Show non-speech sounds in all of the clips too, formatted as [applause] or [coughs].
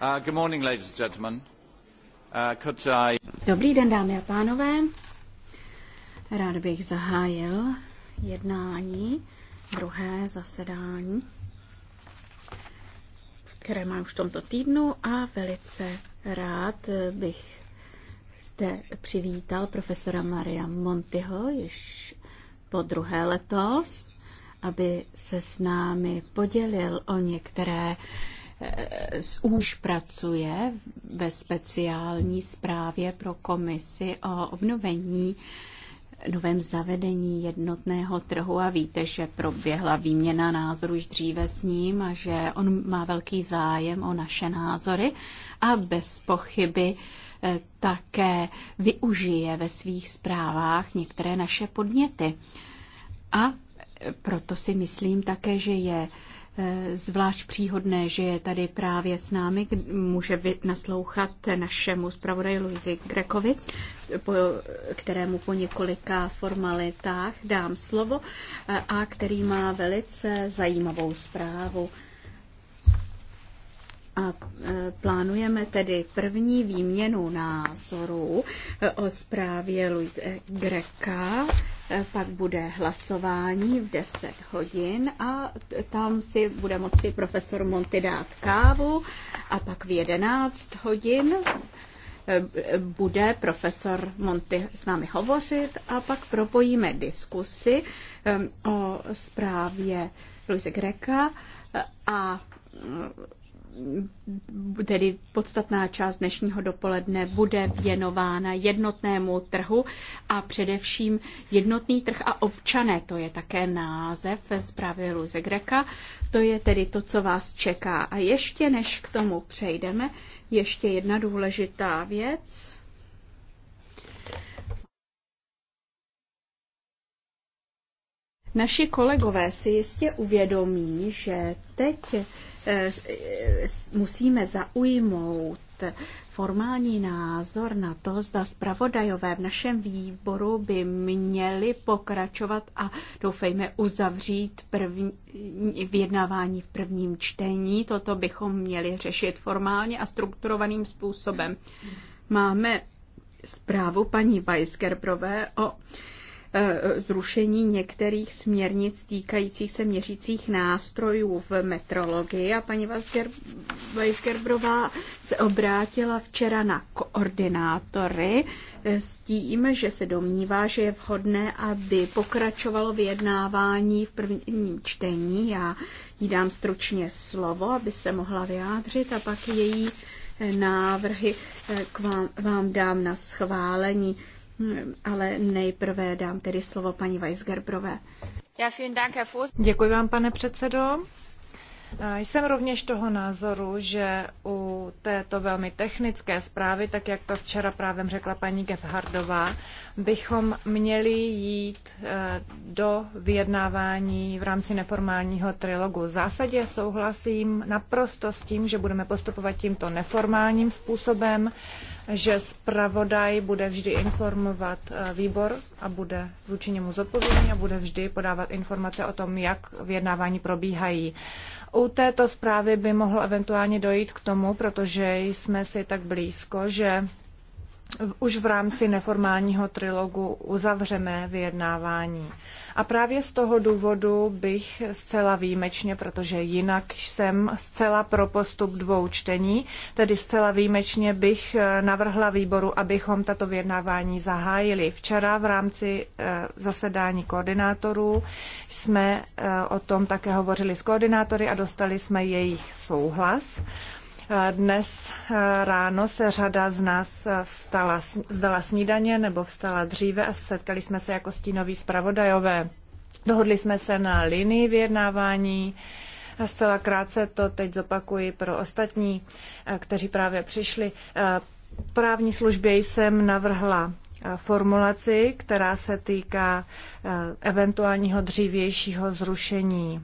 Uh, uh, Dobrý den, dámy a pánové. Rád bych zahájil jednání, druhé zasedání, které mám v tomto týdnu a velice rád bych zde přivítal profesora Maria Montiho již po druhé letos, aby se s námi podělil o některé Eh, už pracuje ve speciální zprávě pro komisi o obnovení novém zavedení jednotného trhu a víte, že proběhla výměna názorů už dříve s ním a že on má velký zájem o naše názory a bez pochyby eh, také využije ve svých zprávách některé naše podněty. A proto si myslím také, že je zvlášť příhodné, že je tady právě s námi, může naslouchat našemu zpravodaji Luizi Grekovi, po, kterému po několika formalitách dám slovo eh, a který má velice zajímavou zprávu. A e, plánujeme tedy první výměnu názorů e, o zprávě Luise Greka. E, pak bude hlasování v 10 hodin a tam si bude moci profesor Monty dát kávu. A pak v 11 hodin bude profesor Monty s námi hovořit a pak propojíme diskusy o zprávě Luise Greka a tedy podstatná část dnešního dopoledne bude věnována jednotnému trhu a především jednotný trh a občané. To je také název zprávy Luze Greka. To je tedy to, co vás čeká. A ještě než k tomu přejdeme, ještě jedna důležitá věc. Naši kolegové si jistě uvědomí, že teď Eh, eh, musíme zaujmout formální názor na to, zda zpravodajové v našem výboru by měli pokračovat a doufejme uzavřít první, vyjednávání v prvním čtení. Toto bychom měli řešit formálně a strukturovaným způsobem. Máme zprávu paní Weisgerbrové o Eh, zrušení některých směrnic týkajících se měřících nástrojů v metrologii a paní Weisgerbrová se obrátila včera na koordinátory eh, s tím, že se domnívá, že je vhodné, aby pokračovalo vyjednávání v prvním čtení. Já jí dám stručně slovo, aby se mohla vyjádřit a pak její eh, návrhy k vám, vám dám na schválení ale nejprve dám tedy slovo paní Weisgerbrové. Děkuji vám, pane předsedo. Jsem rovněž toho názoru, že u této velmi technické zprávy, tak jak to včera právě řekla paní Gebhardová, bychom měli jít eh, do vyjednávání v rámci neformálního trilogu. V zásadě souhlasím naprosto s tím, že budeme postupovat tímto neformálním způsobem že zpravodaj bude vždy informovat eh, výbor a bude vůči němu zodpovědný a bude vždy podávat informace o tom, jak vyjednávání probíhají. U této zprávy by mohlo eventuálně dojít k tomu, protože jsme si tak blízko, že už v rámci neformálního trilogu uzavřeme vyjednávání. A právě z toho důvodu bych zcela výjimečně, protože jinak jsem zcela pro postup dvou čtení, tedy zcela výjimečně bych eh, navrhla výboru, abychom tato vyjednávání zahájili. Včera v rámci eh, zasedání koordinátorů jsme eh, o tom také hovořili s koordinátory a dostali jsme jejich souhlas. Dnes eh, ráno se řada z nás eh, vstala, vzdala snídaně nebo vstala dříve a setkali jsme se jako stínoví zpravodajové. Dohodli jsme se na linii vyjednávání. A zcela krátce to teď zopakuji pro ostatní, eh, kteří právě přišli. Právní službě jsem navrhla formulaci, která se týká eventuálního dřívějšího zrušení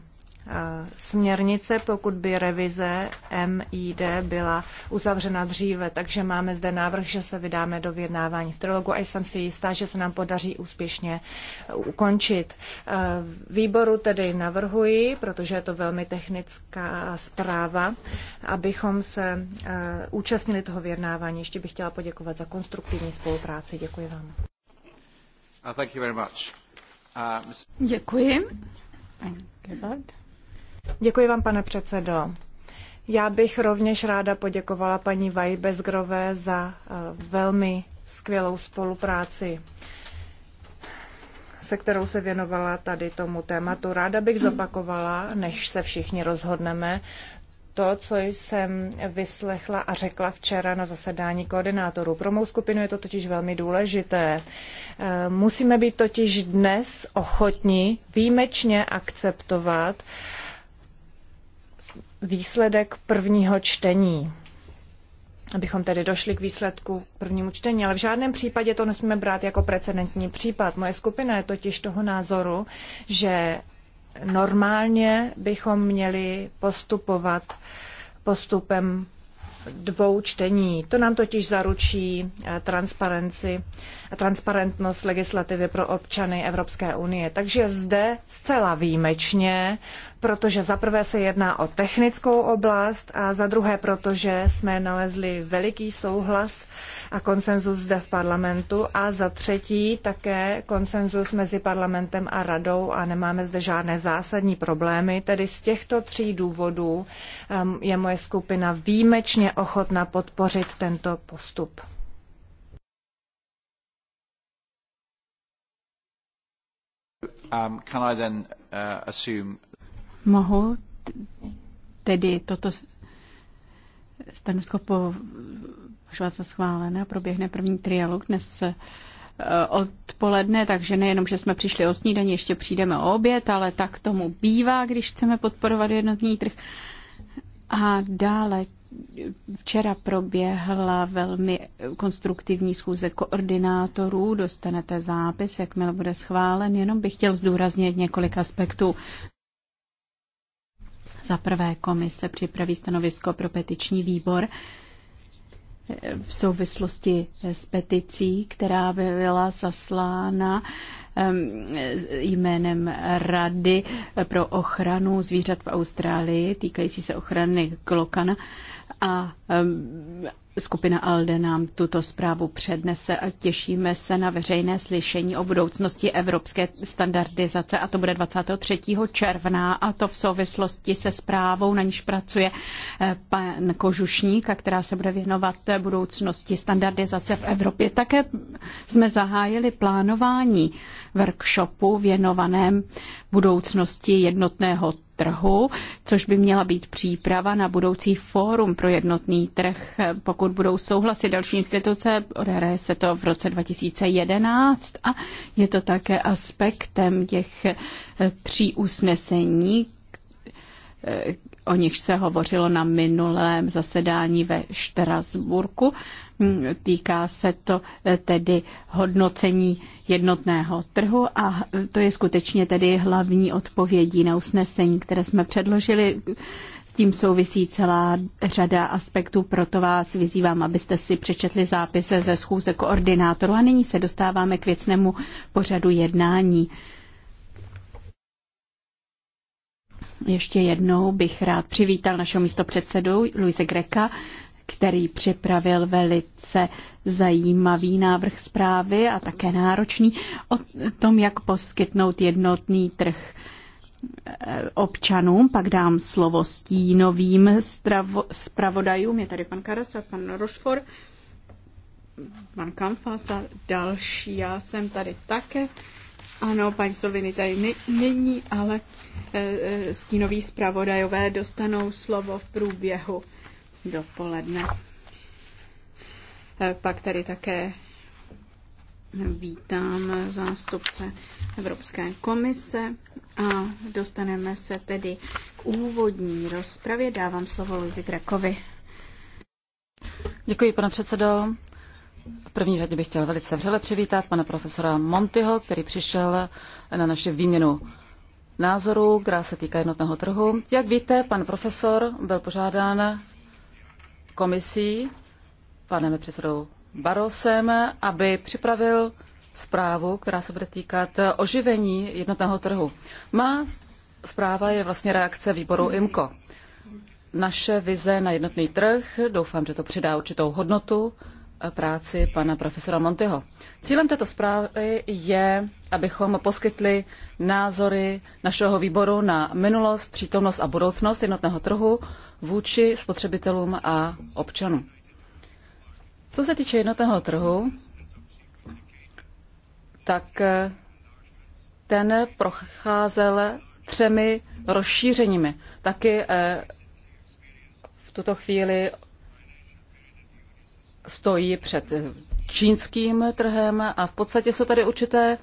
směrnice, pokud by revize MID byla uzavřena dříve. Takže máme zde návrh, že se vydáme do vyjednávání v trilogu a jsem si jistá, že se nám podaří úspěšně uh, ukončit. Uh, výboru tedy navrhuji, protože je to velmi technická zpráva, abychom se uh, účastnili toho vyjednávání. Ještě bych chtěla poděkovat za konstruktivní spolupráci. Děkuji vám. Děkuji. Děkuji vám, pane předsedo. Já bych rovněž ráda poděkovala paní Vajbezgrové za eh, velmi skvělou spolupráci, se kterou se věnovala tady tomu tématu. Ráda bych zopakovala, než se všichni rozhodneme, to, co jsem vyslechla a řekla včera na zasedání koordinátorů. Pro mou skupinu je to totiž velmi důležité. Eh, musíme být totiž dnes ochotni výjimečně akceptovat, výsledek prvního čtení. Abychom tedy došli k výsledku prvnímu čtení, ale v žádném případě to nesmíme brát jako precedentní případ. Moje skupina je totiž toho názoru, že normálně bychom měli postupovat postupem dvou čtení. To nám totiž zaručí eh, transparenci, transparentnost legislativy pro občany Evropské unie. Takže zde zcela výjimečně, protože za prvé se jedná o technickou oblast a za druhé, protože jsme nalezli veliký souhlas a konsenzus zde v parlamentu a za třetí také konsenzus mezi parlamentem a radou a nemáme zde žádné zásadní problémy. Tedy z těchto tří důvodů um, je moje skupina výjimečně ochotna podpořit tento postup. Um, can I then, uh, assume... Mohu tedy toto stanovisko po považovat za schválené. Proběhne první trialog dnes eh, odpoledne, takže nejenom, že jsme přišli o snídaní, ještě přijdeme o oběd, ale tak tomu bývá, když chceme podporovat jednotný trh. A dále včera proběhla velmi konstruktivní schůze koordinátorů, dostanete zápis, jakmile bude schválen, jenom bych chtěl zdůraznit několik aspektů. Za prvé komise připraví stanovisko pro petiční výbor, v souvislosti s peticí, která by byla zaslána jménem Rady pro ochranu zvířat v Austrálii, týkající se ochrany klokana. A Skupina ALDE nám tuto zprávu přednese a těšíme se na veřejné slyšení o budoucnosti evropské standardizace a to bude 23. června a to v souvislosti se zprávou, na níž pracuje eh, pan Kožušník, a která se bude věnovat eh, budoucnosti standardizace v Evropě. Také jsme zahájili plánování workshopu věnovaném budoucnosti jednotného trhu, což by měla být příprava na budoucí fórum pro jednotný trh. Pokud budou souhlasit další instituce, odehraje se to v roce 2011 a je to také aspektem těch eh, tří usnesení, eh, o nichž se hovořilo na minulém zasedání ve Štrasburku Hm, týká se to eh, tedy hodnocení jednotného trhu a to je skutečně tedy hlavní odpovědí na usnesení, které jsme předložili. S tím souvisí celá řada aspektů, proto vás vyzývám, abyste si přečetli zápise ze schůze koordinátoru a nyní se dostáváme k věcnému pořadu jednání. Ještě jednou bych rád přivítal našeho místopředsedu Luise Greka, který připravil velice zajímavý návrh zprávy a také náročný o tom, jak poskytnout jednotný trh eh, občanům. Pak dám slovo stínovým stravo, spravodajům. Je tady pan Karas a pan Rošfor, pan Kamfas a další. Já jsem tady také. Ano, paní Solviny tady není, ale e, stínoví zpravodajové dostanou slovo v průběhu dopoledne. Eh, pak tady také vítám zástupce Evropské komise a dostaneme se tedy k úvodní rozpravě. Dávám slovo Luzi Grekovi. Děkuji, pane předsedo. V první řadě bych chtěl velice vřele přivítat pana profesora Montyho, který přišel na naši výměnu názorů, která se týká jednotného trhu. Jak víte, pan profesor byl požádán komisí, panem předsedou Barosem, aby připravil zprávu, která se bude týkat oživení jednotného trhu. Má zpráva je vlastně reakce výboru IMCO. Naše vize na jednotný trh, doufám, že to přidá určitou hodnotu eh, práci pana profesora Montyho. Cílem této zprávy je, abychom poskytli názory našeho výboru na minulost, přítomnost a budoucnost jednotného trhu, vůči spotřebitelům a občanům. Co se týče jednotného trhu, tak eh, ten procházel třemi rozšířeními. Taky eh, v tuto chvíli stojí před eh, čínským trhem a v podstatě jsou tady určité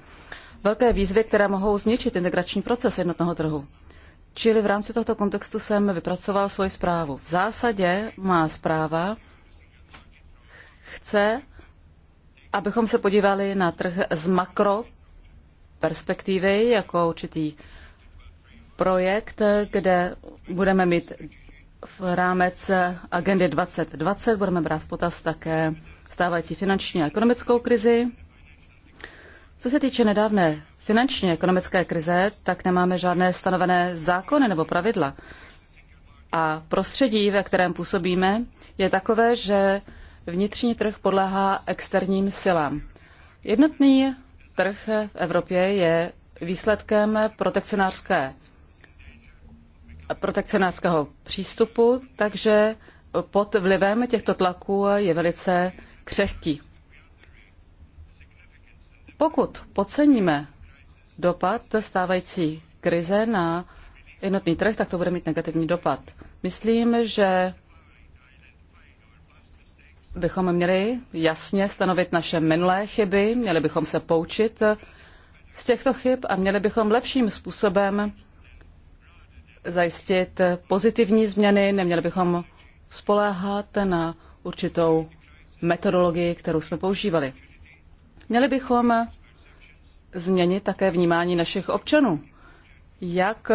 velké výzvy, které mohou zničit integrační proces jednotného trhu. Čili v rámci tohoto kontextu jsem vypracoval svoji zprávu. V zásadě má zpráva chce, abychom se podívali na trh z makro perspektivy jako určitý projekt, kde budeme mít v rámec agendy 2020, budeme brát v potaz také stávající finanční a ekonomickou krizi. Co se týče nedávné finanční ekonomické krize, tak nemáme žádné stanovené zákony nebo pravidla. A prostředí, ve kterém působíme, je takové, že vnitřní trh podléhá externím silám. Jednotný trh v Evropě je výsledkem protekcionářské, protekcionářského přístupu, takže pod vlivem těchto tlaků je velice křehký. Pokud podceníme dopad stávající krize na jednotný trh, tak to bude mít negativní dopad. Myslím, že bychom měli jasně stanovit naše minulé chyby, měli bychom se poučit z těchto chyb a měli bychom lepším způsobem zajistit pozitivní změny, neměli bychom spoléhat na určitou metodologii, kterou jsme používali. Měli bychom změnit také vnímání našich občanů. Jak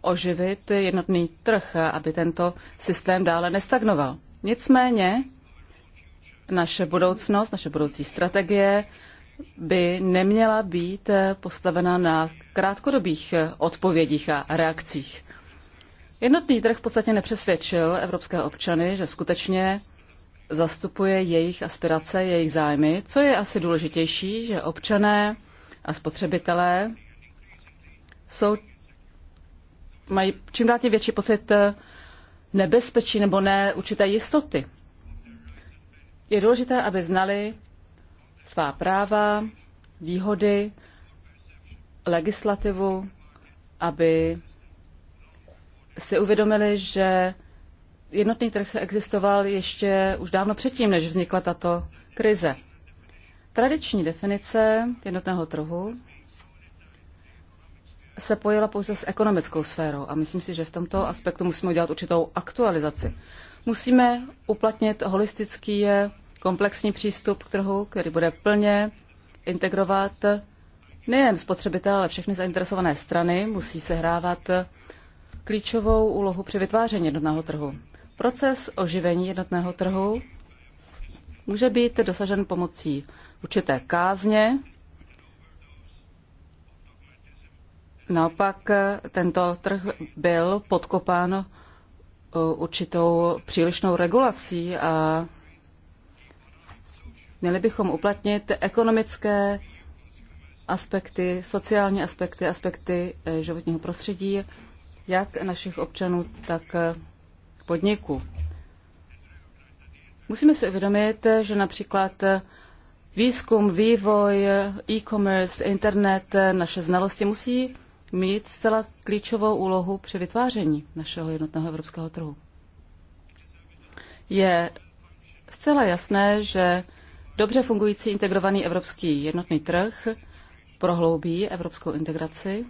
oživit jednotný trh, aby tento systém dále nestagnoval. Nicméně naše budoucnost, naše budoucí strategie by neměla být postavena na krátkodobých odpovědích a reakcích. Jednotný trh v podstatě nepřesvědčil evropské občany, že skutečně zastupuje jejich aspirace, jejich zájmy. Co je asi důležitější, že občané a spotřebitelé jsou, mají čím dál tím větší pocit eh, nebezpečí nebo ne určité jistoty. Je důležité, aby znali svá práva, výhody, legislativu, aby si uvědomili, že jednotný trh existoval ještě už dávno předtím, než vznikla tato krize. Tradiční definice jednotného trhu se pojila pouze s ekonomickou sférou a myslím si, že v tomto aspektu musíme udělat určitou aktualizaci. Musíme uplatnit holistický komplexní přístup k trhu, který bude plně integrovat nejen spotřebitel, ale všechny zainteresované strany musí se hrávat klíčovou úlohu při vytváření jednotného trhu. Proces oživení jednotného trhu může být dosažen pomocí určité kázně. Naopak tento trh byl podkopán uh, určitou přílišnou regulací a měli bychom uplatnit ekonomické aspekty, sociální aspekty, aspekty eh, životního prostředí, jak našich občanů, tak eh, podniků. Musíme si uvědomit, že například eh, výzkum, vývoj, e-commerce, internet, naše znalosti musí mít zcela klíčovou úlohu při vytváření našeho jednotného evropského trhu. Je zcela jasné, že dobře fungující integrovaný evropský jednotný trh prohloubí evropskou integraci,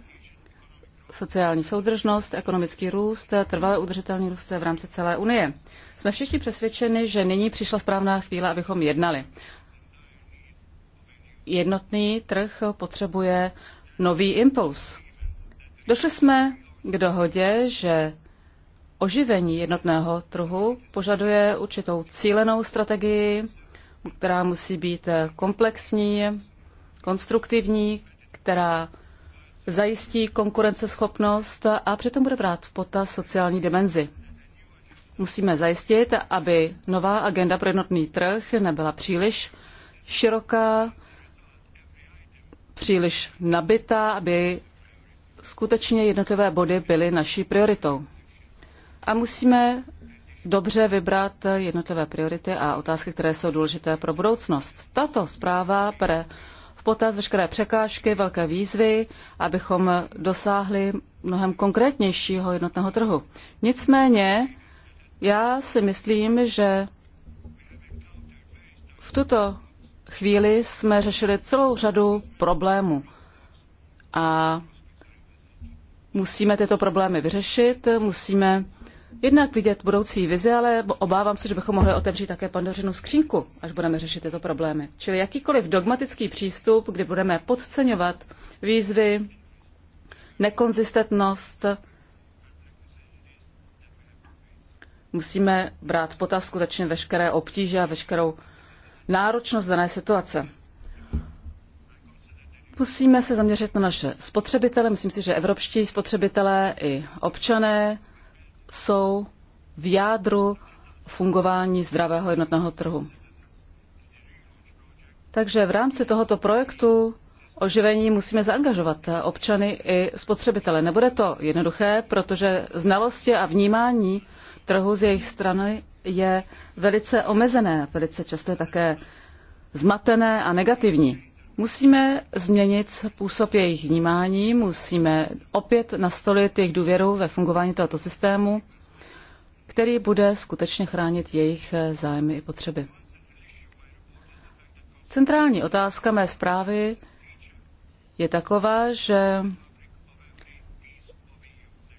sociální soudržnost, ekonomický růst, trvalé udržitelný růst v rámci celé Unie. Jsme všichni přesvědčeni, že nyní přišla správná chvíle, abychom jednali jednotný trh potřebuje nový impuls. Došli jsme k dohodě, že oživení jednotného trhu požaduje určitou cílenou strategii, která musí být komplexní, konstruktivní, která zajistí konkurenceschopnost a přitom bude brát v potaz sociální dimenzi. Musíme zajistit, aby nová agenda pro jednotný trh nebyla příliš široká, příliš nabitá, aby skutečně jednotlivé body byly naší prioritou. A musíme dobře vybrat jednotlivé priority a otázky, které jsou důležité pro budoucnost. Tato zpráva bere v potaz veškeré překážky, velké výzvy, abychom dosáhli mnohem konkrétnějšího jednotného trhu. Nicméně já si myslím, že v tuto chvíli jsme řešili celou řadu problémů. A musíme tyto problémy vyřešit, musíme jednak vidět budoucí vizi, ale obávám se, že bychom mohli otevřít také pandořinu skřínku, až budeme řešit tyto problémy. Čili jakýkoliv dogmatický přístup, kdy budeme podceňovat výzvy, nekonzistentnost, musíme brát potaz skutečně veškeré obtíže a veškerou náročnost dané situace. Musíme se zaměřit na naše spotřebitele. Myslím si, že evropští spotřebitelé i občané jsou v jádru fungování zdravého jednotného trhu. Takže v rámci tohoto projektu oživení musíme zaangažovat občany i spotřebitele. Nebude to jednoduché, protože znalosti a vnímání trhu z jejich strany je velice omezené, velice často je také zmatené a negativní. Musíme změnit způsob jejich vnímání, musíme opět nastolit jejich důvěru ve fungování tohoto systému, který bude skutečně chránit jejich eh, zájmy i potřeby. Centrální otázka mé zprávy je taková, že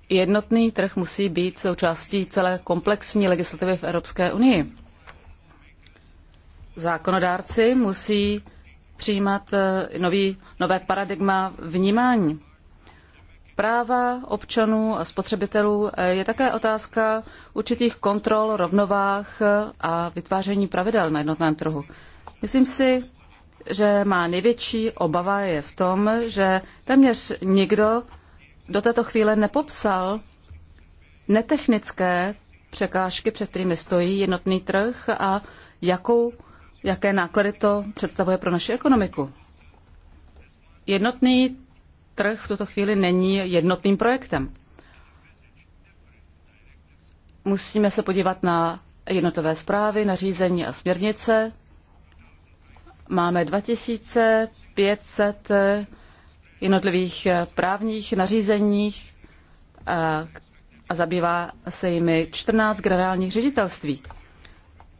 jednotný trh musí být součástí celé komplexní legislativy v Evropské unii. Zákonodárci musí přijímat eh, nový, nové paradigma vnímání. Práva občanů a spotřebitelů eh, je také otázka určitých kontrol, rovnovách eh, a vytváření pravidel na jednotném trhu. Myslím si, že má největší obava je v tom, že téměř nikdo do této chvíle nepopsal netechnické překážky, před kterými stojí jednotný trh a jakou, jaké náklady to představuje pro naši ekonomiku. Jednotný trh v tuto chvíli není jednotným projektem. Musíme se podívat na jednotové zprávy, nařízení a směrnice. Máme 2500 jednotlivých eh, právních nařízeních eh, a, zabývá se jimi 14 generálních ředitelství.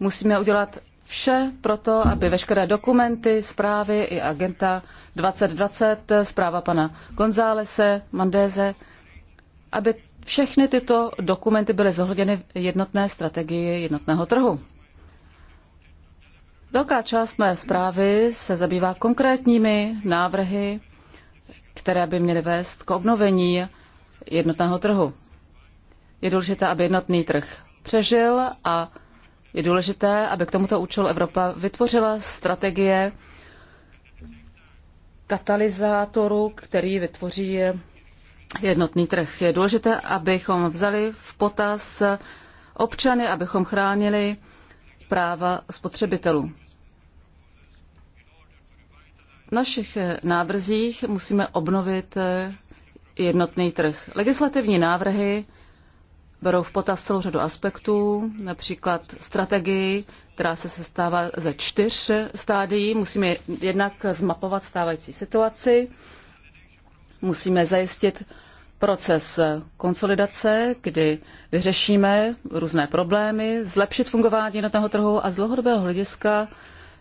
Musíme udělat vše pro to, aby veškeré dokumenty, zprávy i agenta 2020, eh, zpráva pana Gonzálese, Mandéze, aby všechny tyto dokumenty byly zohledněny v jednotné strategii jednotného trhu. Velká část mé zprávy se zabývá konkrétními návrhy které by měly vést k obnovení jednotného trhu. Je důležité, aby jednotný trh přežil a je důležité, aby k tomuto účelu Evropa vytvořila strategie katalyzátoru, který vytvoří jednotný trh. Je důležité, abychom vzali v potaz občany, abychom chránili práva spotřebitelů našich eh, návrzích musíme obnovit eh, jednotný trh. Legislativní návrhy berou v potaz celou řadu aspektů, například strategii, která se sestává ze čtyř stádií. Musíme jednak zmapovat stávající situaci, musíme zajistit proces konsolidace, kdy vyřešíme různé problémy, zlepšit fungování jednotného trhu a z dlouhodobého hlediska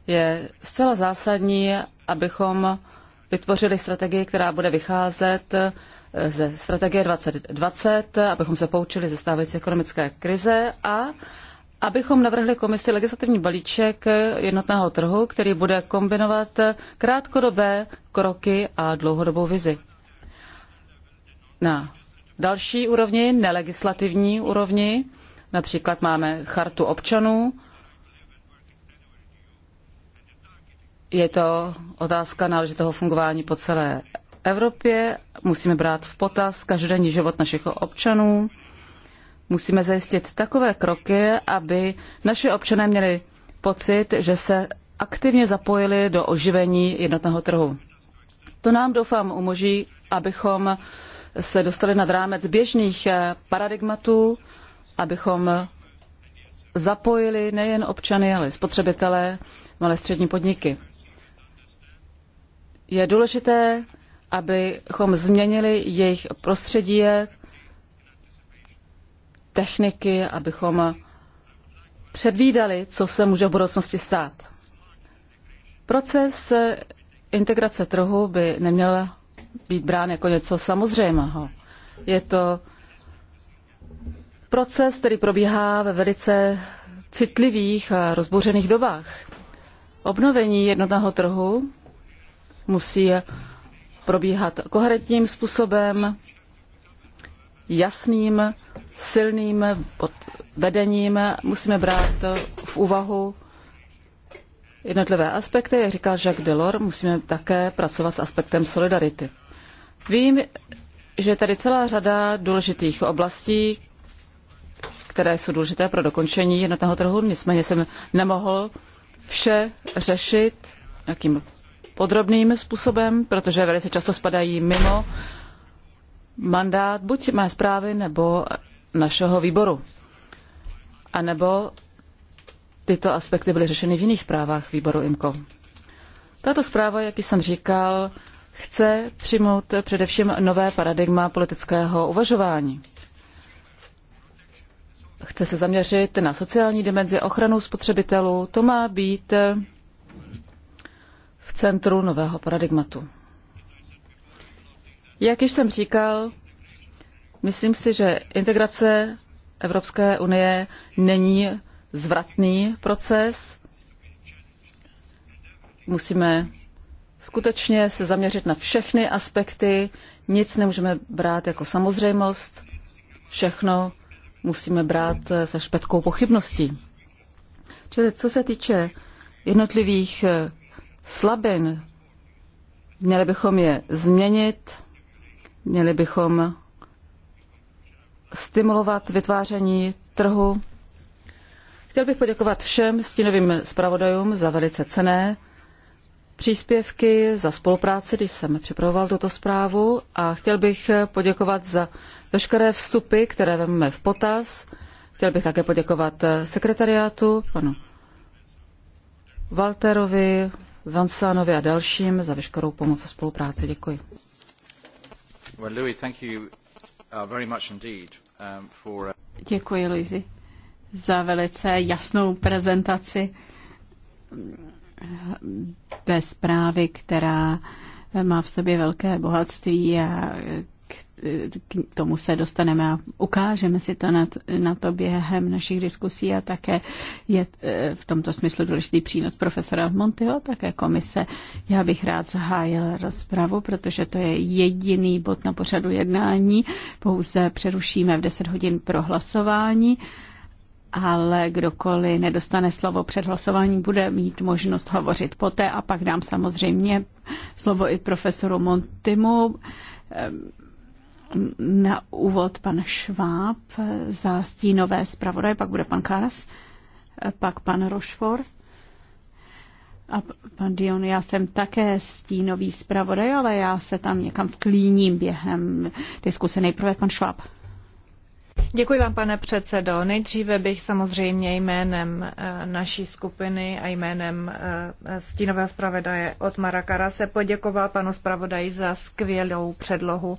je zcela zásadní, abychom vytvořili strategii, která bude vycházet eh, ze strategie 2020, abychom se poučili ze stávající ekonomické krize a abychom navrhli komisi legislativní balíček jednotného trhu, který bude kombinovat krátkodobé kroky a dlouhodobou vizi. Na další úrovni, nelegislativní úrovni, například máme chartu občanů, Je to otázka náležitého fungování po celé Evropě. Musíme brát v potaz každodenní život našich občanů. Musíme zajistit takové kroky, aby naši občané měli pocit, že se aktivně zapojili do oživení jednotného trhu. To nám doufám umožní, abychom se dostali nad rámec běžných eh, paradigmatů, abychom zapojili nejen občany, ale i spotřebitele, malé střední podniky je důležité, abychom změnili jejich prostředí, techniky, abychom předvídali, co se může v budoucnosti stát. Proces integrace trhu by neměl být brán jako něco samozřejmého. Je to proces, který probíhá ve velice citlivých a rozbouřených dobách. Obnovení jednotného trhu musí probíhat koherentním způsobem, jasným, silným pod vedením. Musíme brát v úvahu jednotlivé aspekty, jak říkal Jacques Delors, musíme také pracovat s aspektem solidarity. Vím, že je tady celá řada důležitých oblastí, které jsou důležité pro dokončení jednotného trhu, nicméně jsem nemohl vše řešit nějakým podrobným způsobem, protože velice často spadají mimo mandát buď mé zprávy nebo našeho výboru. A nebo tyto aspekty byly řešeny v jiných zprávách výboru IMCO. Tato zpráva, jak jsem říkal, chce přijmout především nové paradigma politického uvažování. Chce se zaměřit na sociální dimenzi ochranu spotřebitelů. To má být v centru nového paradigmatu. Jak již jsem říkal, myslím si, že integrace Evropské unie není zvratný proces. Musíme skutečně se zaměřit na všechny aspekty, nic nemůžeme brát jako samozřejmost, všechno musíme brát se špetkou pochybností. Čili co se týče jednotlivých slabin. Měli bychom je změnit, měli bychom stimulovat vytváření trhu. Chtěl bych poděkovat všem stínovým zpravodajům za velice cené příspěvky, za spolupráci, když jsem připravoval tuto zprávu a chtěl bych poděkovat za veškeré vstupy, které vezmeme v potaz. Chtěl bych také poděkovat sekretariátu, panu Walterovi, Vansánovi a dalším za veškerou pomoc a spolupráci. Děkuji. Well, Louis, thank you, uh, very much indeed, um, for... Uh, Děkuji, Luisi, za velice jasnou prezentaci té zprávy, která má v sobě velké bohatství a k tomu se dostaneme a ukážeme si to na, na to během našich diskusí a také je e, v tomto smyslu důležitý přínos profesora Montyho, také komise. Já bych rád zahájil rozpravu, protože to je jediný bod na pořadu jednání. Pouze přerušíme v 10 hodin pro hlasování ale kdokoliv nedostane slovo před hlasováním, bude mít možnost hovořit poté a pak dám samozřejmě slovo i profesoru Montimu na úvod pan Šváb za stínové zpravodaje, pak bude pan Karas, pak pan Rošfor a pan Dion, já jsem také stínový zpravodaj, ale já se tam někam vklíním během diskuse. Nejprve pan Šváb. Děkuji vám, pane předsedo. Nejdříve bych samozřejmě jménem eh, naší skupiny a jménem eh, stínového zpravodaje od Marakara se poděkoval panu zpravodaji za skvělou předlohu.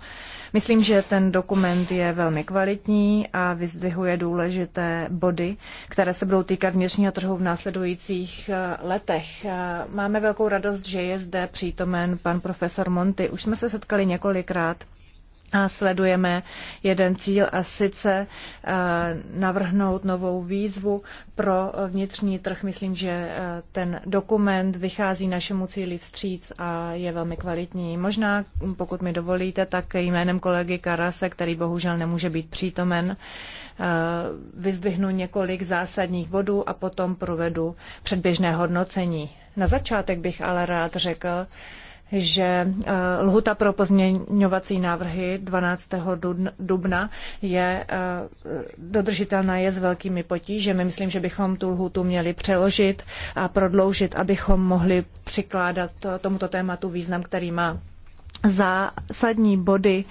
Myslím, že ten dokument je velmi kvalitní a vyzdvihuje důležité body, které se budou týkat vnitřního trhu v následujících eh, letech. Máme velkou radost, že je zde přítomen pan profesor Monty. Už jsme se setkali několikrát a sledujeme jeden cíl a sice eh, navrhnout novou výzvu pro vnitřní trh. Myslím, že eh, ten dokument vychází našemu cíli vstříc a je velmi kvalitní. Možná, pokud mi dovolíte, tak jménem kolegy Karase, který bohužel nemůže být přítomen, eh, vyzdvihnu několik zásadních bodů a potom provedu předběžné hodnocení. Na začátek bych ale rád řekl, že eh, lhuta pro pozměňovací návrhy 12. dubna je eh, dodržitelná je s velkými potížemi. Myslím, že bychom tu lhutu měli přeložit a prodloužit, abychom mohli přikládat eh, tomuto tématu význam, který má zásadní body,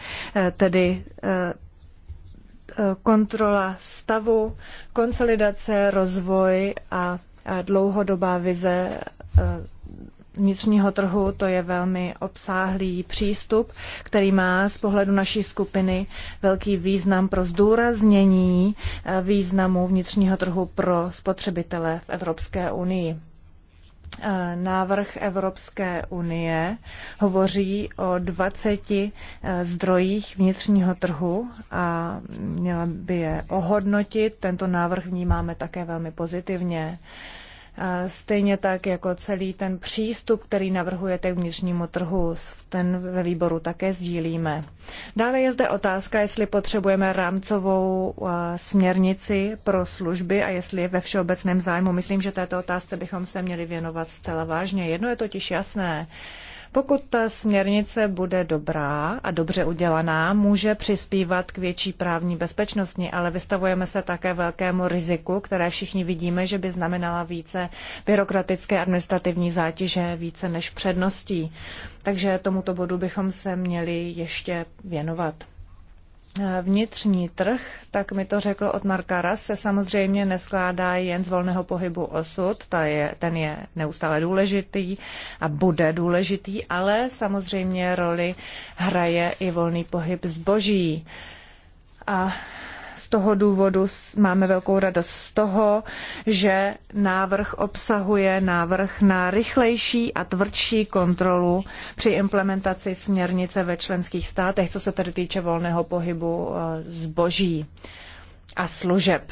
tedy kontrola stavu, konsolidace, rozvoj a dlouhodobá vize vnitřního trhu, to je velmi obsáhlý přístup, který má z pohledu naší skupiny velký význam pro zdůraznění eh, významu vnitřního trhu pro spotřebitele v Evropské unii. Eh, návrh Evropské unie hovoří o 20 eh, zdrojích vnitřního trhu a měla by je ohodnotit. Tento návrh vnímáme také velmi pozitivně stejně tak jako celý ten přístup, který navrhujete k vnitřnímu trhu, ten ve výboru také sdílíme. Dále je zde otázka, jestli potřebujeme rámcovou směrnici pro služby a jestli je ve všeobecném zájmu. Myslím, že této otázce bychom se měli věnovat zcela vážně. Jedno je totiž jasné, pokud ta směrnice bude dobrá a dobře udělaná, může přispívat k větší právní bezpečnosti, ale vystavujeme se také velkému riziku, které všichni vidíme, že by znamenala více byrokratické administrativní zátěže, více než předností. Takže tomuto bodu bychom se měli ještě věnovat vnitřní trh, tak mi to řekl od Marka Ras, se samozřejmě neskládá jen z volného pohybu osud, ta je, ten je neustále důležitý a bude důležitý, ale samozřejmě roli hraje i volný pohyb zboží. A z toho důvodu máme velkou radost z toho, že návrh obsahuje návrh na rychlejší a tvrdší kontrolu při implementaci směrnice ve členských státech, co se tedy týče volného pohybu eh, zboží a služeb.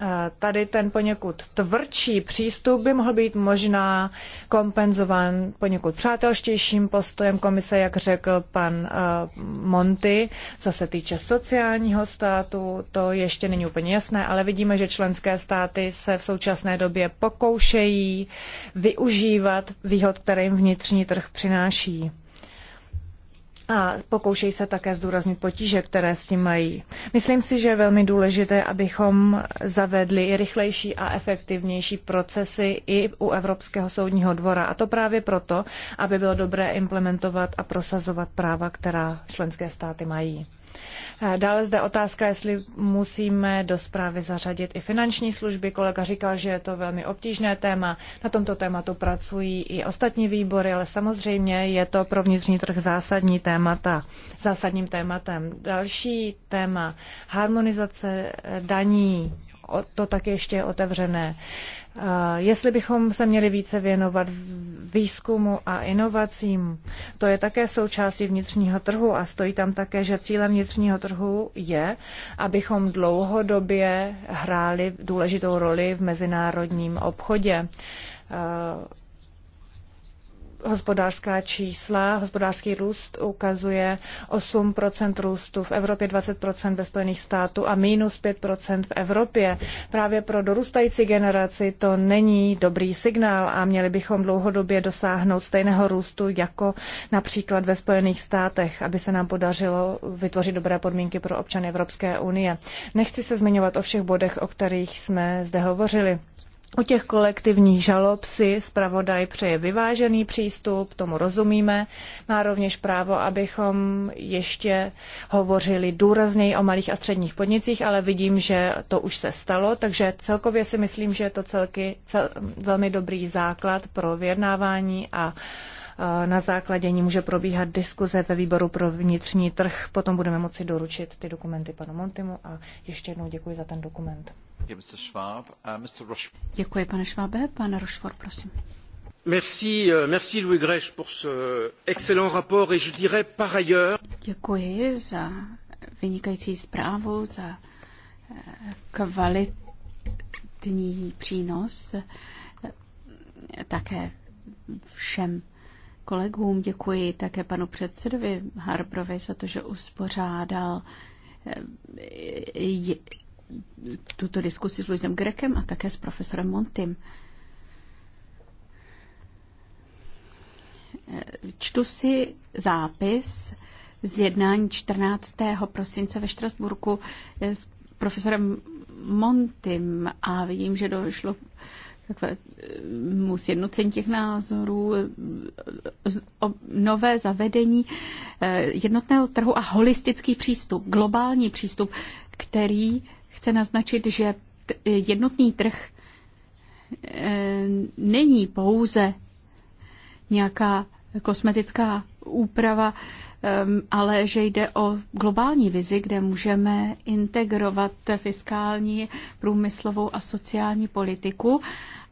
Eh, tady ten poněkud tvrdší přístup by mohl být možná kompenzován poněkud přátelštějším postojem komise, jak řekl pan eh, Monty. Co se týče sociálního státu, to ještě není úplně jasné, ale vidíme, že členské státy se v současné době pokoušejí využívat výhod, které jim vnitřní trh přináší a pokoušejí se také zdůraznit potíže, které s tím mají. Myslím si, že je velmi důležité, abychom zavedli rychlejší a efektivnější procesy i u Evropského soudního dvora. A to právě proto, aby bylo dobré implementovat a prosazovat práva, která členské státy mají. Dále zde otázka, jestli musíme do zprávy zařadit i finanční služby. Kolega říkal, že je to velmi obtížné téma. Na tomto tématu pracují i ostatní výbory, ale samozřejmě je to pro vnitřní trh zásadní témata, zásadním tématem. Další téma harmonizace daní, to také ještě je otevřené. Eh, jestli bychom se měli více věnovat výzkumu a inovacím, to je také součástí vnitřního trhu a stojí tam také, že cílem vnitřního trhu je, abychom dlouhodobě hráli důležitou roli v mezinárodním obchodě eh, hospodářská čísla. Hospodářský růst ukazuje 8% růstu v Evropě, 20% ve Spojených států a minus 5% v Evropě. Právě pro dorůstající generaci to není dobrý signál a měli bychom dlouhodobě dosáhnout stejného růstu jako například ve Spojených státech, aby se nám podařilo vytvořit dobré podmínky pro občany Evropské unie. Nechci se zmiňovat o všech bodech, o kterých jsme zde hovořili. U těch kolektivních žalob si zpravodaj přeje vyvážený přístup, tomu rozumíme. Má rovněž právo, abychom ještě hovořili důrazněji o malých a středních podnicích, ale vidím, že to už se stalo, takže celkově si myslím, že je to celky, cel, velmi dobrý základ pro vyjednávání a e, na základě ní může probíhat diskuze ve výboru pro vnitřní trh. Potom budeme moci doručit ty dokumenty panu Montimu a ještě jednou děkuji za ten dokument. Uh, děkuji, pane Švábe. Pane Rochefort, prosím. Merci, euh, merci Louis Grech pour ce excellent rapport et je dirais par ailleurs. Děkuji za vynikající zprávu, za eh, kvalitní přínos. Eh, také všem kolegům děkuji, také panu předsedovi Harbrovi za to, že uspořádal eh, tuto diskusi s Luisem Grekem a také s profesorem Montym. Čtu si zápis z jednání 14. prosince ve Štrasburku s profesorem Montym a vidím, že došlo takovému sjednocení těch názorů, nové zavedení eh, jednotného trhu a holistický přístup, globální přístup, který chce naznačit, že jednotný trh eh, není pouze nějaká kosmetická úprava, eh, ale že jde o globální vizi, kde můžeme integrovat fiskální, průmyslovou a sociální politiku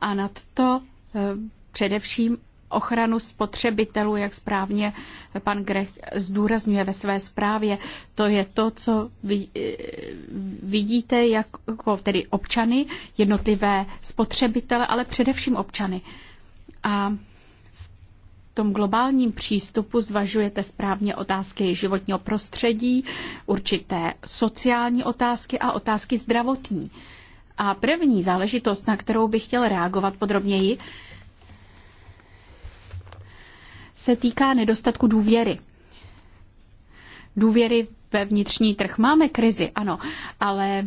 a nad to eh, především ochranu spotřebitelů, jak správně pan Grech zdůrazňuje ve své zprávě. To je to, co vy, eh, vidíte jako tedy občany, jednotlivé spotřebitele, ale především občany. A tom globálním přístupu zvažujete správně otázky životního prostředí, určité sociální otázky a otázky zdravotní. A první záležitost, na kterou bych chtěl reagovat podrobněji, se týká nedostatku důvěry. Důvěry ve vnitřní trh. Máme krizi, ano, ale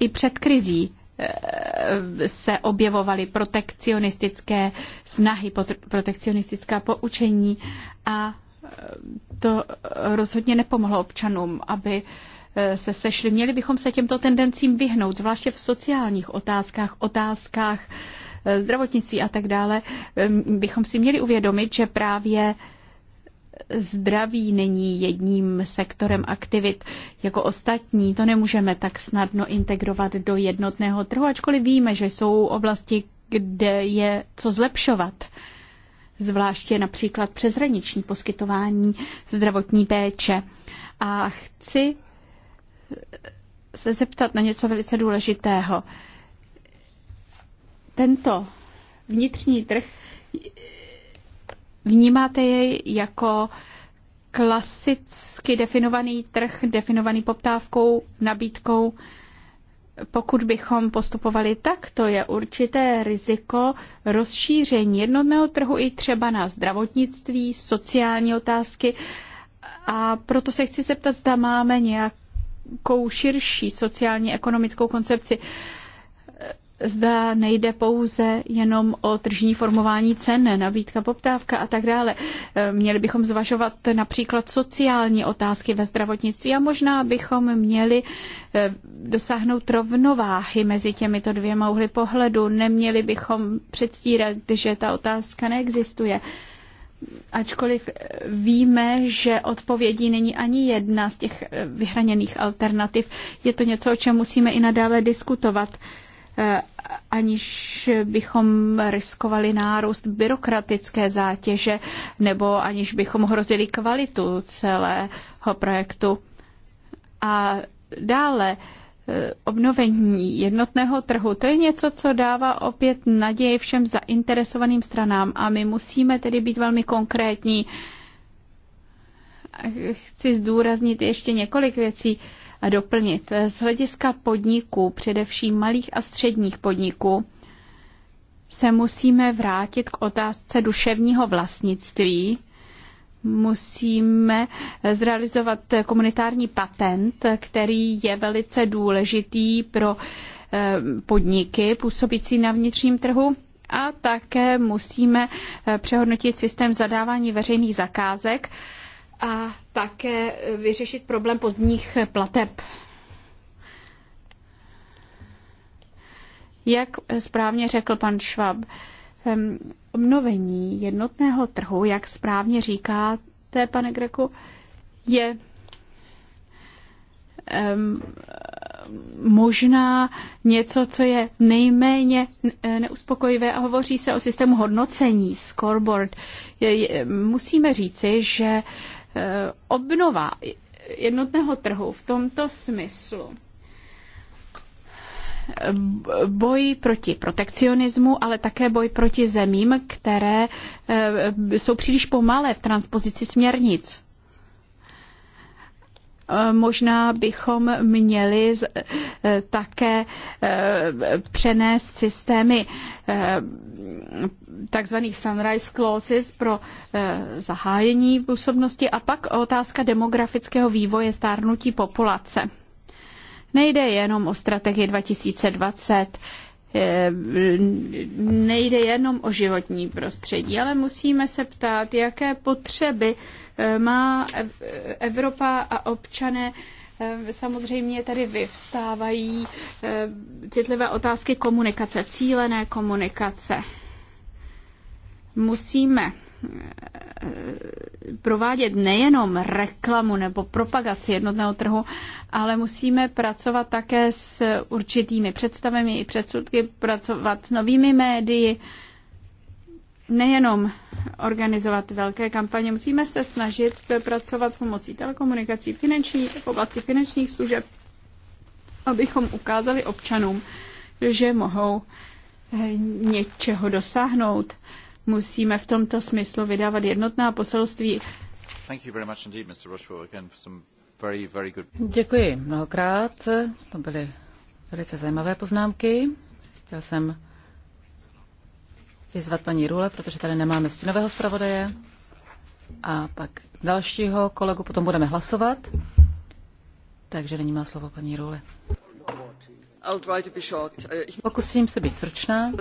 i před krizí eh, se objevovaly protekcionistické snahy, protekcionistická poučení a eh, to rozhodně nepomohlo občanům, aby eh, se sešli. Měli bychom se těmto tendencím vyhnout, zvláště v sociálních otázkách, otázkách Eh, zdravotnictví a tak dále, eh, bychom si měli uvědomit, že právě zdraví není jedním sektorem aktivit jako ostatní. To nemůžeme tak snadno integrovat do jednotného trhu, ačkoliv víme, že jsou oblasti, kde je co zlepšovat. Zvláště například přeshraniční poskytování zdravotní péče. A chci se zeptat na něco velice důležitého tento vnitřní trh vnímáte jej jako klasicky definovaný trh, definovaný poptávkou, nabídkou. Pokud bychom postupovali tak, to je určité riziko rozšíření jednotného trhu i třeba na zdravotnictví, sociální otázky. A proto se chci zeptat, zda máme nějakou širší sociální ekonomickou koncepci zda nejde pouze jenom o tržní formování cen, nabídka, poptávka a tak dále. E, měli bychom zvažovat například sociální otázky ve zdravotnictví a možná bychom měli e, dosáhnout rovnováhy mezi těmito dvěma uhly pohledu. Neměli bychom předstírat, že ta otázka neexistuje. Ačkoliv e, víme, že odpovědí není ani jedna z těch vyhraněných alternativ, je to něco, o čem musíme i nadále diskutovat. Eh, aniž bychom riskovali nárůst byrokratické zátěže nebo aniž bychom hrozili kvalitu celého projektu. A dále eh, obnovení jednotného trhu. To je něco, co dává opět naději všem zainteresovaným stranám a my musíme tedy být velmi konkrétní. Chci zdůraznit ještě několik věcí doplnit. Z hlediska podniků, především malých a středních podniků, se musíme vrátit k otázce duševního vlastnictví. Musíme zrealizovat komunitární patent, který je velice důležitý pro eh, podniky působící na vnitřním trhu a také musíme eh, přehodnotit systém zadávání veřejných zakázek a také vyřešit problém pozdních plateb. Jak správně řekl pan Schwab, obnovení jednotného trhu, jak správně říkáte, pane Greku, je um, možná něco, co je nejméně neuspokojivé a hovoří se o systému hodnocení, scoreboard. Musíme říci, že Eh, obnova jednotného trhu v tomto smyslu eh, boj proti protekcionismu, ale také boj proti zemím, které eh, jsou příliš pomalé v transpozici směrnic. Možná bychom měli eh, také eh, přenést systémy eh, takzvaných sunrise clauses pro zahájení působnosti a pak otázka demografického vývoje stárnutí populace. Nejde jenom o strategii 2020, Eh, nejde jenom o životní prostředí, ale musíme se ptát, jaké potřeby eh, má Evropa a občané eh, Samozřejmě tady vyvstávají citlivé otázky komunikace, cílené komunikace. Musíme provádět nejenom reklamu nebo propagaci jednotného trhu, ale musíme pracovat také s určitými představami i předsudky, pracovat s novými médii, nejenom organizovat velké kampaně, musíme se snažit pracovat pomocí telekomunikací finanční, v oblasti finančních služeb, abychom ukázali občanům, že mohou eh, něčeho dosáhnout. Musíme v tomto smyslu vydávat jednotná poselství. Děkuji mnohokrát. To byly velice zajímavé poznámky. Chtěl jsem vyzvat paní Rule, protože tady nemáme stínového zpravodaje. A pak dalšího kolegu potom budeme hlasovat. Takže nyní má slovo paní Rule. Uh, [laughs] Pokusím se být stručná.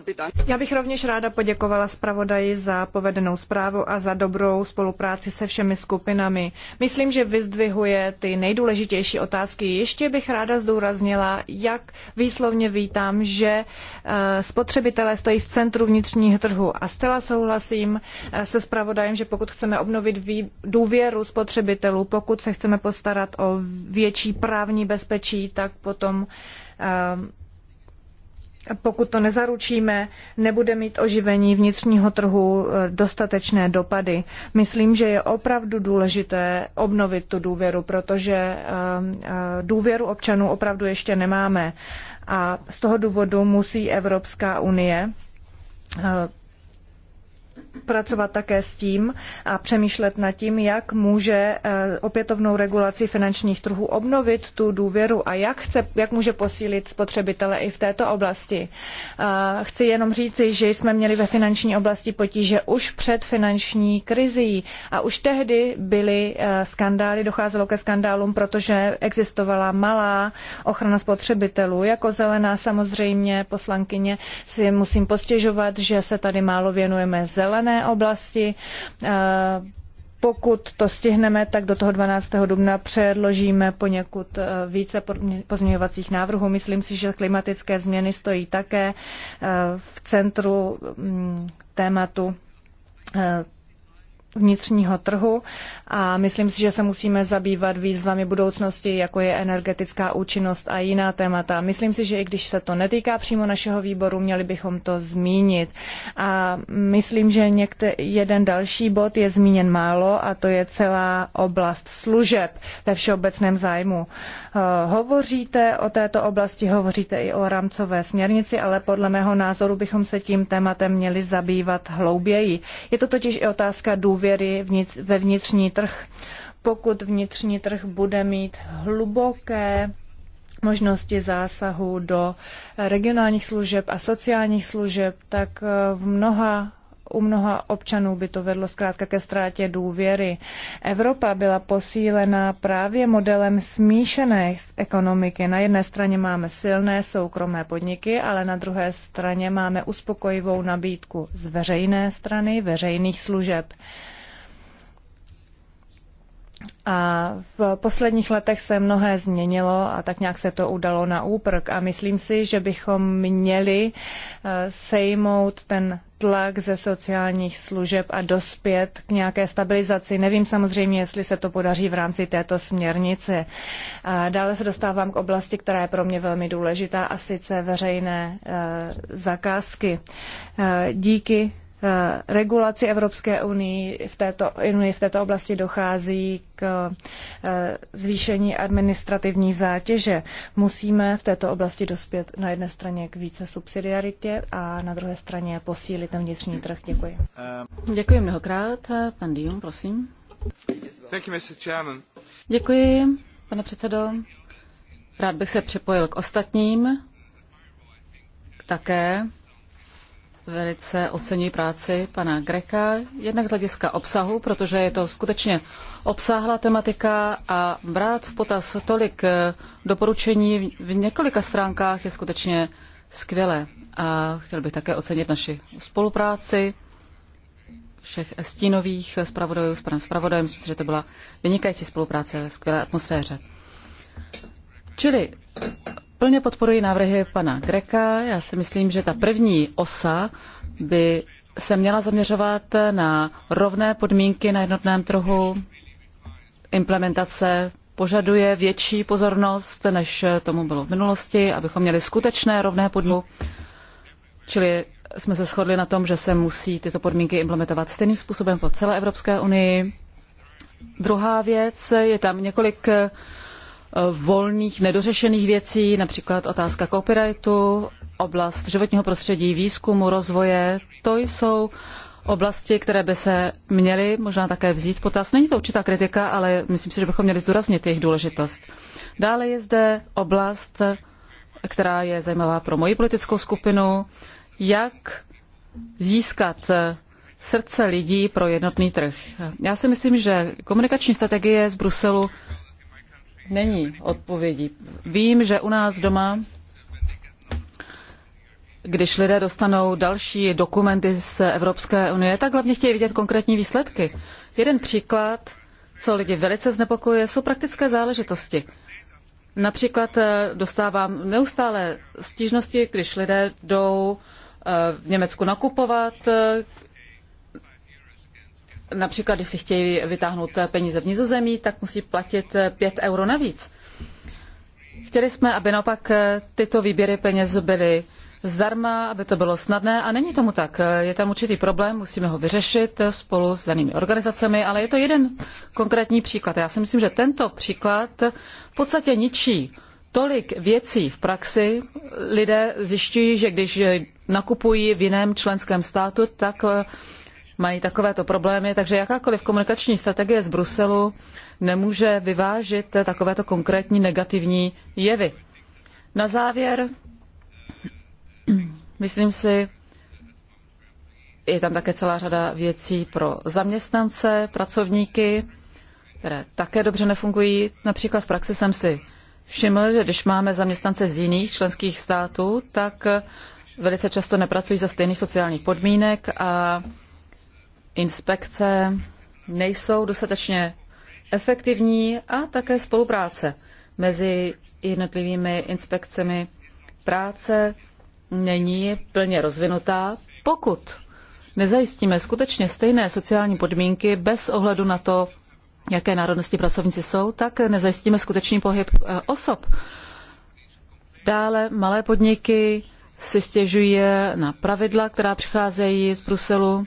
Já bych rovněž ráda poděkovala zpravodaji za povedenou zprávu a za dobrou spolupráci se všemi skupinami. Myslím, že vyzdvihuje ty nejdůležitější otázky. Ještě bych ráda zdůraznila, jak výslovně vítám, že eh, spotřebitelé stojí v centru vnitřního trhu a zcela souhlasím eh, se zpravodajem, že pokud chceme obnovit důvěru spotřebitelů, pokud se chceme postarat o větší právní bezpečí, tak potom Ehm, pokud to nezaručíme, nebude mít oživení vnitřního trhu e, dostatečné dopady. Myslím, že je opravdu důležité obnovit tu důvěru, protože ehm, e, důvěru občanů opravdu ještě nemáme. A z toho důvodu musí Evropská unie e, pracovat také s tím a přemýšlet nad tím, jak může eh, opětovnou regulací finančních trhů obnovit tu důvěru a jak, chce, jak může posílit spotřebitele i v této oblasti. Chci jenom říci, že jsme měli ve finanční oblasti potíže už před finanční krizí a už tehdy byly eh, skandály, docházelo ke skandálům, protože existovala malá ochrana spotřebitelů. Jako zelená samozřejmě poslankyně si musím postěžovat, že se tady málo věnujeme zelené dané oblasti. Eh, pokud to stihneme, tak do toho 12. dubna předložíme poněkud eh, více pozměňovacích návrhů. Myslím si, že klimatické změny stojí také eh, v centru mm, tématu vnitřního trhu a myslím si, že se musíme zabývat výzvami budoucnosti, jako je energetická účinnost a jiná témata. Myslím si, že i když se to netýká přímo našeho výboru, měli bychom to zmínit. A myslím, že někde, jeden další bod je zmíněn málo a to je celá oblast služeb ve všeobecném zájmu. Uh, hovoříte o této oblasti, hovoříte i o rámcové směrnici, ale podle mého názoru bychom se tím tématem měli zabývat hlouběji. Je to totiž i otázka důvěry důvěry ve vnitřní trh. Pokud vnitřní trh bude mít hluboké možnosti zásahu do regionálních služeb a sociálních služeb, tak eh, v mnoha u mnoha občanů by to vedlo zkrátka ke ztrátě důvěry. Evropa byla posílena právě modelem smíšené ekonomiky. Na jedné straně máme silné soukromé podniky, ale na druhé straně máme uspokojivou nabídku z veřejné strany, veřejných služeb. A v posledních letech se mnohé změnilo a tak nějak se to udalo na úprk. A myslím si, že bychom měli eh, sejmout ten tlak ze sociálních služeb a dospět k nějaké stabilizaci. Nevím samozřejmě, jestli se to podaří v rámci této směrnice. A dále se dostávám k oblasti, která je pro mě velmi důležitá, a sice veřejné e, zakázky. E, díky Eh, regulaci Evropské unii v této, unii v této oblasti dochází k eh, zvýšení administrativní zátěže. Musíme v této oblasti dospět na jedné straně k více subsidiaritě a na druhé straně posílit ten vnitřní trh. Děkuji. Děkuji mnohokrát. Pan Dion, prosím. Děkuji, pane předsedo. Rád bych se připojil k ostatním také velice ocení práci pana Greka, jednak z hlediska obsahu, protože je to skutečně obsáhlá tematika a brát v potaz tolik eh, doporučení v několika stránkách je skutečně skvělé. A chtěl bych také ocenit naši spolupráci všech stínových zpravodajů s panem zpravodajem. Myslím že to byla vynikající spolupráce ve skvělé atmosféře. Čili plně podporuji návrhy pana Greka. Já si myslím, že ta první osa by se měla zaměřovat na rovné podmínky na jednotném trhu. Implementace požaduje větší pozornost, než tomu bylo v minulosti, abychom měli skutečné rovné podmínky. Čili jsme se shodli na tom, že se musí tyto podmínky implementovat stejným způsobem po celé Evropské unii. Druhá věc, je tam několik Eh, volných, nedořešených věcí, například otázka copyrightu, oblast životního prostředí, výzkumu, rozvoje. To jsou oblasti, které by se měly možná také vzít potaz. Není to určitá kritika, ale myslím si, že bychom měli zdůraznit jejich důležitost. Dále je zde oblast, která je zajímavá pro moji politickou skupinu, jak získat srdce lidí pro jednotný trh. Já si myslím, že komunikační strategie z Bruselu není odpovědí. Vím, že u nás doma, když lidé dostanou další dokumenty z Evropské unie, tak hlavně chtějí vidět konkrétní výsledky. Jeden příklad, co lidi velice znepokojuje, jsou praktické záležitosti. Například eh, dostávám neustále stížnosti, když lidé jdou eh, v Německu nakupovat, eh, například, když si chtějí vytáhnout peníze v Nizozemí, tak musí platit 5 euro navíc. Chtěli jsme, aby naopak tyto výběry peněz byly zdarma, aby to bylo snadné a není tomu tak. Je tam určitý problém, musíme ho vyřešit spolu s danými organizacemi, ale je to jeden konkrétní příklad. Já si myslím, že tento příklad v podstatě ničí tolik věcí v praxi. Lidé zjišťují, že když nakupují v jiném členském státu, tak mají takovéto problémy, takže jakákoliv komunikační strategie z Bruselu nemůže vyvážit takovéto konkrétní negativní jevy. Na závěr, [clears throat] myslím si, je tam také celá řada věcí pro zaměstnance, pracovníky, které také dobře nefungují. Například v praxi jsem si všiml, že když máme zaměstnance z jiných členských států, tak velice často nepracují za stejných sociálních podmínek a inspekce nejsou dostatečně efektivní a také spolupráce mezi jednotlivými inspekcemi práce není plně rozvinutá, pokud nezajistíme skutečně stejné sociální podmínky bez ohledu na to, jaké národnosti pracovníci jsou, tak nezajistíme skutečný pohyb eh, osob. Dále malé podniky si stěžují na pravidla, která přicházejí z Bruselu.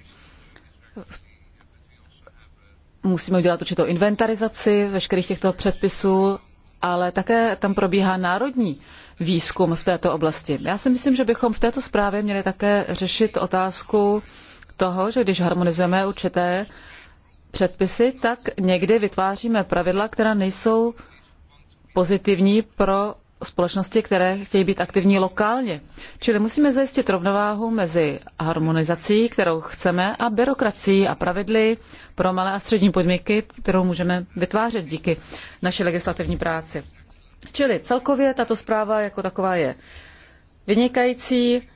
Musíme udělat určitou inventarizaci veškerých těchto předpisů, ale také tam probíhá národní výzkum v této oblasti. Já si myslím, že bychom v této zprávě měli také řešit otázku toho, že když harmonizujeme určité předpisy, tak někdy vytváříme pravidla, která nejsou pozitivní pro společnosti, které chtějí být aktivní lokálně. Čili musíme zajistit rovnováhu mezi harmonizací, kterou chceme, a byrokracií a pravidly pro malé a střední podniky, kterou můžeme vytvářet díky naší legislativní práci. Čili celkově tato zpráva jako taková je vynikající,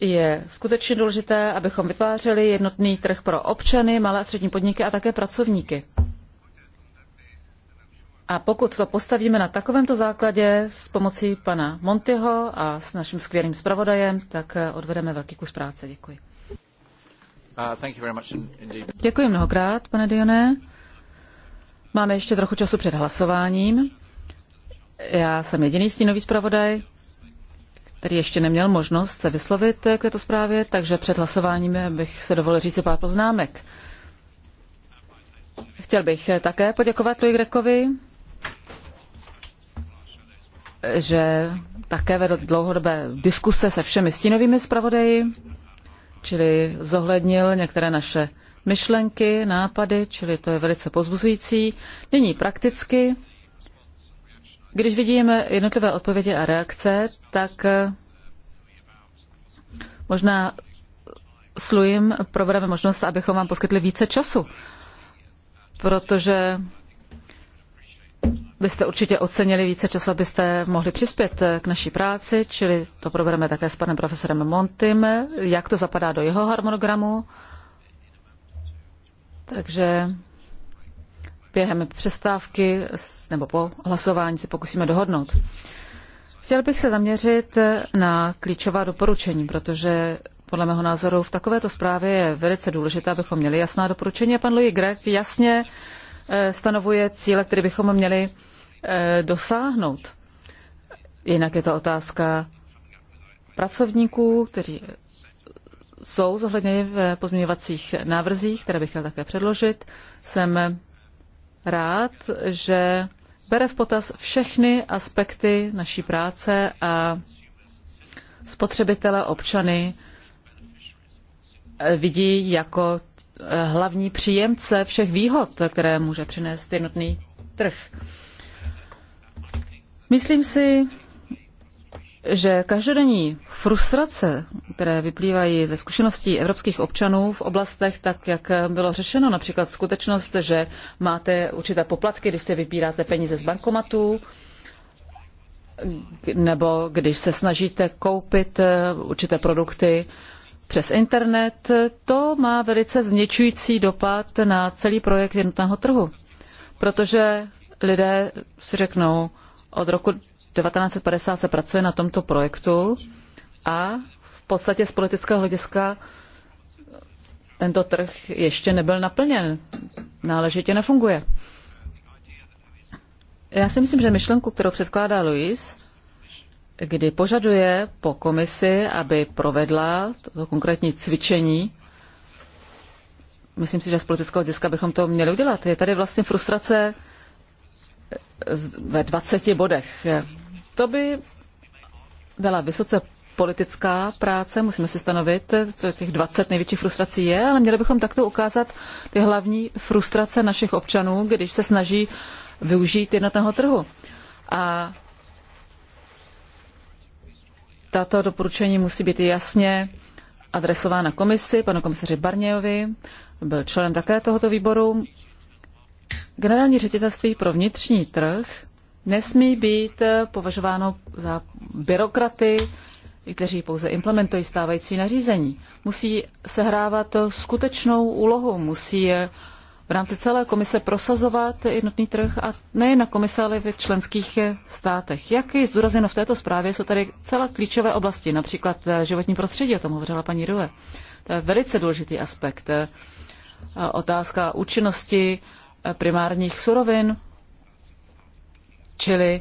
je skutečně důležité, abychom vytvářeli jednotný trh pro občany, malé a střední podniky a také pracovníky. A pokud to postavíme na takovémto základě s pomocí pana Montyho a s naším skvělým zpravodajem, tak eh, odvedeme velký kus práce. Děkuji. Uh, Děkuji mnohokrát, pane Dioné. Máme ještě trochu času před hlasováním. Já jsem jediný stínový zpravodaj, který ještě neměl možnost se vyslovit eh, k této zprávě, takže před hlasováním eh, bych se dovolil říct pár poznámek. Chtěl bych také poděkovat Louis Grekovi že také vedl dlouhodobé diskuse se všemi stínovými zpravodaji, čili zohlednil některé naše myšlenky, nápady, čili to je velice pozbuzující. Nyní prakticky, když vidíme jednotlivé odpovědi a reakce, tak eh, možná s Luim probereme možnost, abychom vám poskytli více času, protože byste určitě ocenili více času, abyste mohli přispět eh, k naší práci, čili to probereme také s panem profesorem Montym, jak to zapadá do jeho harmonogramu. Takže během přestávky nebo po hlasování se pokusíme dohodnout. Chtěl bych se zaměřit eh, na klíčová doporučení, protože podle mého názoru v takovéto zprávě je velice důležité, abychom měli jasná doporučení. A pan Louis Greg jasně Eh, stanovuje cíle, které bychom měli eh, dosáhnout. Jinak je to otázka pracovníků, kteří jsou zohledněni v pozměňovacích návrzích, které bych chtěl také předložit. Jsem rád, že bere v potaz všechny aspekty naší práce a spotřebitele, občany eh, vidí jako hlavní příjemce všech výhod, které může přinést jednotný trh. Myslím si, že každodenní frustrace, které vyplývají ze zkušeností evropských občanů v oblastech, tak jak bylo řešeno, například skutečnost, že máte určité poplatky, když se vybíráte peníze z bankomatů, nebo když se snažíte koupit eh, určité produkty přes internet, to má velice zničující dopad na celý projekt jednotného trhu, protože lidé si řeknou, od roku 1950 se pracuje na tomto projektu a v podstatě z politického hlediska tento trh ještě nebyl naplněn, náležitě nefunguje. Já si myslím, že myšlenku, kterou předkládá Luis, kdy požaduje po komisi, aby provedla toto konkrétní cvičení. Myslím si, že z politického hlediska bychom to měli udělat. Je tady vlastně frustrace ve 20 bodech. To by byla vysoce politická práce, musíme si stanovit, co těch 20 největších frustrací je, ale měli bychom takto ukázat ty hlavní frustrace našich občanů, když se snaží využít jednotného trhu. A tato doporučení musí být jasně adresována komisi, panu komisaři Barnějovi, byl členem také tohoto výboru. Generální ředitelství pro vnitřní trh nesmí být považováno za byrokraty, kteří pouze implementují stávající nařízení. Musí sehrávat skutečnou úlohu, musí v rámci celé komise prosazovat jednotný trh a nejen na komise, ale i v členských státech. Jak je zdůrazněno v této zprávě, jsou tady celé klíčové oblasti, například eh, životní prostředí, o tom hovořila paní Rue. To je velice důležitý aspekt. Eh, otázka účinnosti eh, primárních surovin, čili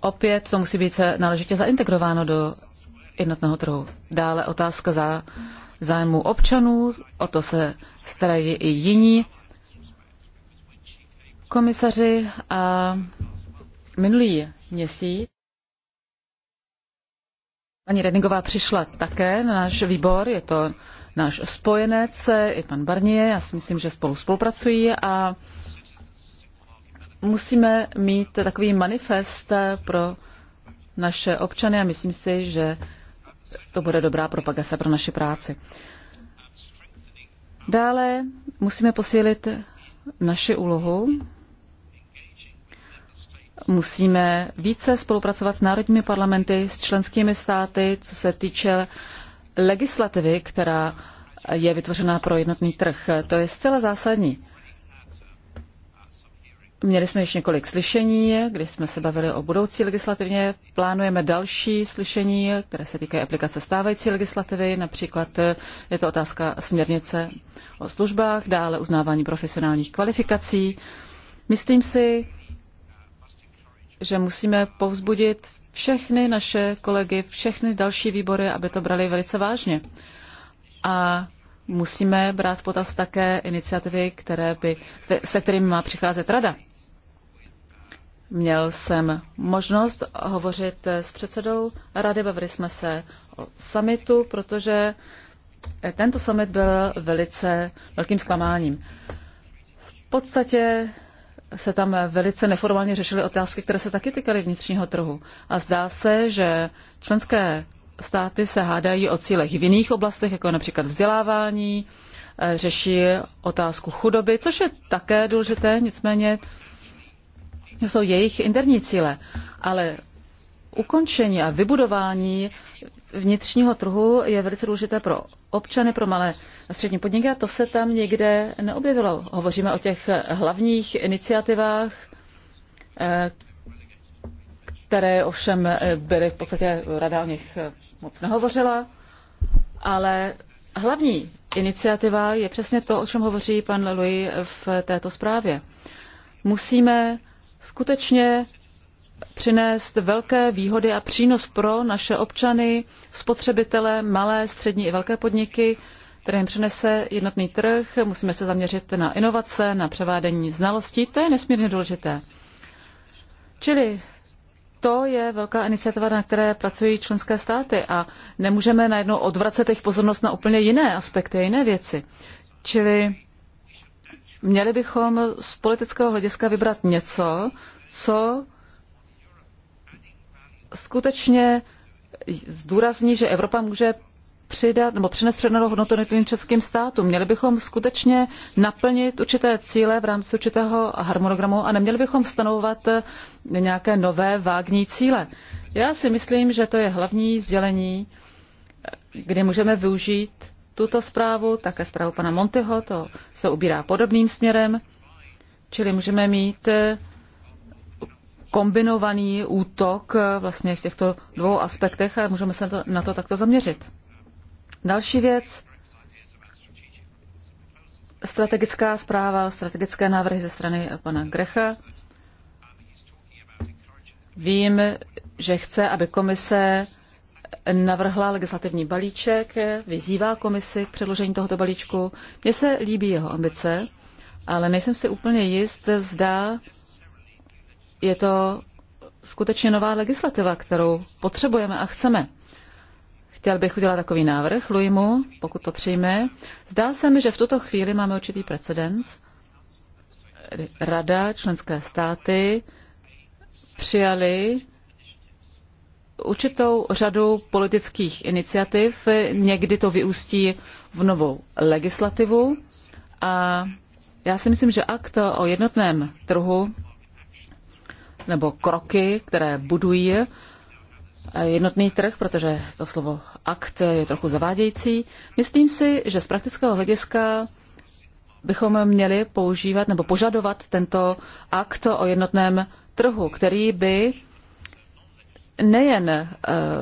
opět to musí být náležitě zaintegrováno do jednotného trhu. Dále otázka za zájmu občanů, o to se starají i jiní komisaři, a minulý měsíc paní Redingová přišla také na náš výbor, je to náš spojenec, i pan Barnier, já si myslím, že spolu spolupracují a musíme mít takový manifest pro naše občany a myslím si, že to bude dobrá propagace pro naši práci. Dále musíme posílit naši úlohu Musíme více spolupracovat s národními parlamenty, s členskými státy, co se týče legislativy, která je vytvořená pro jednotný trh. To je zcela zásadní. Měli jsme již několik slyšení, kdy jsme se bavili o budoucí legislativně. Plánujeme další slyšení, které se týkají aplikace stávající legislativy. Například je to otázka směrnice o službách, dále uznávání profesionálních kvalifikací. Myslím si, že musíme povzbudit všechny naše kolegy, všechny další výbory, aby to brali velice vážně. A musíme brát potaz také iniciativy, které by, se kterými má přicházet rada. Měl jsem možnost hovořit s předsedou rady, bavili jsme se o summitu, protože tento summit byl velice velkým zklamáním. V podstatě se tam velice neformálně řešily otázky, které se taky týkaly vnitřního trhu. A zdá se, že členské státy se hádají o cílech v jiných oblastech, jako například vzdělávání, eh, řeší otázku chudoby, což je také důležité, nicméně jsou jejich interní cíle. Ale ukončení a vybudování vnitřního trhu je velice důležité pro občany, pro malé a střední podniky a to se tam někde neobjevilo. Hovoříme o těch hlavních iniciativách, eh, které ovšem eh, byly v podstatě, rada o nich eh, moc nehovořila, ale hlavní iniciativa je přesně to, o čem hovoří pan Louis v této zprávě. Musíme skutečně přinést velké výhody a přínos pro naše občany, spotřebitele, malé, střední i velké podniky, které jim přinese jednotný trh. Musíme se zaměřit na inovace, na převádění znalostí. To je nesmírně důležité. Čili to je velká iniciativa, na které pracují členské státy a nemůžeme najednou odvracet jejich pozornost na úplně jiné aspekty, jiné věci. Čili měli bychom z politického hlediska vybrat něco, co skutečně zdůrazní, že Evropa může přidat nebo přinést předanou hodnotu jednotlivým českým státům. Měli bychom skutečně naplnit určité cíle v rámci určitého harmonogramu a neměli bychom stanovovat nějaké nové vágní cíle. Já si myslím, že to je hlavní sdělení, kdy můžeme využít tuto zprávu, také zprávu pana Montyho, to se ubírá podobným směrem, čili můžeme mít kombinovaný útok eh, vlastně v těchto dvou aspektech a můžeme se na to, na to takto zaměřit. Další věc, strategická zpráva, strategické návrhy ze strany pana Grecha. Vím, že chce, aby komise navrhla legislativní balíček, vyzývá komisi k předložení tohoto balíčku. Mně se líbí jeho ambice, ale nejsem si úplně jist, zda je to skutečně nová legislativa, kterou potřebujeme a chceme. Chtěl bych udělat takový návrh Luimu, pokud to přijme. Zdá se mi, že v tuto chvíli máme určitý precedens. Rada, členské státy přijali určitou řadu politických iniciativ. Někdy to vyústí v novou legislativu a já si myslím, že akt o jednotném trhu nebo kroky, které budují jednotný trh, protože to slovo akt je trochu zavádějící. Myslím si, že z praktického hlediska bychom měli používat nebo požadovat tento akt o jednotném trhu, který by nejen eh,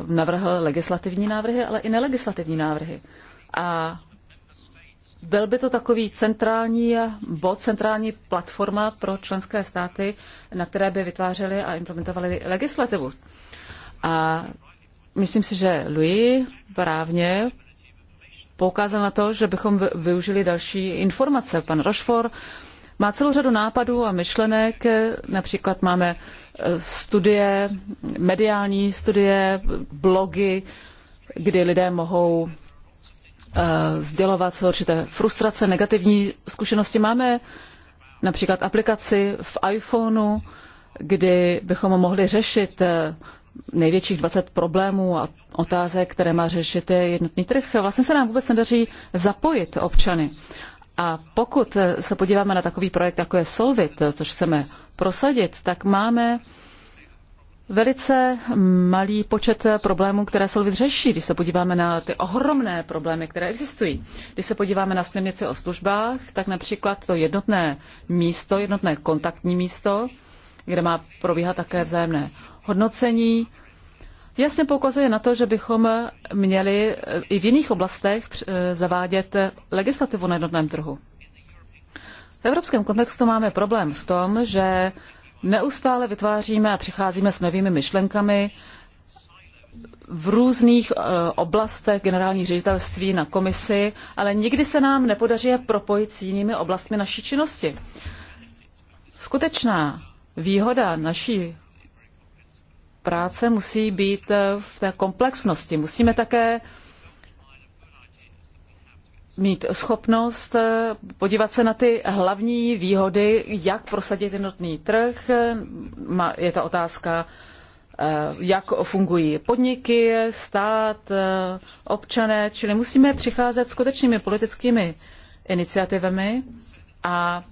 navrhl legislativní návrhy, ale i nelegislativní návrhy. A byl by to takový centrální bod, centrální platforma pro členské státy, na které by vytvářely a implementovaly legislativu. A myslím si, že Louis právně poukázal na to, že bychom využili další informace. Pan Rochefort má celou řadu nápadů a myšlenek, například máme eh, studie, mediální studie, blogy, kdy lidé mohou Eh, sdělovat určité frustrace, negativní zkušenosti. Máme například aplikaci v iPhoneu, kdy bychom mohli řešit eh, největších 20 problémů a otázek, které má řešit je eh, jednotný trh. Vlastně se nám vůbec nedaří zapojit občany. A pokud se podíváme na takový projekt, jako je Solvit, což chceme prosadit, tak máme velice malý počet problémů, které se vyřeší, když se podíváme na ty ohromné problémy, které existují. Když se podíváme na směrnici o službách, tak například to jednotné místo, jednotné kontaktní místo, kde má probíhat také vzájemné hodnocení, jasně poukazuje na to, že bychom měli eh, i v jiných oblastech eh, zavádět legislativu na jednotném trhu. V evropském kontextu máme problém v tom, že Neustále vytváříme a přicházíme s novými myšlenkami v různých eh, oblastech generální ředitelství na komisi, ale nikdy se nám nepodaří je propojit s jinými oblastmi naší činnosti. Skutečná výhoda naší práce musí být eh, v té komplexnosti. Musíme také mít schopnost eh, podívat se na ty hlavní výhody, jak prosadit jednotný trh. Je ta otázka, eh, jak fungují podniky, stát, eh, občané, čili musíme přicházet skutečnými politickými iniciativami a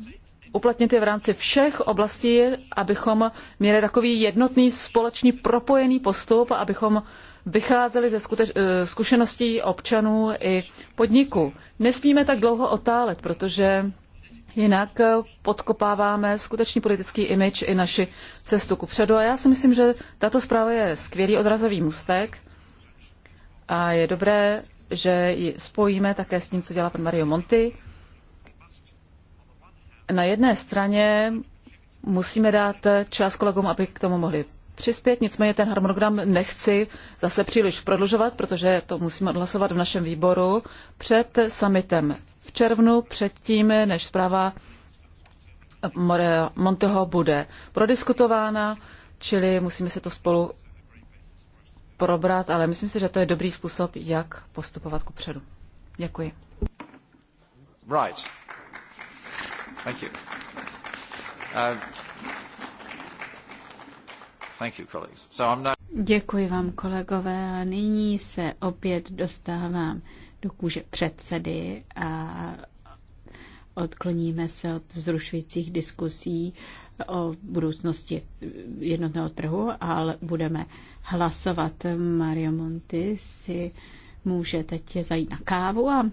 uplatnit je v rámci všech oblastí, abychom měli takový jednotný, společný, propojený postup, abychom vycházeli ze eh, zkušeností občanů i podniků. Nesmíme tak dlouho otálet, protože jinak eh, podkopáváme skutečný politický imič i naši cestu ku předu. A já si myslím, že tato zpráva je skvělý odrazový můstek a je dobré, že ji spojíme také s tím, co dělá pan Mario Monti. Na jedné straně musíme dát čas kolegům, aby k tomu mohli přispět, nicméně ten harmonogram nechci zase příliš prodlužovat, protože to musíme odhlasovat v našem výboru před summitem v červnu, předtím, než zpráva Monteho bude prodiskutována, čili musíme se to spolu probrat, ale myslím si, že to je dobrý způsob, jak postupovat ku předu. Děkuji. Right. Thank you. Uh... Děkuji vám, kolegové. A nyní se opět dostávám do kůže předsedy a odkloníme se od vzrušujících diskusí o budoucnosti jednotného trhu, ale budeme hlasovat. Mario Monti si může teď zajít na kávu a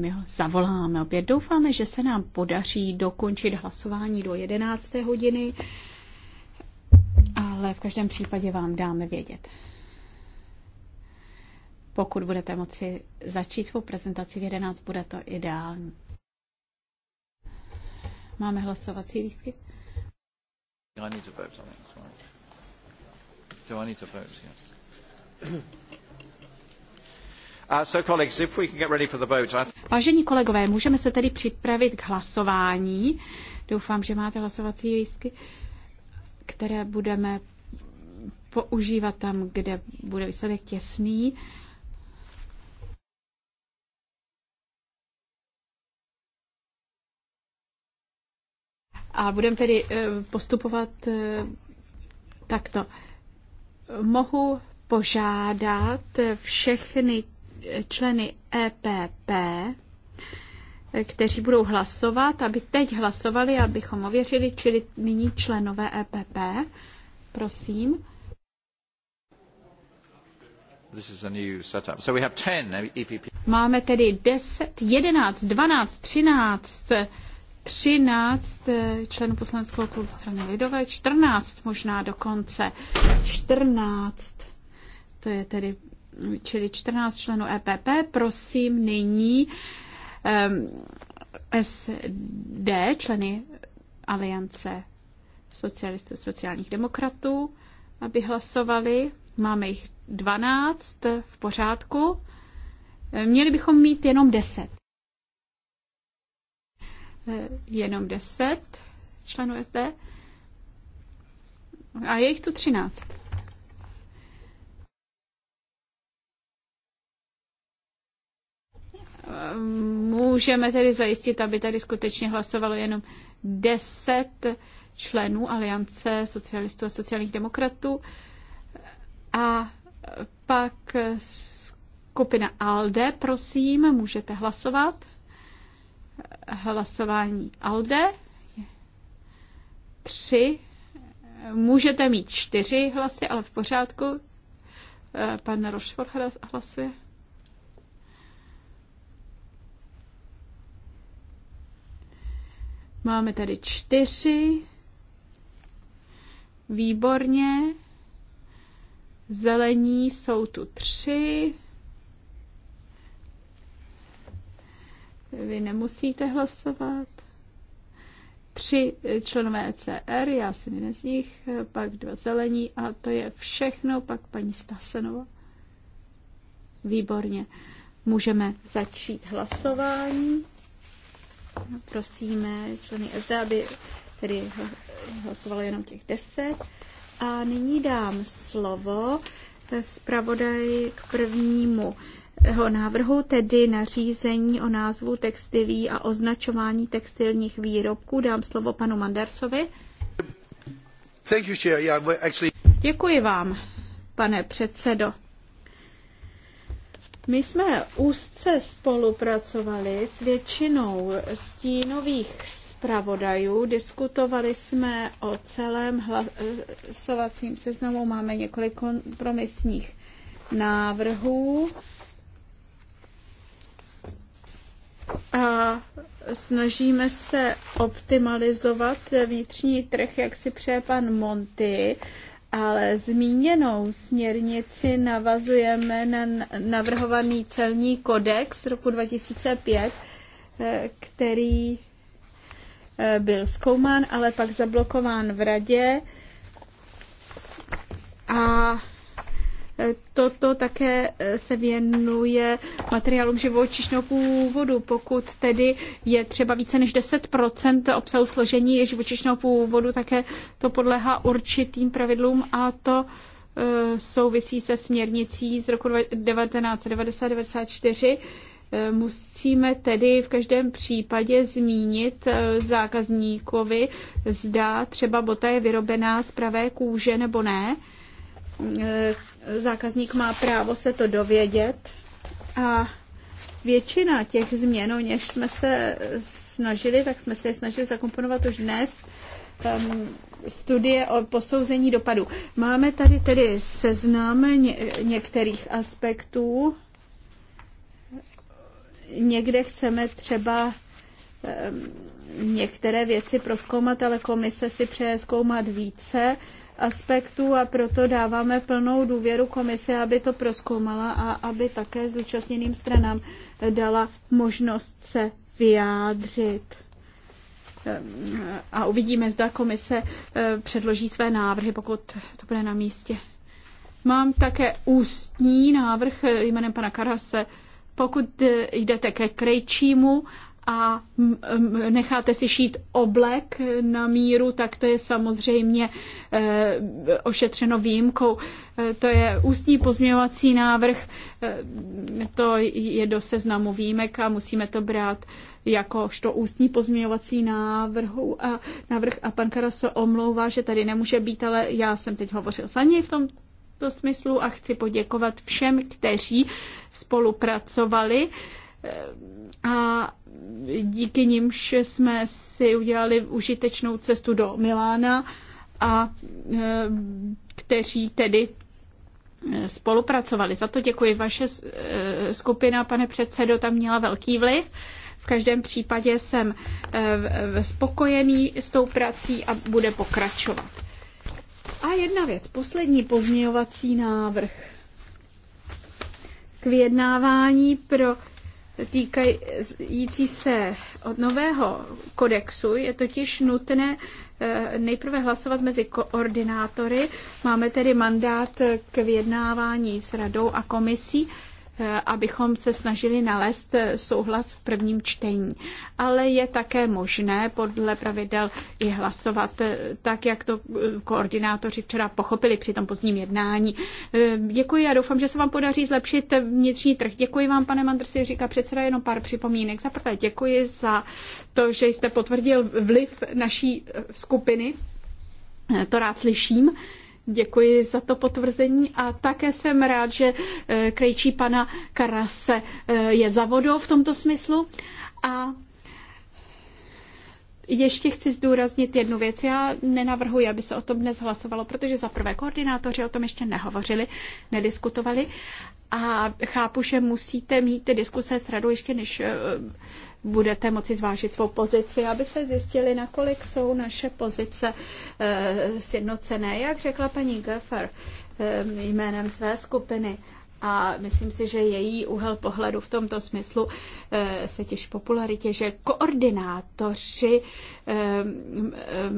my ho zavoláme opět. Doufáme, že se nám podaří dokončit hlasování do 11. hodiny, ale v každém případě vám dáme vědět. Pokud budete moci začít svou prezentaci v 11, bude to ideální. Máme hlasovací lístky? I need to vote on it as well. Do I need to vote? Yes. Vážení kolegové, můžeme se tedy připravit k hlasování. Doufám, že máte hlasovací lístky, které budeme používat tam, kde bude výsledek těsný. A budeme tedy eh, postupovat eh, takto. Mohu požádat všechny členy EPP, kteří budou hlasovat, aby teď hlasovali, abychom ověřili, čili nyní členové EPP. Prosím. This is a new setup. So we have 10 EPP. Máme tedy 10, 11, 12, 13, 13 členů poslaneckého klubu strany Lidové, 14 možná dokonce. 14. To je tedy čili 14 členů EPP. Prosím nyní SD, členy Aliance socialistů, sociálních demokratů, aby hlasovali. Máme jich 12 v pořádku. Měli bychom mít jenom 10. E, jenom 10 členů SD. A je jich tu 13. Můžeme tedy zajistit, aby tady skutečně hlasovalo jenom 10 členů Aliance socialistů a sociálních demokratů a pak skupina ALDE, prosím, můžete hlasovat. Hlasování ALDE. Tři. Můžete mít čtyři hlasy, ale v pořádku. Pan Rošfor hlasuje. Máme tady čtyři. Výborně. Zelení jsou tu tři. Vy nemusíte hlasovat. Tři členové e CR, já jsem jeden z nich, pak dva zelení a to je všechno, pak paní Stasenova. Výborně. Můžeme začít hlasování. No, prosíme členy SD, aby tedy hlasovalo jenom těch deset. A nyní dám slovo zpravodaj k prvnímu jeho návrhu, tedy nařízení o názvu textilí a označování textilních výrobků. Dám slovo panu Mandersovi. Thank you, Chair. Yeah, actually... Děkuji vám, pane předsedo. My jsme úzce spolupracovali s většinou stínových zpravodajů. Diskutovali jsme o celém hlasovacím seznamu. Máme několik kompromisních návrhů. A snažíme se optimalizovat vnitřní trh, jak si přeje pan Monty ale zmíněnou směrnici navazujeme na navrhovaný celní kodex roku 2005, eh, který eh, byl zkoumán, ale pak zablokován v radě. A Toto také eh, se věnuje materiálům živočišného původu. Pokud tedy je třeba více než 10 obsahu složení živočišného původu, také to podléhá určitým pravidlům a to eh, souvisí se směrnicí z roku 1994. Eh, musíme tedy v každém případě zmínit zákazníkovi, zda třeba bota je vyrobená z pravé kůže nebo ne zákazník má právo se to dovědět a většina těch změn, o něž jsme se snažili, tak jsme se je snažili zakomponovat už dnes um, studie o posouzení dopadu. Máme tady tedy seznam ně- některých aspektů. Někde chceme třeba um, některé věci proskoumat, ale komise si přeje zkoumat více. Um, aspektů a proto dáváme plnou důvěru komisi, aby to proskoumala a aby také zúčastněným stranám dala možnost se vyjádřit. A uvidíme, zda komise eh, předloží své návrhy, pokud to bude na místě. Mám také ústní návrh eh, jménem pana Karase. Pokud eh, jdete ke krejčímu a necháte si šít oblek na míru, tak to je samozřejmě eh, ošetřeno výjimkou. Eh, to je ústní pozměňovací návrh, eh, to je do seznamu výjimek a musíme to brát jakožto ústní pozměňovací návrhu a návrh a pan Karas se omlouvá, že tady nemůže být, ale já jsem teď hovořil za něj v tom tomto smyslu a chci poděkovat všem, kteří spolupracovali a díky nimž jsme si udělali užitečnou cestu do Milána a e, kteří tedy e, spolupracovali. Za to děkuji. Vaše e, skupina, pane předsedo, tam měla velký vliv. V každém případě jsem spokojený s tou prací a bude pokračovat. A jedna věc, poslední pozměňovací návrh k vyjednávání pro týkající se od nového kodexu je totiž nutné eh, nejprve hlasovat mezi koordinátory. Máme tedy mandát k vyjednávání s radou a komisí Eh, abychom se snažili nalézt eh, souhlas v prvním čtení. Ale je také možné podle pravidel i hlasovat eh, tak, jak to koordinátoři včera pochopili při tom pozdním jednání. Děkuji a doufám, že se vám podaří zlepšit vnitřní trh. Děkuji vám, pane Mandrsi, říká předseda, jenom pár připomínek. Za prvé děkuji za to, že jste potvrdil vliv naší skupiny. To rád slyším. Děkuji za to potvrzení a také jsem rád, že eh, krejčí pana Karase eh, je za vodou v tomto smyslu. A ještě chci zdůraznit jednu věc. Já nenavrhuji, aby se o tom dnes hlasovalo, protože za prvé koordinátoři o tom ještě nehovořili, nediskutovali a chápu, že musíte mít ty diskuse s radou ještě než eh, budete moci zvážit svou pozici, abyste zjistili, nakolik jsou naše pozice eh, sjednocené. Jak řekla paní Göffer eh, jménem své skupiny, a myslím si, že její úhel pohledu v tomto smyslu eh, se těší popularitě, že koordinátoři eh, eh,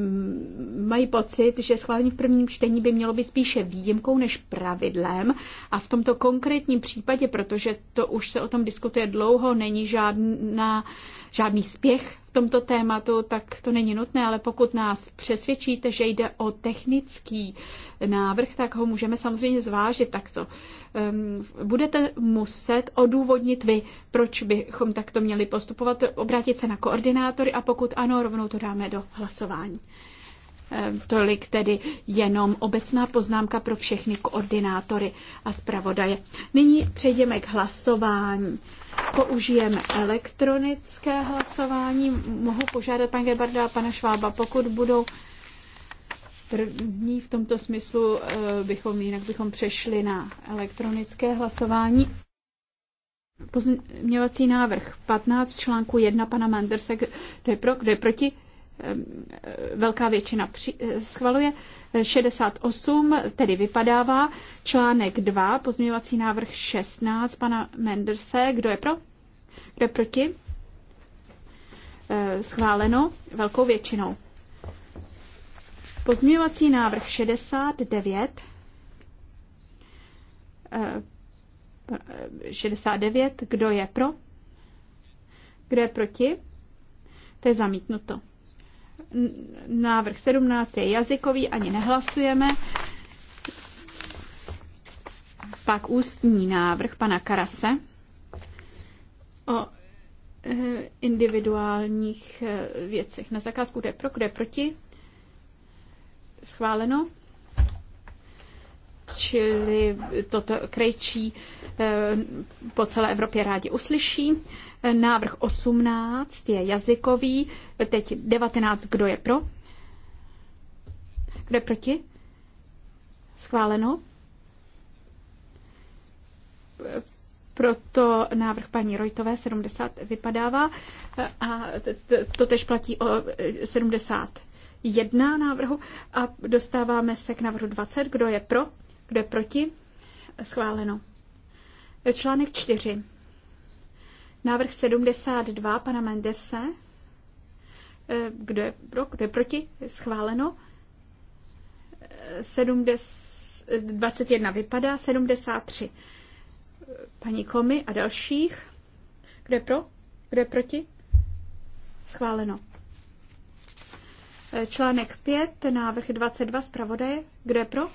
mají pocit, že schválení v prvním čtení by mělo být spíše výjimkou než pravidlem a v tomto konkrétním případě, protože to už se o tom diskutuje dlouho, není žádná, žádný spěch v tomto tématu, tak to není nutné, ale pokud nás přesvědčíte, že jde o technický návrh, tak ho můžeme samozřejmě zvážit takto. Budete muset odůvodnit vy, proč bychom takto měli postupovat, obrátit se na koordinátory a pokud ano, rovnou to dáme do hlasování. Tolik tedy jenom obecná poznámka pro všechny koordinátory a zpravodaje. Nyní přejdeme k hlasování. Použijeme elektronické hlasování. Mohu požádat pan Gebarda a pana Švába, pokud budou první v tomto smyslu, eh, bychom, jinak bychom přešli na elektronické hlasování. Pozměňovací návrh 15 článku 1 pana Mandersa, kde je pro, kde je proti, eh, velká většina při, eh, schvaluje. 68 tedy vypadává. Článek 2, pozměňovací návrh 16 pana Menderse, kdo je pro, kdo je proti, schváleno velkou většinou. Pozměňovací návrh 69 69. Eh, kdo je pro? Kdo je proti? To je zamítnuto. Návrh 17 je jazykový, ani nehlasujeme. Pak ústní návrh pana Karase o eh, individuálních eh, věcech na zakázku. kde je pro, kde je proti? schváleno. Čili toto krejčí eh, po celé Evropě rádi uslyší. Návrh 18 je jazykový, teď 19, kdo je pro? Kdo je proti? Schváleno. Proto návrh paní Rojtové 70 vypadává a to tež platí o 70 eh, 1 návrhu a dostáváme se k návrhu 20. Kdo je pro? Kdo je proti? Schváleno. Článek 4. Návrh 72 pana Mendese. Eh, kdo je pro? Kdo je proti? Schváleno. 70, 21 vypadá, 73 paní Komy a dalších. Kdo je pro? Kdo je proti? Schváleno. Článek 5, návrh 22 zpravodaje. Kdo je pro?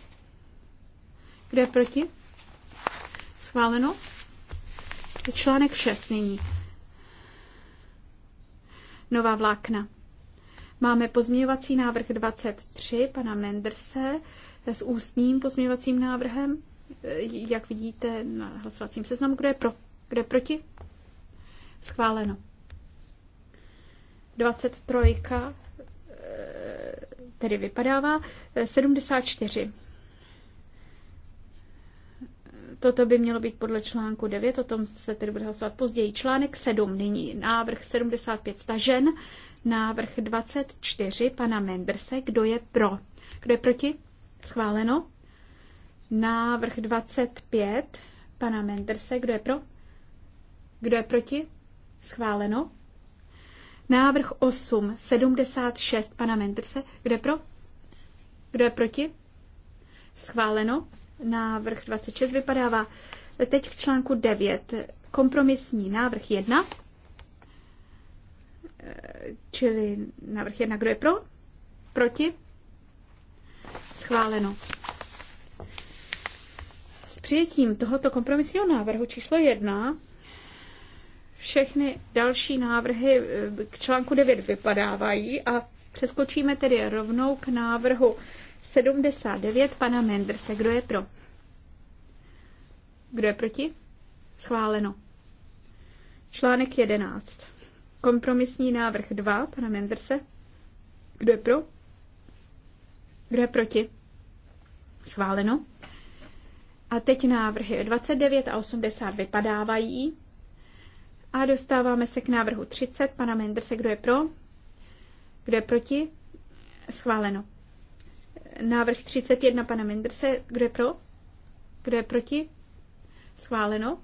Kdo je proti? Schváleno. Článek 6 nyní. Nová vlákna. Máme pozměňovací návrh 23 pana Menderse s ústním pozměňovacím návrhem. Jak vidíte na hlasovacím seznamu, kdo je pro, kdo je proti? Schváleno. 23 tedy vypadává 74. Eh, Toto by mělo být podle článku 9, o tom se tedy bude hlasovat později. Článek 7 nyní, návrh 75 stažen, návrh 24 pana Menderse, kdo je pro? Kdo je proti? Schváleno. Návrh 25 pana Menderse, kdo je pro? Kdo je proti? Schváleno. Návrh 8, 76 pana Mendrse. Kdo je pro? Kdo je proti? Schváleno. Návrh 26 vypadává. Teď v článku 9. Kompromisní návrh 1. Čili návrh 1. Kdo je pro? Proti? Schváleno. S přijetím tohoto kompromisního návrhu číslo 1 všechny další návrhy eh, k článku 9 vypadávají a přeskočíme tedy rovnou k návrhu 79 pana Menderse. Kdo je pro? Kdo je proti? Schváleno. Článek 11. Kompromisní návrh 2 pana Menderse. Kdo je pro? Kdo je proti? Schváleno. A teď návrhy 29 a 80 vypadávají. A dostáváme se k návrhu 30 pana Menderse. Kdo je pro? Kdo je proti? Schváleno. Návrh 31 pana Menderse. Kdo je pro? Kdo je proti? Schváleno.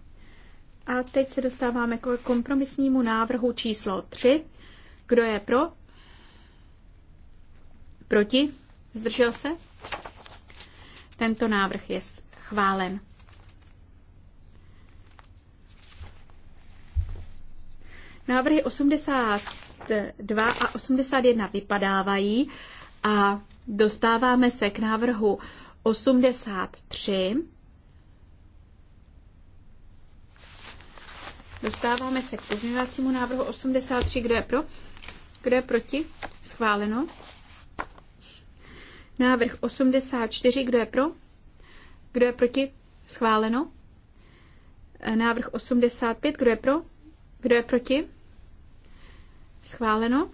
A teď se dostáváme k kompromisnímu návrhu číslo 3. Kdo je pro? Proti? Zdržel se? Tento návrh je schválen. Návrhy 82 a 81 vypadávají a dostáváme se k návrhu 83. Dostáváme se k pozměňovacímu návrhu 83. Kdo je pro? Kdo je proti? Schváleno. Návrh 84. Kdo je pro? Kdo je proti? Schváleno. Návrh 85. Kdo je pro? Kdo je proti? Schváleno.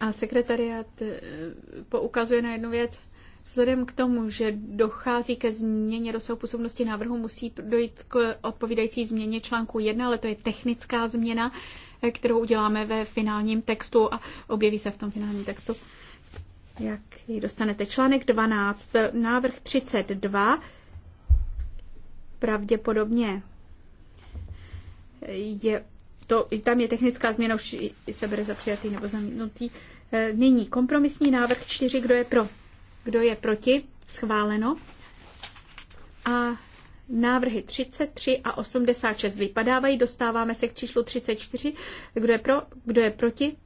A sekretariat eh, poukazuje na jednu věc. Vzhledem k tomu, že dochází ke změně rozsahu působnosti návrhu, musí dojít k odpovídající změně článku 1, ale to je technická změna, eh, kterou uděláme ve finálním textu a objeví se v tom finálním textu. Jak ji dostanete? Článek 12, eh, návrh 32, pravděpodobně je to, tam je technická změna, už se bude za přijatý nebo zamítnutý. E, nyní kompromisní návrh čtyři kdo je pro, kdo je proti, schváleno. A návrhy 33 a 86 vypadávají, dostáváme se k číslu 34, kdo je pro, kdo je proti.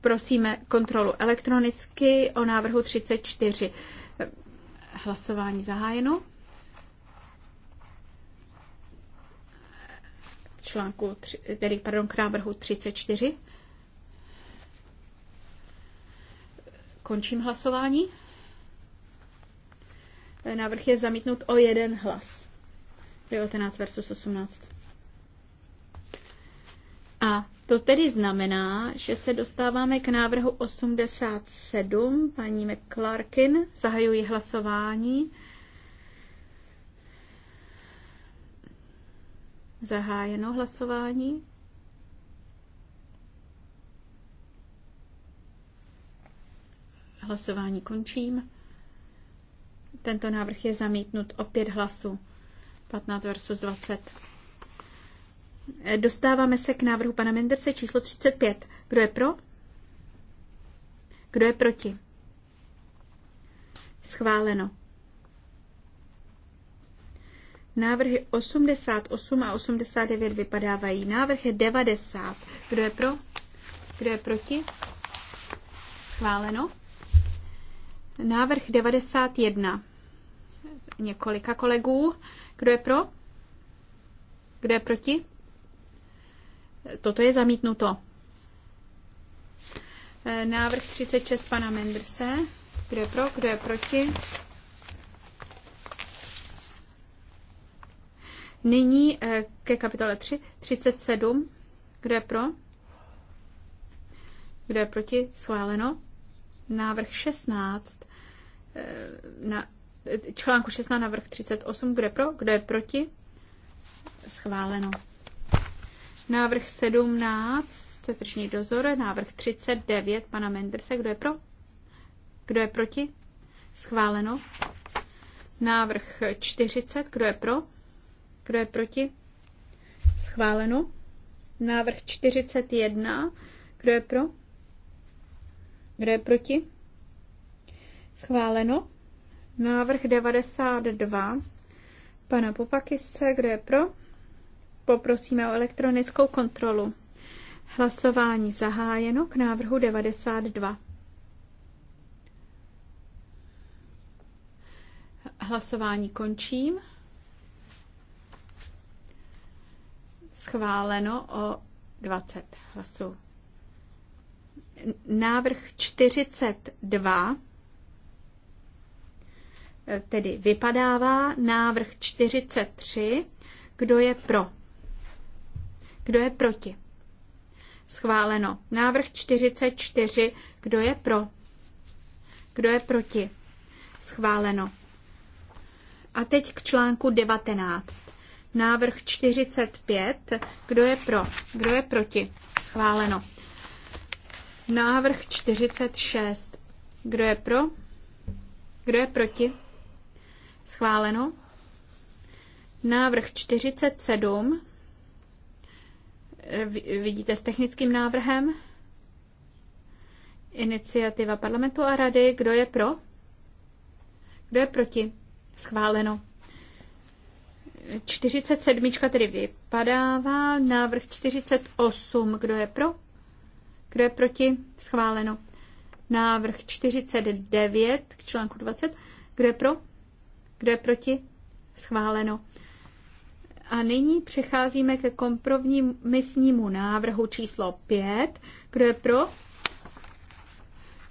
Prosíme kontrolu elektronicky o návrhu 34. E, hlasování zahájeno. článku, tedy pardon, k návrhu 34. Končím hlasování. Návrh je zamítnut o jeden hlas. 19 versus 18. A to tedy znamená, že se dostáváme k návrhu 87 paní McClarkin. Zahajuji hlasování. Zahájeno hlasování. Hlasování končím. Tento návrh je zamítnut o pět hlasů. 15 versus 20. Eh, dostáváme se k návrhu pana Menderse číslo 35. Kdo je pro? Kdo je proti? Schváleno. Návrhy 88 a 89 vypadávají. Návrh je 90. Kdo je pro? Kdo je proti? Schváleno. Návrh 91. Několika kolegů. Kdo je pro? Kdo je proti? Toto je zamítnuto. Návrh 36 pana Mendrse. Kdo je pro? Kdo je proti? Nyní eh, ke kapitole 3, 37. Kdo je pro? Kdo je proti? Schváleno. Návrh 16. Eh, na, eh, článku 16 návrh 38. Kdo je pro? Kdo je proti? Schváleno. Návrh 17. Tržní dozor. Návrh 39 pana Menderse. Kdo je pro? Kdo je proti? Schváleno. Návrh 40. Kdo je pro? Kdo je proti? Schváleno. Návrh 41. Kdo je pro? Kdo je proti? Schváleno. Návrh 92 pana Popakise. Kdo je pro? Poprosíme o elektronickou kontrolu. Hlasování zahájeno k návrhu 92. Hlasování končím. schváleno o 20 hlasů. Návrh 42 eh, tedy vypadává návrh 43. Kdo je pro? Kdo je proti? Schváleno. Návrh 44. Kdo je pro? Kdo je proti? Schváleno. A teď k článku 19. Návrh 45. Kdo je pro? Kdo je proti? Schváleno. Návrh 46. Kdo je pro? Kdo je proti? Schváleno. Návrh 47. Eh, vidíte s technickým návrhem. Iniciativa parlamentu a rady. Kdo je pro? Kdo je proti? Schváleno. 47 tedy vypadává. Návrh 48. Kdo je pro? Kdo je proti? Schváleno. Návrh 49 k článku 20. Kdo je pro? Kdo je proti? Schváleno. A nyní přecházíme ke kompromisnímu návrhu číslo 5. Kdo je pro?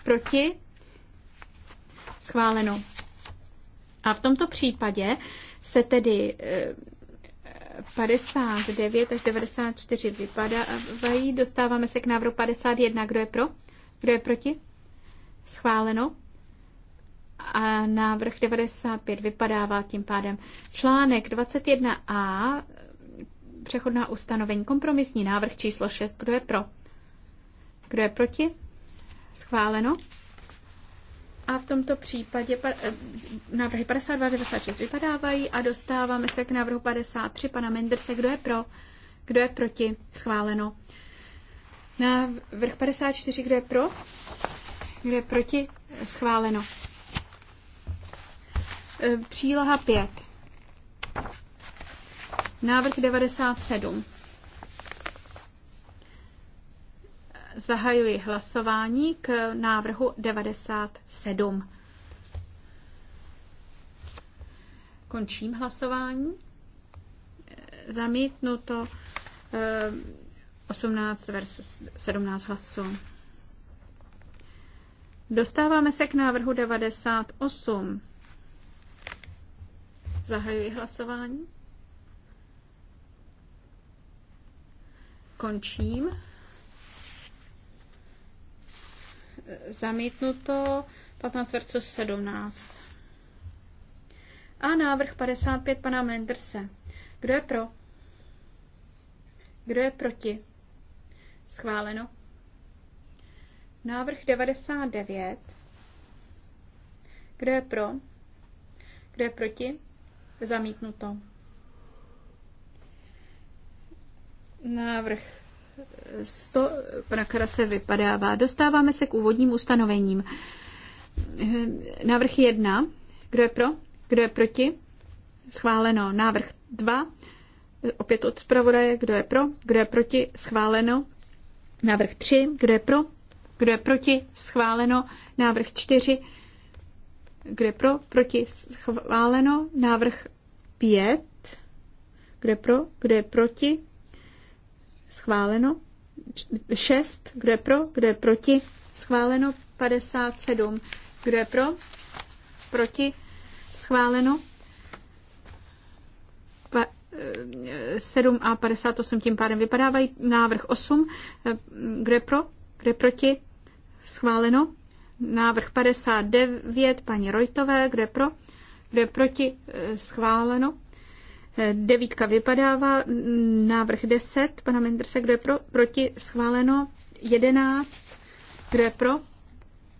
Proti? Schváleno. A v tomto případě se tedy 59 eh, až 94 vypadávají. Dostáváme se k návrhu 51. Kdo je pro? Kdo je proti? Schváleno. A návrh 95 vypadává tím pádem. Článek 21a, přechodná ustanovení, kompromisní návrh číslo 6. Kdo je pro? Kdo je proti? Schváleno. A v tomto případě eh, návrhy 52 a 96 vypadávají a dostáváme se k návrhu 53 pana Menderse. Kdo je pro? Kdo je proti? Schváleno. Návrh 54, kdo je pro? Kdo je proti? Schváleno. Eh, příloha 5. Návrh 97. Zahajuji hlasování k návrhu 97. Končím hlasování. Zamítnuto 18 eh, versus 17 hlasů. Dostáváme se k návrhu 98. Zahajuji hlasování. Končím zamítnuto, 15 versus 17. A návrh 55 pana Menderse. Kdo je pro? Kdo je proti? Schváleno. Návrh 99. Kdo je pro? Kdo je proti? Zamítnuto. Návrh to prakra Karase vypadává. Dostáváme se k úvodním ustanovením. Návrh 1. Kdo je pro? Kdo je proti? Schváleno. Návrh 2. Opět od zpravodaje. Kdo je pro? Kdo je proti? Schváleno. Návrh 3. Kdo je pro? Kdo je proti? Schváleno. Návrh 4. Kdo je pro? Proti? Schváleno. Návrh 5. Kdo je pro? Kdo je proti? schváleno. 6, kdo je pro, kdo je proti, schváleno. 57, kdo je pro, proti, schváleno. 7 eh, a 58 tím pádem vypadávají. Návrh 8, eh, kdo je pro, kdo je proti, schváleno. Návrh 59 paní Rojtové, kdo je pro, kdo je proti, eh, schváleno. Devítka vypadává, návrh 10, pana Mendrse, kdo je pro, proti, schváleno. 11, kdo je pro,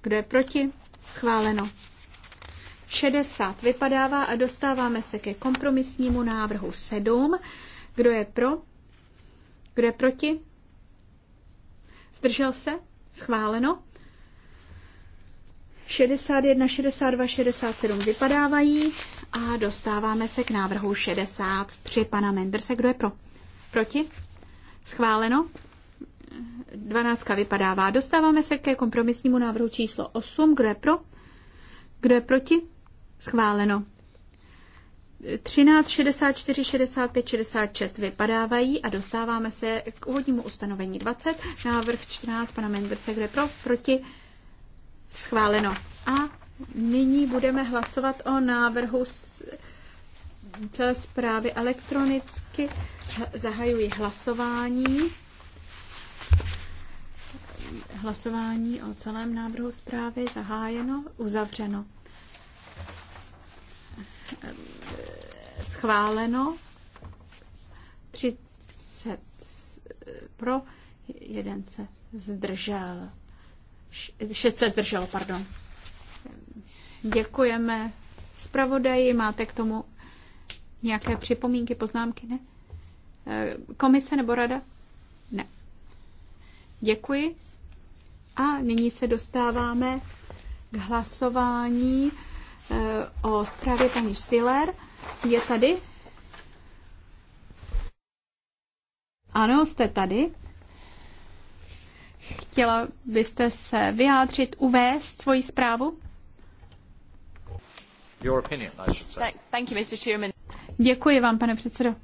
kdo je proti, schváleno. 60 vypadává a dostáváme se ke kompromisnímu návrhu 7. Kdo je pro? Kdo je proti? Zdržel se? Schváleno. 61, 62, 67 vypadávají. A dostáváme se k návrhu 63 pana Menderse. Kdo je pro? Proti? Schváleno? 12 vypadává. Dostáváme se ke kompromisnímu návrhu číslo 8. Kdo je pro? Kdo je proti? Schváleno. 13, 64, 65, 66 vypadávají a dostáváme se k úvodnímu ustanovení 20. Návrh 14 pana Menderse, kde pro, proti, schváleno. A Nyní budeme hlasovat o návrhu celé zprávy elektronicky. Zahajuji hlasování. Hlasování o celém návrhu zprávy zahájeno, uzavřeno. Schváleno 30 pro, jeden se zdržel. Šest se zdrželo, pardon. Děkujeme zpravodaji. Máte k tomu nějaké připomínky, poznámky, ne? Eh, komise nebo rada? Ne. Děkuji. A nyní se dostáváme k hlasování eh, o zprávě paní Stiller. Je tady? Ano, jste tady. Chtěla byste se vyjádřit, uvést svoji zprávu? Děkuji vám, pane předsedo.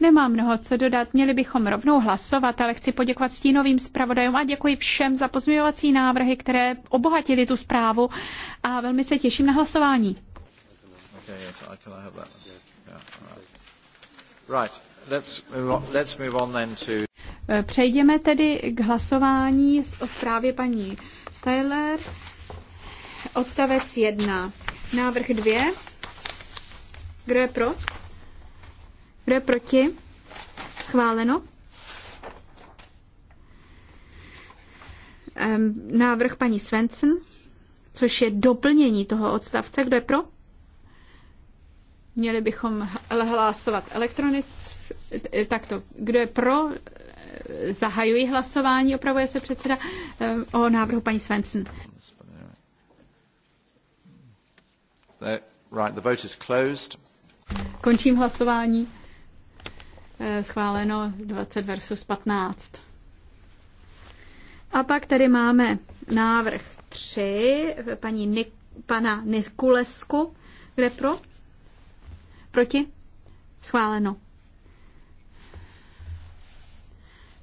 Nemám mnoho co dodat, měli bychom rovnou hlasovat, ale chci poděkovat stínovým zpravodajům a děkuji všem za pozměňovací návrhy, které obohatily tu zprávu a velmi se těším na hlasování. Přejdeme tedy k hlasování o zprávě paní Styler. Odstavec 1. Návrh 2. Kdo je pro? Kdo je proti? Schváleno. Návrh paní Svensson, což je doplnění toho odstavce. Kdo je pro? Měli bychom hlasovat elektronicky. E, takto, kdo je pro, e, zahajuji hlasování, opravuje se předseda e, o návrhu paní Svensson. Eh, right, the vote is closed. Končím hlasování. Eh, schváleno 20 versus 15. A pak tady máme návrh 3 paní Nik, pana Nikulesku. Kde pro? Proti? Schváleno.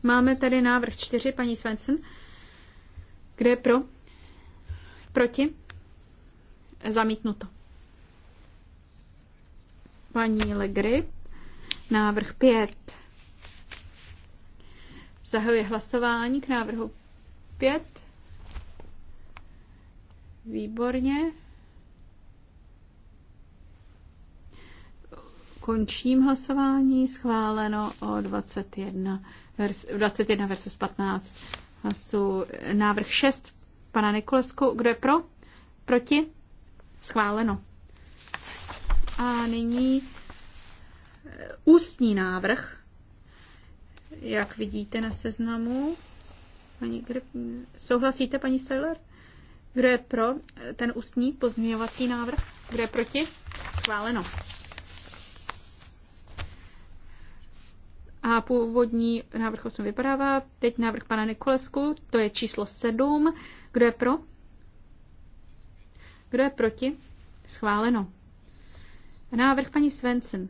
Máme tady návrh 4, paní Svensson. Kde je pro? Proti? Zamítnuto paní Legry. Návrh 5. Zahajuji hlasování k návrhu 5. Výborně. Končím hlasování. Schváleno o 21, vers, 21 versus 15 hlasů. Návrh 6 pana Nikolesku. Kdo je pro? Proti? Schváleno. A nyní eh, ústní návrh, jak vidíte na seznamu. Paní, souhlasíte, paní Steyler? Kdo je pro eh, ten ústní pozměňovací návrh? Kdo je proti? Schváleno. A původní návrh 8 vypadává. Teď návrh pana Nikolesku, to je číslo 7. Kdo je pro? Kdo je proti? Schváleno. Návrh paní Svensson.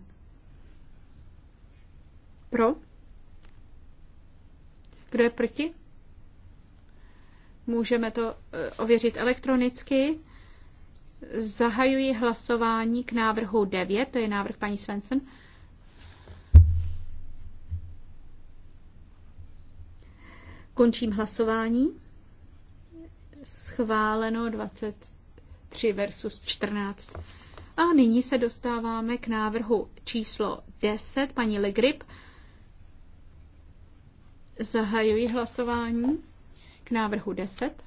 Pro? Kdo je proti? Můžeme to eh, ověřit elektronicky. Zahajuji hlasování k návrhu 9, to je návrh paní Svensson. Končím hlasování. Schváleno 23 versus 14. A nyní se dostáváme k návrhu číslo 10, paní Legrip. Zahajuji hlasování k návrhu 10.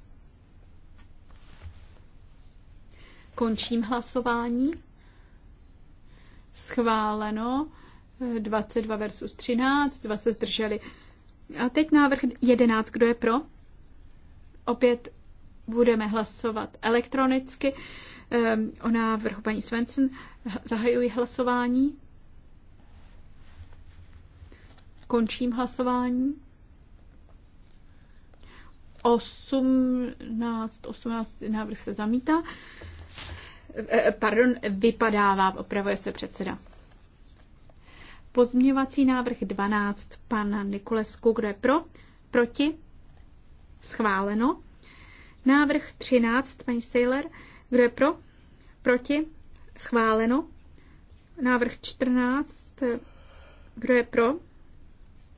Končím hlasování. Schváleno 22 eh, versus 13, dva se zdrželi. A teď návrh 11, kdo je pro? Opět budeme hlasovat elektronicky. Ehm, o návrhu paní Svensson. Zahajuji hlasování. Končím hlasování. 18, 18 návrh se zamítá. E, e, pardon, vypadává, opravuje se předseda. Pozměňovací návrh 12 pana Nikolesku, kdo je pro? Proti? Schváleno. Návrh 13, paní Sailor, kdo je pro? Proti? Schváleno. Návrh 14. Kdo je pro?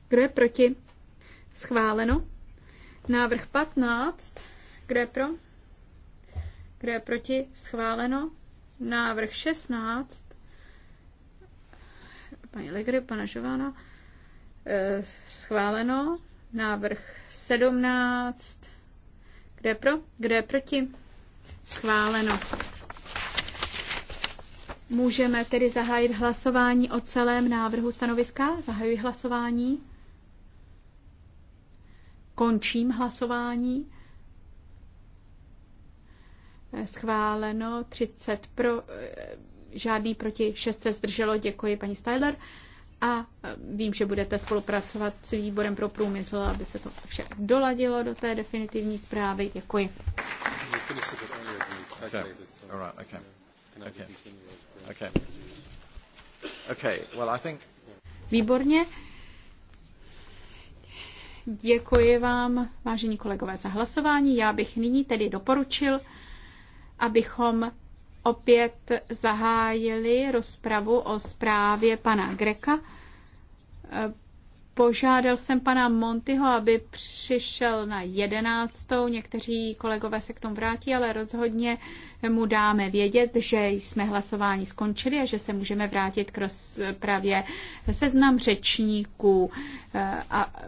Kdo je proti? Schváleno. Návrh 15. Kdo je pro? Kdo je proti? Schváleno. Návrh 16. Pani Legry, pana Žována. Eh, schváleno. Návrh 17. Kdo je pro? Kdo je proti? Schváleno. Můžeme tedy zahájit hlasování o celém návrhu stanoviska. Zahajuji hlasování. Končím hlasování. Schváleno 30 pro, eh, žádný proti 6 se zdrželo. Děkuji paní Steiler a e, vím, že budete spolupracovat s výborem pro průmysl, aby se to vše doladilo do té definitivní zprávy. Děkuji. Výborně. Děkuji vám, vážení kolegové, za hlasování. Já bych nyní tedy doporučil, abychom opět zahájili rozpravu o zprávě pana Greka. Požádal jsem pana Montyho, aby přišel na jedenáctou. Někteří kolegové se k tomu vrátí, ale rozhodně mu dáme vědět, že jsme hlasování skončili a že se můžeme vrátit k rozpravě seznam řečníků. A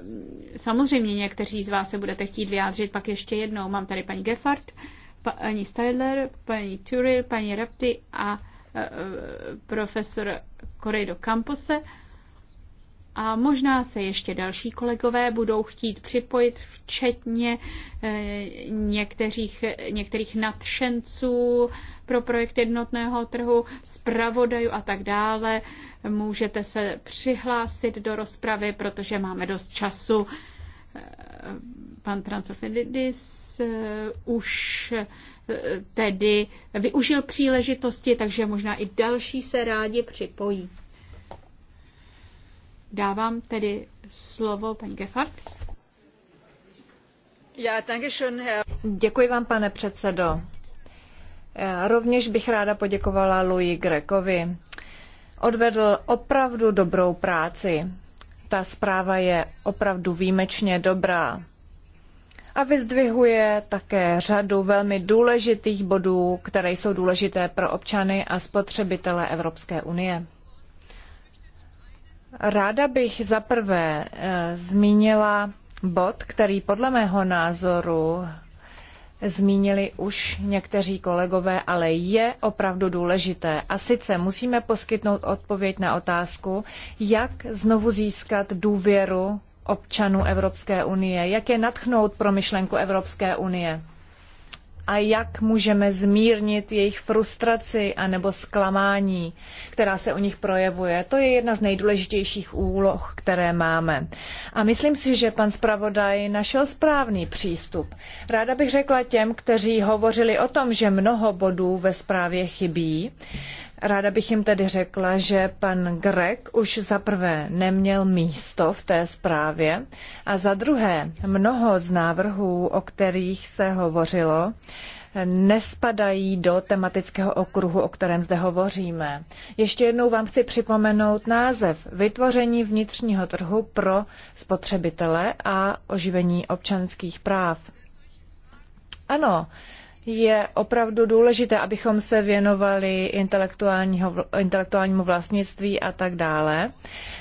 samozřejmě někteří z vás se budete chtít vyjádřit pak ještě jednou. Mám tady paní Geffard, paní Steidler, paní Turil, paní Rapti a e, e, profesor Corredo Campose a možná se ještě další kolegové budou chtít připojit, včetně eh, některých, některých nadšenců pro projekt jednotného trhu, zpravodajů a tak dále. Můžete se přihlásit do rozpravy, protože máme dost času. Eh, pan Transofidis eh, už tedy využil příležitosti, takže možná i další se rádi připojí. Dávám tedy slovo paní Geffard. Děkuji vám, pane předsedo. Já rovněž bych ráda poděkovala Louis Grekovi. Odvedl opravdu dobrou práci. Ta zpráva je opravdu výjimečně dobrá a vyzdvihuje také řadu velmi důležitých bodů, které jsou důležité pro občany a spotřebitele Evropské unie. Ráda bych zaprvé eh, zmínila bod, který podle mého názoru zmínili už někteří kolegové, ale je opravdu důležité. A sice musíme poskytnout odpověď na otázku, jak znovu získat důvěru občanů Evropské unie, jak je natchnout pro myšlenku Evropské unie a jak můžeme zmírnit jejich frustraci anebo zklamání, která se u nich projevuje. To je jedna z nejdůležitějších úloh, které máme. A myslím si, že pan zpravodaj našel správný přístup. Ráda bych řekla těm, kteří hovořili o tom, že mnoho bodů ve zprávě chybí, Ráda bych jim tedy řekla, že pan Grek už za prvé neměl místo v té zprávě a za druhé mnoho z návrhů, o kterých se hovořilo, nespadají do tematického okruhu, o kterém zde hovoříme. Ještě jednou vám chci připomenout název Vytvoření vnitřního trhu pro spotřebitele a oživení občanských práv. Ano, je opravdu důležité, abychom se věnovali intelektuálnímu vlastnictví a tak dále,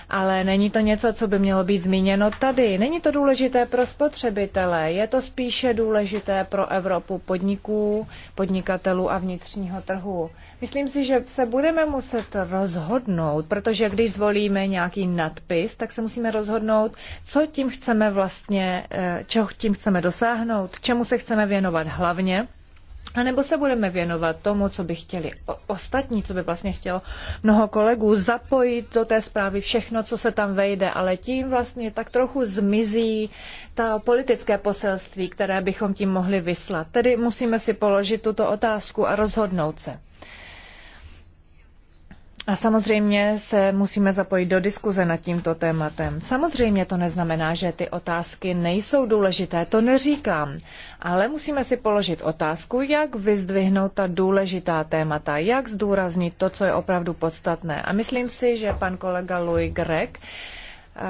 ale není to něco, co by mělo být zmíněno tady. Není to důležité pro spotřebitele, je to spíše důležité pro Evropu podniků, podnikatelů a vnitřního trhu. Myslím si, že se budeme muset rozhodnout, protože když zvolíme nějaký nadpis, tak se musíme rozhodnout, co tím chceme vlastně, eh, čeho tím chceme dosáhnout, čemu se chceme věnovat hlavně a nebo se budeme věnovat tomu, co by chtěli o, ostatní, co by vlastně chtělo mnoho kolegů, zapojit do té zprávy všechno, co se tam vejde, ale tím vlastně tak trochu zmizí ta politické poselství, které bychom tím mohli vyslat. Tedy musíme si položit tuto otázku a rozhodnout se. A samozřejmě se musíme zapojit do diskuze nad tímto tématem. Samozřejmě to neznamená, že ty otázky nejsou důležité, to neříkám. Ale musíme si položit otázku, jak vyzdvihnout ta důležitá témata, jak zdůraznit to, co je opravdu podstatné. A myslím si, že pan kolega Louis Greg eh,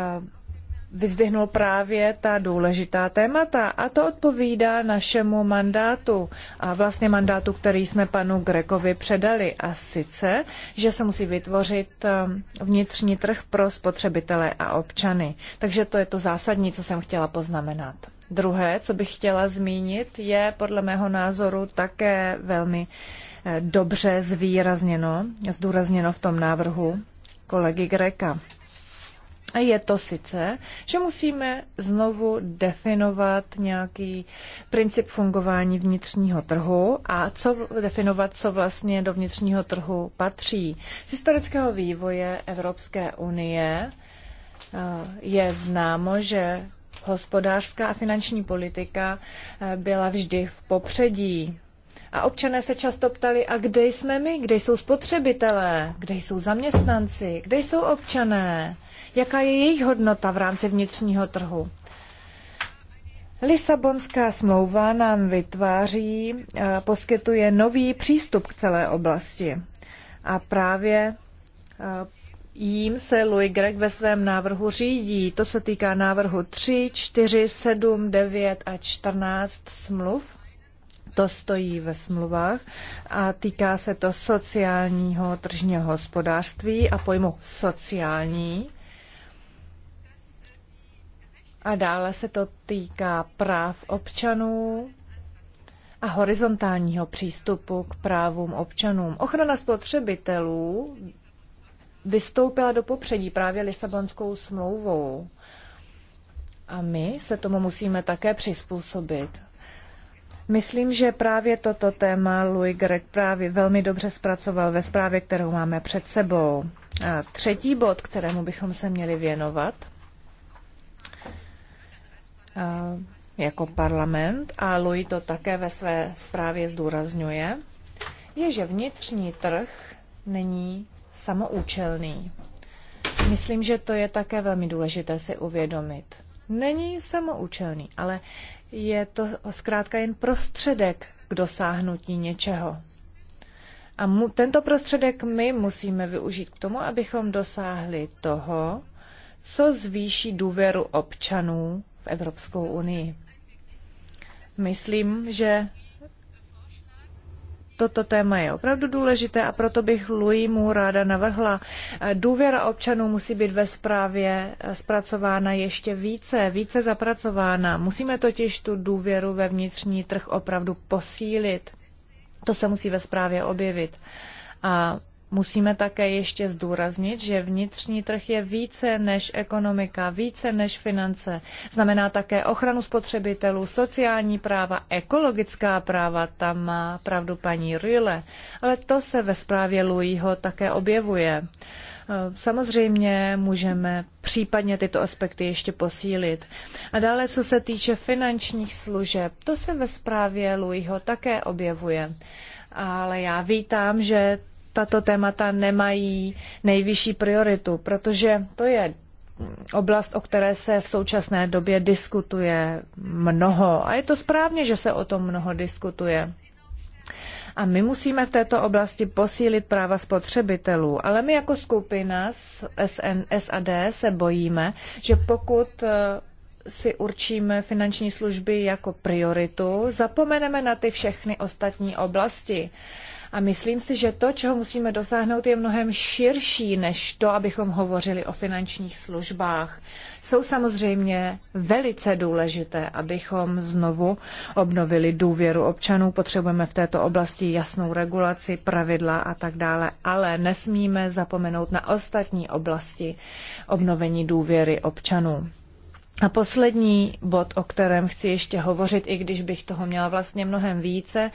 vyzdvihnul právě ta důležitá témata a to odpovídá našemu mandátu a vlastně mandátu, který jsme panu Grekovi předali a sice, že se musí vytvořit um, vnitřní trh pro spotřebitele a občany. Takže to je to zásadní, co jsem chtěla poznamenat. Druhé, co bych chtěla zmínit, je podle mého názoru také velmi eh, dobře zvýrazněno, zdůrazněno v tom návrhu kolegy Greka. A je to sice, že musíme znovu definovat nějaký princip fungování vnitřního trhu a co definovat, co vlastně do vnitřního trhu patří. Z historického vývoje Evropské unie eh, je známo, že hospodářská a finanční politika eh, byla vždy v popředí. A občané se často ptali, a kde jsme my, kde jsou spotřebitelé, kde jsou zaměstnanci, kde jsou občané jaká je jejich hodnota v rámci vnitřního trhu. Lisabonská smlouva nám vytváří, eh, poskytuje nový přístup k celé oblasti. A právě eh, jím se Louis Gregg ve svém návrhu řídí. To se týká návrhu 3, 4, 7, 9 a 14 smluv. To stojí ve smluvách a týká se to sociálního tržního hospodářství a pojmu sociální a dále se to týká práv občanů a horizontálního přístupu k právům občanům. Ochrana spotřebitelů vystoupila do popředí právě Lisabonskou smlouvou. A my se tomu musíme také přizpůsobit. Myslím, že právě toto téma Louis Gregg právě velmi dobře zpracoval ve zprávě, kterou máme před sebou. A třetí bod, kterému bychom se měli věnovat – Eh, jako parlament, a Louis to také ve své zprávě zdůrazňuje, je, že vnitřní trh není samoučelný. Myslím, že to je také velmi důležité si uvědomit. Není samoučelný, ale je to zkrátka jen prostředek k dosáhnutí něčeho. A mu, tento prostředek my musíme využít k tomu, abychom dosáhli toho, co zvýší důvěru občanů v Evropskou unii. Myslím, že toto téma je opravdu důležité a proto bych Louis mu ráda navrhla. Důvěra občanů musí být ve zprávě eh, zpracována ještě více, více zapracována. Musíme totiž tu důvěru ve vnitřní trh opravdu posílit. To se musí ve zprávě objevit. A Musíme také ještě zdůraznit, že vnitřní trh je více než ekonomika, více než finance. Znamená také ochranu spotřebitelů, sociální práva, ekologická práva, tam má pravdu paní Rüle. Ale to se ve zprávě Louisho také objevuje. Eh, samozřejmě můžeme případně tyto aspekty ještě posílit. A dále, co se týče finančních služeb, to se ve zprávě Louisho také objevuje. Ale já vítám, že tato témata nemají nejvyšší prioritu, protože to je oblast, o které se v současné době diskutuje mnoho. A je to správně, že se o tom mnoho diskutuje. A my musíme v této oblasti posílit práva spotřebitelů. Ale my jako skupina s SN, se bojíme, že pokud eh, si určíme finanční služby jako prioritu, zapomeneme na ty všechny ostatní oblasti. Uh, a myslím si, že to, čeho musíme dosáhnout, je mnohem širší než to, abychom hovořili o finančních službách. Jsou samozřejmě velice důležité, abychom znovu obnovili důvěru občanů. Potřebujeme v této oblasti jasnou regulaci, pravidla a tak dále, ale nesmíme zapomenout na ostatní oblasti obnovení důvěry občanů. A poslední bod, o kterém chci ještě hovořit, i když bych toho měla vlastně mnohem více,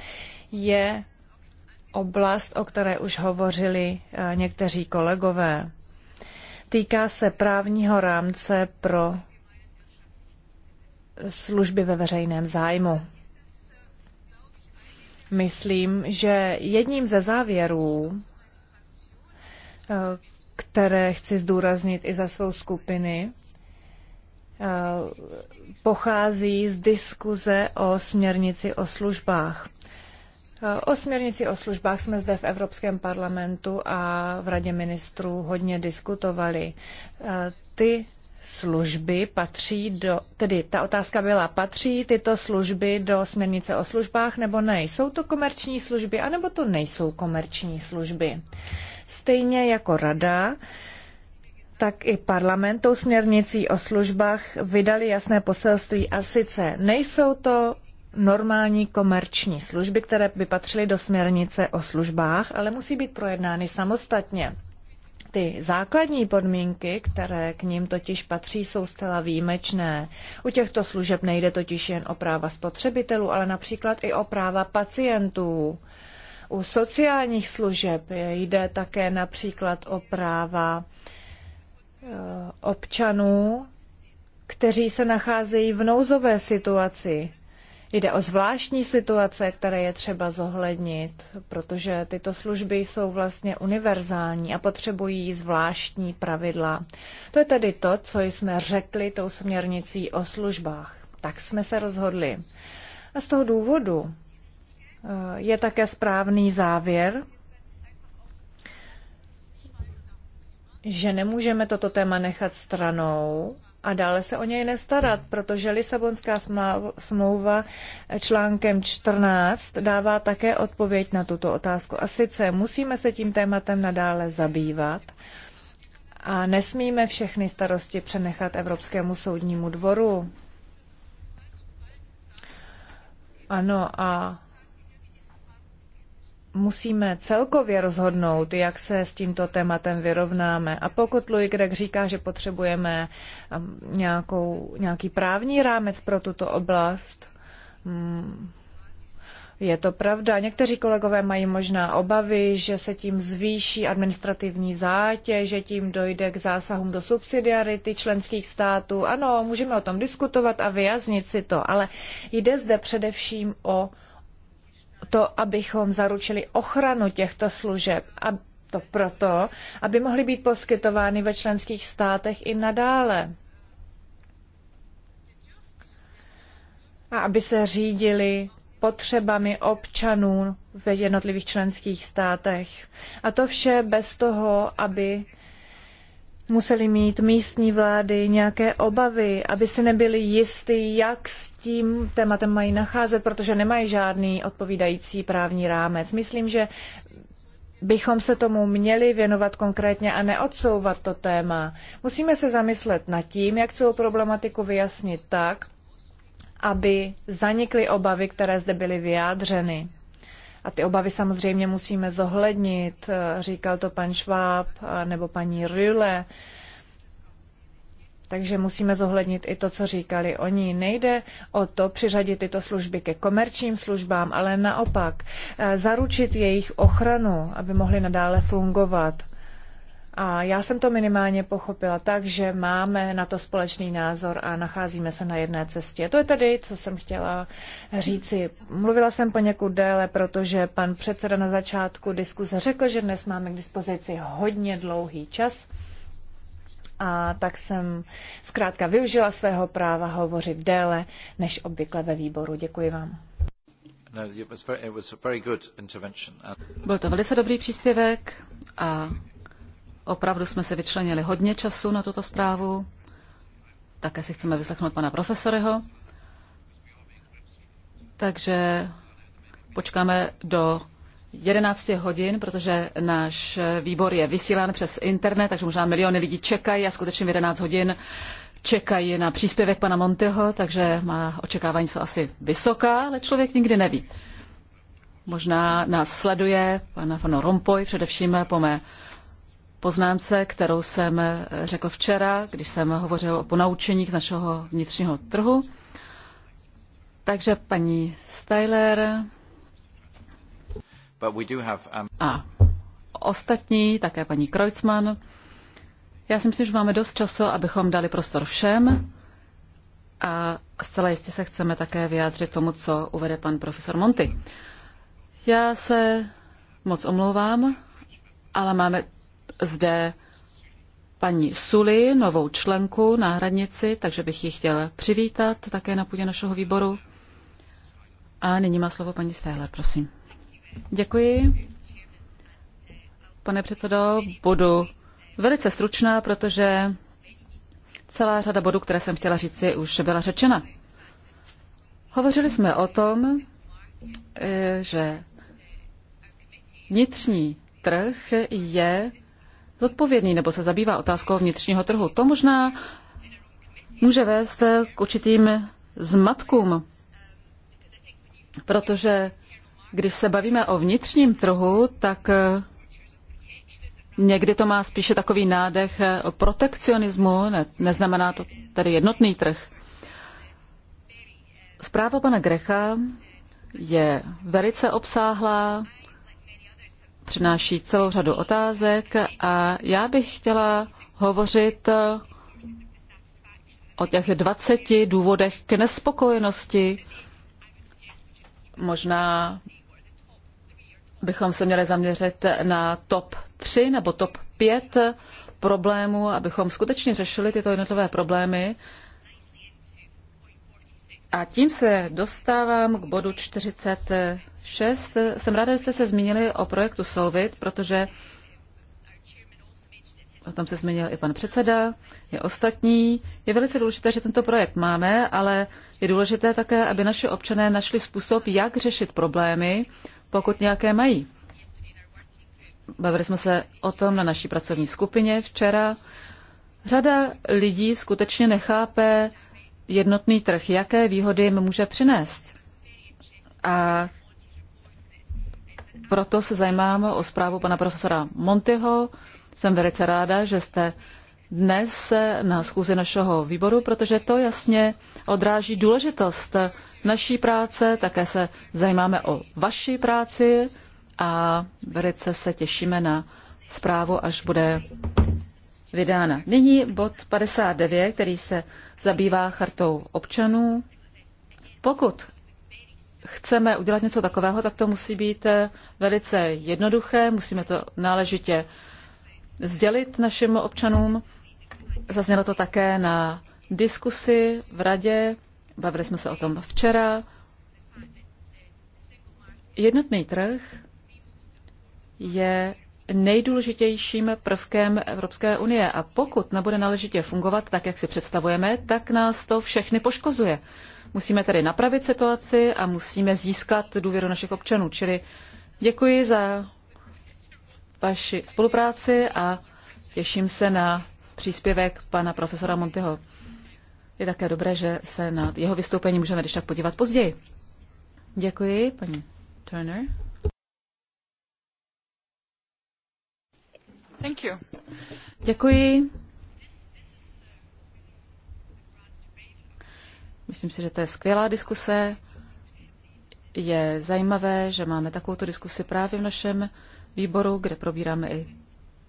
je oblast, o které už hovořili eh, někteří kolegové. Týká se právního rámce pro služby ve veřejném zájmu. Myslím, že jedním ze závěrů, eh, které chci zdůraznit i za svou skupiny, eh, pochází z diskuze o směrnici o službách. O směrnici o službách jsme zde v Evropském parlamentu a v Radě ministrů hodně diskutovali. Ty služby patří do, tedy ta otázka byla, patří tyto služby do směrnice o službách nebo ne? Jsou to komerční služby, anebo to nejsou komerční služby? Stejně jako rada, tak i parlament směrnicí o službách vydali jasné poselství a sice nejsou to normální komerční služby, které by patřily do směrnice o službách, ale musí být projednány samostatně. Ty základní podmínky, které k ním totiž patří, jsou zcela výjimečné. U těchto služeb nejde totiž jen o práva spotřebitelů, ale například i o práva pacientů. U sociálních služeb jde také například o práva eh, občanů, kteří se nacházejí v nouzové situaci. Jde o zvláštní situace, které je třeba zohlednit, protože tyto služby jsou vlastně univerzální a potřebují zvláštní pravidla. To je tedy to, co jsme řekli tou směrnicí o službách. Tak jsme se rozhodli. A z toho důvodu eh, je také správný závěr, že nemůžeme toto téma nechat stranou a dále se o něj nestarat, protože Lisabonská smlouva článkem 14 dává také odpověď na tuto otázku. A sice musíme se tím tématem nadále zabývat a nesmíme všechny starosti přenechat Evropskému soudnímu dvoru. Ano, a musíme celkově rozhodnout, jak se s tímto tématem vyrovnáme. A pokud Louis Gregg říká, že potřebujeme um, nějakou, nějaký právní rámec pro tuto oblast, mm, je to pravda. Někteří kolegové mají možná obavy, že se tím zvýší administrativní zátěž, že tím dojde k zásahům do subsidiarity členských států. Ano, můžeme o tom diskutovat a vyjasnit si to, ale jde zde především o to, abychom zaručili ochranu těchto služeb. A to proto, aby mohly být poskytovány ve členských státech i nadále. A aby se řídili potřebami občanů v jednotlivých členských státech. A to vše bez toho, aby museli mít místní vlády nějaké obavy, aby si nebyli jistí, jak s tím tématem mají nacházet, protože nemají žádný odpovídající právní rámec. Myslím, že bychom se tomu měli věnovat konkrétně a neodsouvat to téma. Musíme se zamyslet nad tím, jak celou problematiku vyjasnit tak, aby zanikly obavy, které zde byly vyjádřeny. A ty obavy samozřejmě musíme zohlednit, eh, říkal to pan Schwab eh, nebo paní Rüle. Takže musíme zohlednit i to, co říkali oni. Nejde o to přiřadit tyto služby ke komerčním službám, ale naopak eh, zaručit jejich ochranu, aby mohly nadále fungovat. A já jsem to minimálně pochopila tak, že máme na to společný názor a nacházíme se na jedné cestě. To je tedy, co jsem chtěla říci. Mluvila jsem poněkud déle, protože pan předseda na začátku diskuse řekl, že dnes máme k dispozici hodně dlouhý čas. A tak jsem zkrátka využila svého práva hovořit déle než obvykle ve výboru. Děkuji vám. No, Byl to velice dobrý příspěvek a Opravdu jsme se vyčlenili hodně času na tuto zprávu. Také si chceme vyslechnout pana profesoreho. Takže počkáme do 11 hodin, protože náš výbor je vysílán přes internet, takže možná miliony lidí čekají a skutečně v 11 hodin čekají na příspěvek pana Monteho, takže má očekávání jsou asi vysoká, ale člověk nikdy neví. Možná nás sleduje pana Van Rompoy, především po mé poznámce, kterou jsem řekl včera, když jsem hovořil o ponaučeních z našeho vnitřního trhu. Takže paní Styler um, a ostatní, také paní Kreutzmann. Já si myslím, že máme dost času, abychom dali prostor všem a zcela jistě se chceme také vyjádřit tomu, co uvede pan profesor Monty. Já se moc omlouvám, ale máme zde paní Suli, novou členku na hradnici, takže bych ji chtěl přivítat také na půdě našeho výboru. A nyní má slovo paní Stéhler, prosím. Děkuji. Pane předsedo, budu velice stručná, protože celá řada bodů, které jsem chtěla říct, už byla řečena. Hovořili jsme o tom, eh, že vnitřní trh je zodpovědný nebo se zabývá otázkou vnitřního trhu. To možná může vést k určitým zmatkům, protože když se bavíme o vnitřním trhu, tak eh, někdy to má spíše takový nádech eh, protekcionismu, ne, neznamená to tedy jednotný trh. Zpráva pana Grecha je velice obsáhlá, přináší celou řadu otázek a já bych chtěla hovořit o těch 20 důvodech k nespokojenosti. Možná bychom se měli zaměřit na top 3 nebo top 5 problémů, abychom skutečně řešili tyto jednotlivé problémy. A tím se dostávám k bodu 46 6. Jsem ráda, že jste se zmínili o projektu Solvit, protože o tom se zmínil i pan předseda, je ostatní. Je velice důležité, že tento projekt máme, ale je důležité také, aby naši občané našli způsob, jak řešit problémy, pokud nějaké mají. Bavili jsme se o tom na naší pracovní skupině včera. Řada lidí skutečně nechápe jednotný trh, jaké výhody jim může přinést. A proto se zajímám o zprávu pana profesora Montyho. Jsem velice ráda, že jste dnes na schůzi našeho výboru, protože to jasně odráží důležitost naší práce, také se zajímáme o vaší práci a velice se těšíme na zprávu, až bude vydána. Nyní bod 59, který se zabývá chartou občanů. Pokud chceme udělat něco takového, tak to musí být eh, velice jednoduché, musíme to náležitě sdělit našim občanům. Zaznělo to také na diskusi v radě, bavili jsme se o tom včera. Jednotný trh je nejdůležitějším prvkem Evropské unie a pokud nebude náležitě fungovat tak, jak si představujeme, tak nás to všechny poškozuje. Musíme tedy napravit situaci a musíme získat důvěru našich občanů. Čili děkuji za vaši spolupráci a těším se na příspěvek pana profesora Monteho. Je také dobré, že se na jeho vystoupení můžeme když tak podívat později. Děkuji, paní Turner. Thank you. Děkuji. Myslím si, že to je skvělá diskuse. Je zajímavé, že máme takovouto diskusi právě v našem výboru, kde probíráme i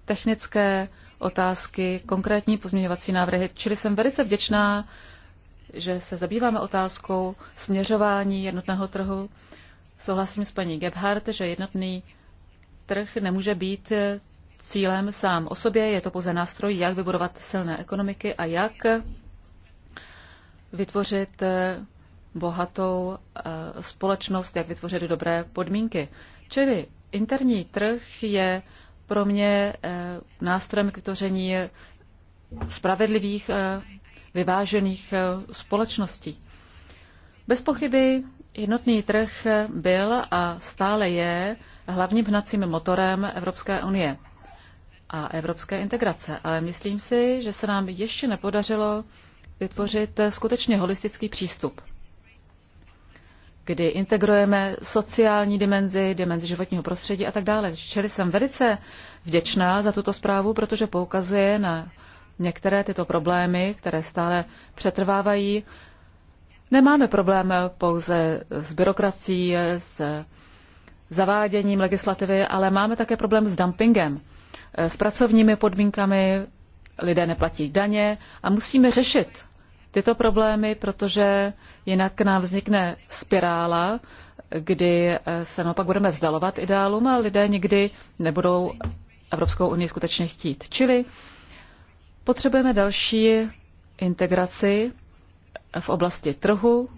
technické otázky, konkrétní pozměňovací návrhy. Čili jsem velice vděčná, že se zabýváme otázkou směřování jednotného trhu. Souhlasím s paní Gebhardt, že jednotný trh nemůže být cílem sám o sobě, je to pouze nástroj, jak vybudovat silné ekonomiky a jak vytvořit eh, bohatou eh, společnost, jak vytvořit dobré podmínky. Čili interní trh je pro mě eh, nástrojem k vytvoření spravedlivých, vyvážených společností. Bez pochyby jednotný trh byl a stále je hlavním hnacím motorem Evropské unie a evropské integrace, ale myslím si, že se nám ještě nepodařilo vytvořit skutečně holistický přístup, kdy integrujeme sociální dimenzi, dimenzi životního prostředí a tak dále. Čili jsem velice vděčná za tuto zprávu, protože poukazuje na některé tyto problémy, které stále přetrvávají. Nemáme problém pouze s byrokrací, s zaváděním legislativy, ale máme také problém s dumpingem, s pracovními podmínkami, lidé neplatí daně a musíme řešit tyto problémy, protože jinak nám vznikne spirála, kdy eh, se naopak budeme vzdalovat ideálům a lidé nikdy nebudou Evropskou unii skutečně chtít. Čili potřebujeme další integraci v oblasti trhu,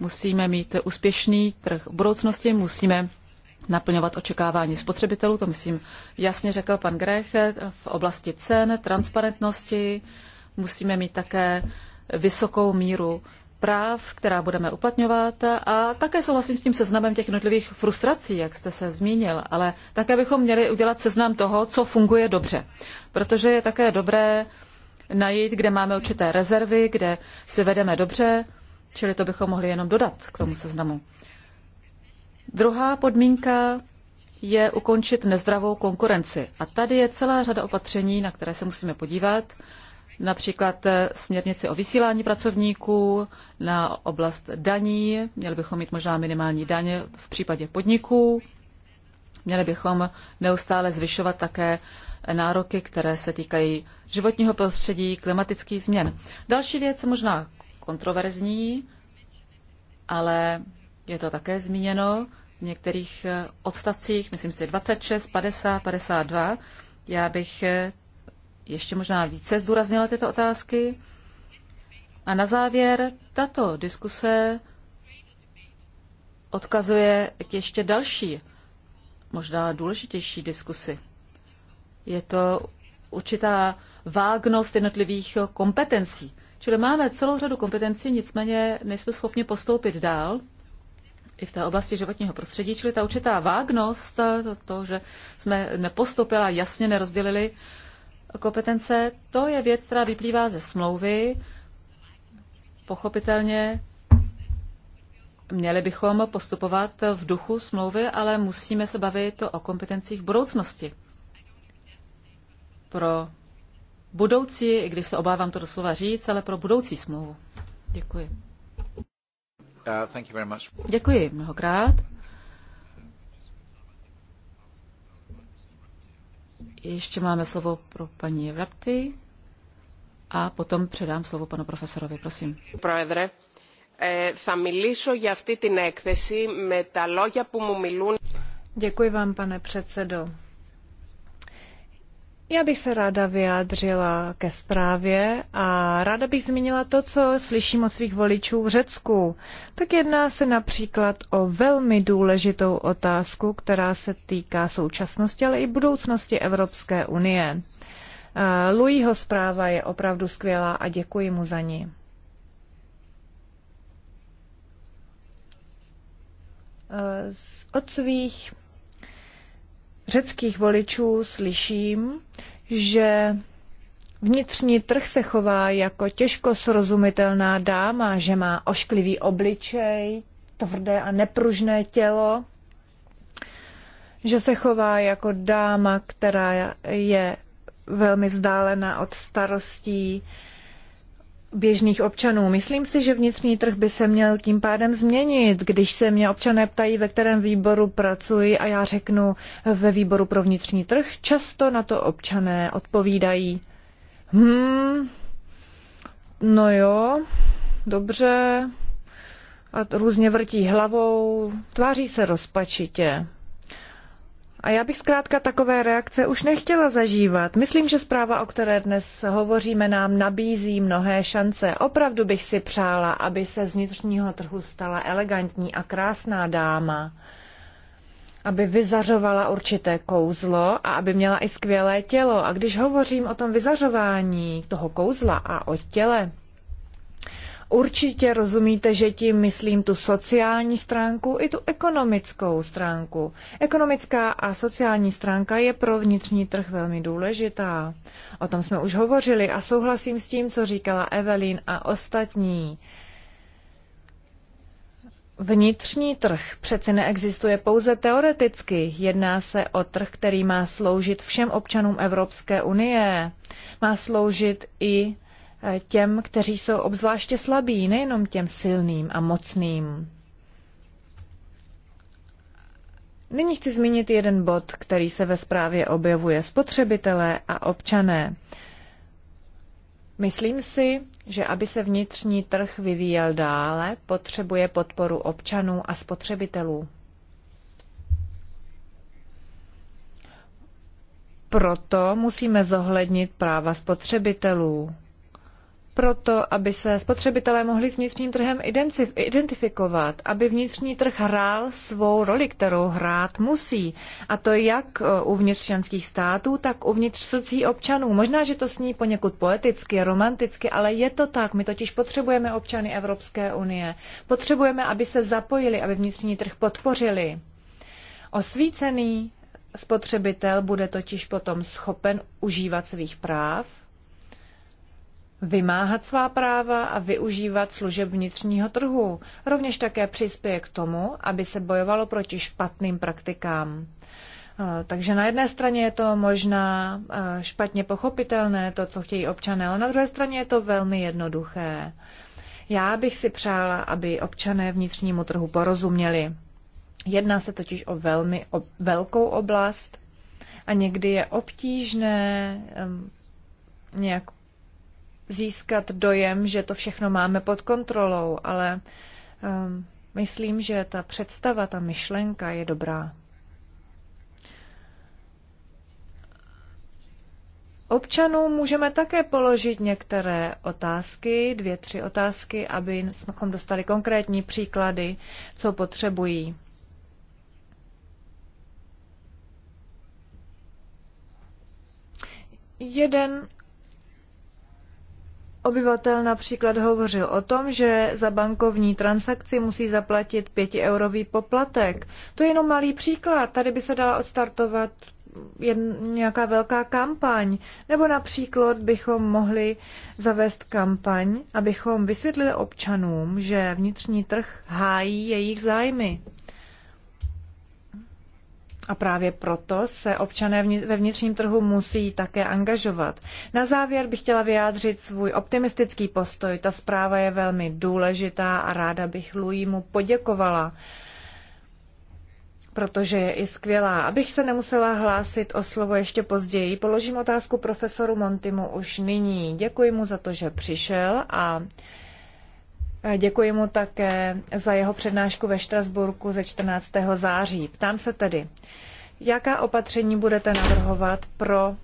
musíme mít úspěšný trh v budoucnosti, musíme naplňovat očekávání spotřebitelů, to myslím jasně řekl pan Grech, v oblasti cen, transparentnosti, musíme mít také vysokou míru práv, která budeme uplatňovat a také souhlasím s tím seznamem těch jednotlivých frustrací, jak jste se zmínil, ale také bychom měli udělat seznam toho, co funguje dobře, protože je také dobré najít, kde máme určité rezervy, kde si vedeme dobře, čili to bychom mohli jenom dodat k tomu seznamu. Druhá podmínka je ukončit nezdravou konkurenci. A tady je celá řada opatření, na které se musíme podívat například eh, směrnici o vysílání pracovníků, na oblast daní, měli bychom mít možná minimální daně v případě podniků, měli bychom neustále zvyšovat také nároky, které se týkají životního prostředí, klimatických změn. Další věc možná kontroverzní, ale je to také zmíněno v některých eh, odstacích, myslím si 26, 50, 52. Já bych eh, ještě možná více zdůraznila tyto otázky. A na závěr tato diskuse odkazuje k ještě další, možná důležitější diskusi. Je to určitá vágnost jednotlivých kompetencí. Čili máme celou řadu kompetencí, nicméně nejsme schopni postoupit dál i v té oblasti životního prostředí, čili ta určitá vágnost, to, to že jsme nepostoupila, jasně nerozdělili kompetence, to je věc, která vyplývá ze smlouvy. Pochopitelně měli bychom postupovat v duchu smlouvy, ale musíme se bavit o kompetencích v budoucnosti. Pro budoucí, i když se obávám to doslova říct, ale pro budoucí smlouvu. Děkuji. Uh, Děkuji mnohokrát. Ještě máme slovo pro paní Vrapty a potom předám slovo panu profesorovi, prosím. Provedre, eh, θα μιλήσω για αυτή την έκθεση με τα λόγια που μου μιλούν. Děkuji vám, pane předsedo. Já bych se ráda vyjádřila ke zprávě a ráda bych zmínila to, co slyším od svých voličů v Řecku. Tak jedná se například o velmi důležitou otázku, která se týká současnosti, ale i budoucnosti Evropské unie. Louisho zpráva je opravdu skvělá a děkuji mu za ní. Od svých řeckých voličů slyším, že vnitřní trh se chová jako těžko srozumitelná dáma, že má ošklivý obličej, tvrdé a nepružné tělo, že se chová jako dáma, která je velmi vzdálená od starostí běžných občanů. Myslím si, že vnitřní trh by se měl tím pádem změnit. Když se mě občané ptají, ve kterém výboru pracuji a já řeknu ve výboru pro vnitřní trh, často na to občané odpovídají. Hmm, no jo, dobře. A různě vrtí hlavou, tváří se rozpačitě. A já bych zkrátka takové reakce už nechtěla zažívat. Myslím, že zpráva, o které dnes hovoříme, nám nabízí mnohé šance. Opravdu bych si přála, aby se z vnitřního trhu stala elegantní a krásná dáma aby vyzařovala určité kouzlo a aby měla i skvělé tělo. A když hovořím o tom vyzařování toho kouzla a o těle, Určitě rozumíte, že tím myslím tu sociální stránku i tu ekonomickou stránku. Ekonomická a sociální stránka je pro vnitřní trh velmi důležitá. O tom jsme už hovořili a souhlasím s tím, co říkala Evelyn a ostatní. Vnitřní trh přeci neexistuje pouze teoreticky. Jedná se o trh, který má sloužit všem občanům Evropské unie. Má sloužit i těm, kteří jsou obzvláště slabí, nejenom těm silným a mocným. Nyní chci zmínit jeden bod, který se ve zprávě objevuje spotřebitelé a občané. Myslím si, že aby se vnitřní trh vyvíjel dále, potřebuje podporu občanů a spotřebitelů. Proto musíme zohlednit práva spotřebitelů proto, aby se spotřebitelé mohli s vnitřním trhem identifikovat, aby vnitřní trh hrál svou roli, kterou hrát musí. A to jak e, uvnitř členských států, tak uvnitř srdcí občanů. Možná, že to sní poněkud poeticky, romanticky, ale je to tak. My totiž potřebujeme občany Evropské unie. Potřebujeme, aby se zapojili, aby vnitřní trh podpořili. Osvícený spotřebitel bude totiž potom schopen užívat svých práv, vymáhat svá práva a využívat služeb vnitřního trhu. Rovněž také přispěje k tomu, aby se bojovalo proti špatným praktikám. Eh, takže na jedné straně je to možná eh, špatně pochopitelné, to, co chtějí občané, ale na druhé straně je to velmi jednoduché. Já bych si přála, aby občané vnitřnímu trhu porozuměli. Jedná se totiž o velmi o velkou oblast a někdy je obtížné nějak získat dojem, že to všechno máme pod kontrolou, ale um, myslím, že ta představa, ta myšlenka je dobrá. Občanům můžeme také položit některé otázky, dvě, tři otázky, aby jsme dostali konkrétní příklady, co potřebují. Jeden obyvatel například hovořil o tom, že za bankovní transakci musí zaplatit pětieurový poplatek. To je jenom malý příklad. Tady by se dala odstartovat jen nějaká velká kampaň. Nebo například bychom mohli zavést kampaň, abychom vysvětlili občanům, že vnitřní trh hájí jejich zájmy. A právě proto se občané ve vnitřním trhu musí také angažovat. Na závěr bych chtěla vyjádřit svůj optimistický postoj. Ta zpráva je velmi důležitá a ráda bych Louis mu poděkovala protože je i skvělá. Abych se nemusela hlásit o slovo ještě později, položím otázku profesoru Montimu už nyní. Děkuji mu za to, že přišel a Děkuji mu také za jeho přednášku ve Štrasburku ze 14. září. Ptám se tedy, jaká opatření budete navrhovat pro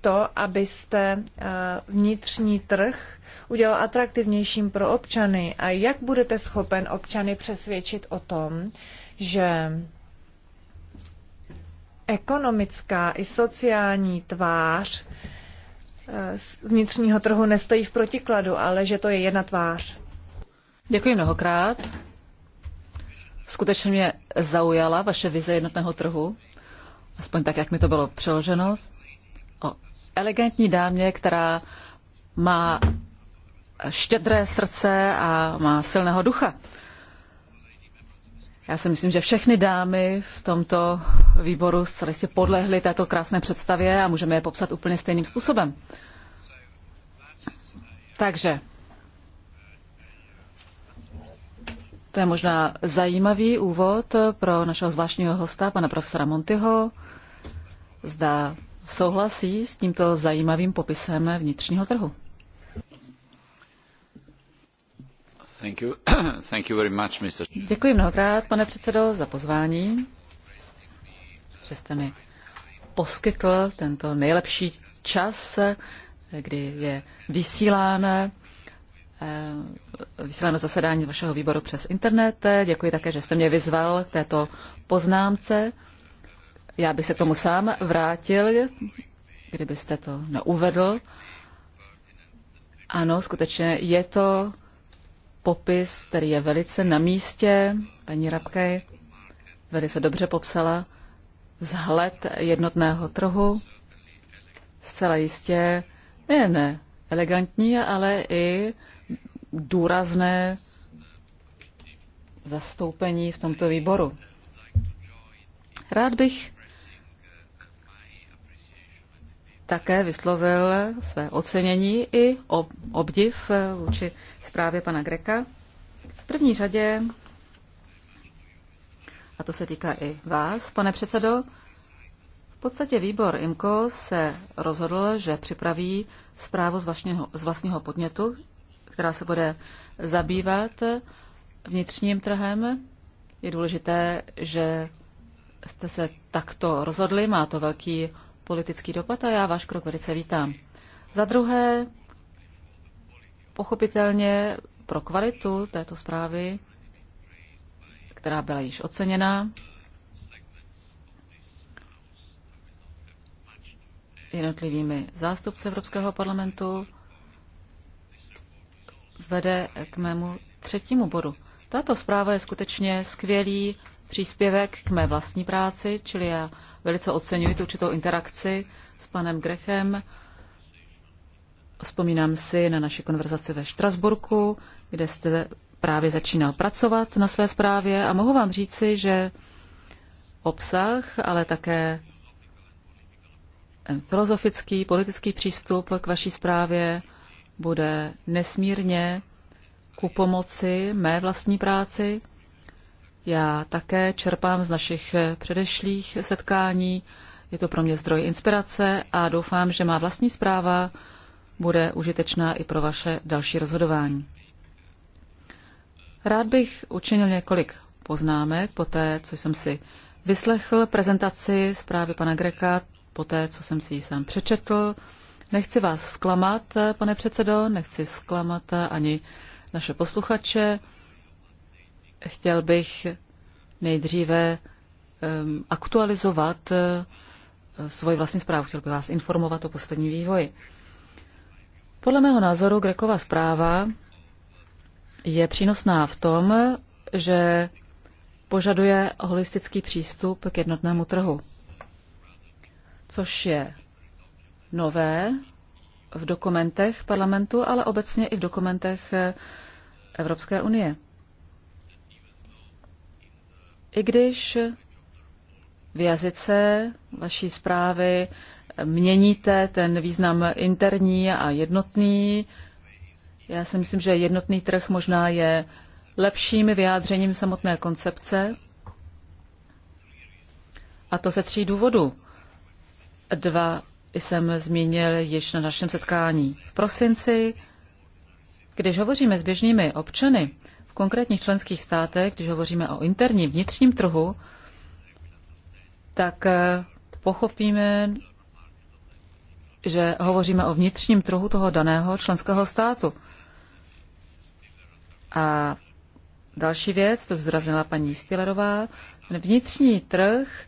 to, abyste eh, vnitřní trh udělal atraktivnějším pro občany a jak budete schopen občany přesvědčit o tom, že ekonomická i sociální tvář Eh, vnitřního trhu nestojí v protikladu, ale že to je jedna tvář. Děkuji mnohokrát. Skutečně mě zaujala vaše vize jednotného trhu, aspoň tak, jak mi to bylo přeloženo, o elegantní dámě, která má štědré srdce a má silného ducha. Já si myslím, že všechny dámy v tomto výboru zcela jistě podlehly této krásné představě a můžeme je popsat úplně stejným způsobem. Takže to je možná zajímavý úvod pro našeho zvláštního hosta, pana profesora Montyho. Zda souhlasí s tímto zajímavým popisem vnitřního trhu. [coughs] Děkuji mnohokrát, pane předsedo, za pozvání, že jste mi poskytl tento nejlepší čas, kdy je vysílán eh, vysíláme zasedání vašeho výboru přes internet. Děkuji také, že jste mě vyzval k této poznámce. Já bych se k tomu sám vrátil, kdybyste to neuvedl. Ano, skutečně je to popis, který je velice na místě. Paní Rabkej velice dobře popsala vzhled jednotného trhu. Zcela jistě ne, elegantní, ale i důrazné zastoupení v tomto výboru. Rád bych také vyslovil své ocenění i obdiv eh, vůči zprávě pana Greka. V první řadě, a to se týká i vás, pane předsedo, v podstatě výbor IMCO se rozhodl, že připraví zprávu z vlastního, z vlastního podnětu, která se bude zabývat vnitřním trhem. Je důležité, že jste se takto rozhodli, má to velký politický dopad a já váš krok velice vítám. Za druhé, pochopitelně pro kvalitu této zprávy, která byla již oceněna, jednotlivými zástupci Evropského parlamentu, vede k mému třetímu bodu. Tato zpráva je skutečně skvělý příspěvek k mé vlastní práci, čili já velice oceňuji tu určitou interakci s panem Grechem. Vzpomínám si na naši konverzaci ve Štrasburku, kde jste právě začínal pracovat na své zprávě a mohu vám říci, že obsah, ale také filozofický, politický přístup k vaší zprávě bude nesmírně ku pomoci mé vlastní práci. Já také čerpám z našich předešlých setkání. Je to pro mě zdroj inspirace a doufám, že má vlastní zpráva bude užitečná i pro vaše další rozhodování. Rád bych učinil několik poznámek po té, co jsem si vyslechl prezentaci zprávy pana Greka, po té, co jsem si ji sám přečetl. Nechci vás zklamat, pane předsedo, nechci zklamat ani naše posluchače. Chtěl bych nejdříve aktualizovat eh, svoji vlastní zprávu. Chtěl bych vás informovat o poslední vývoji. Podle mého názoru Grekova zpráva je přínosná v tom, že požaduje holistický přístup k jednotnému trhu, což je nové v dokumentech parlamentu, ale obecně i v dokumentech eh, Evropské unie. I když v jazyce vaší zprávy měníte ten význam interní a jednotný, já si myslím, že jednotný trh možná je lepším vyjádřením samotné koncepce. A to ze tří důvodů. Dva jsem zmínil již na našem setkání. V prosinci, když hovoříme s běžnými občany, konkrétních členských státech, když hovoříme o interním vnitřním trhu, tak eh, pochopíme, že hovoříme o vnitřním trhu toho daného členského státu. A další věc, to zrazila paní Stillerová, vnitřní trh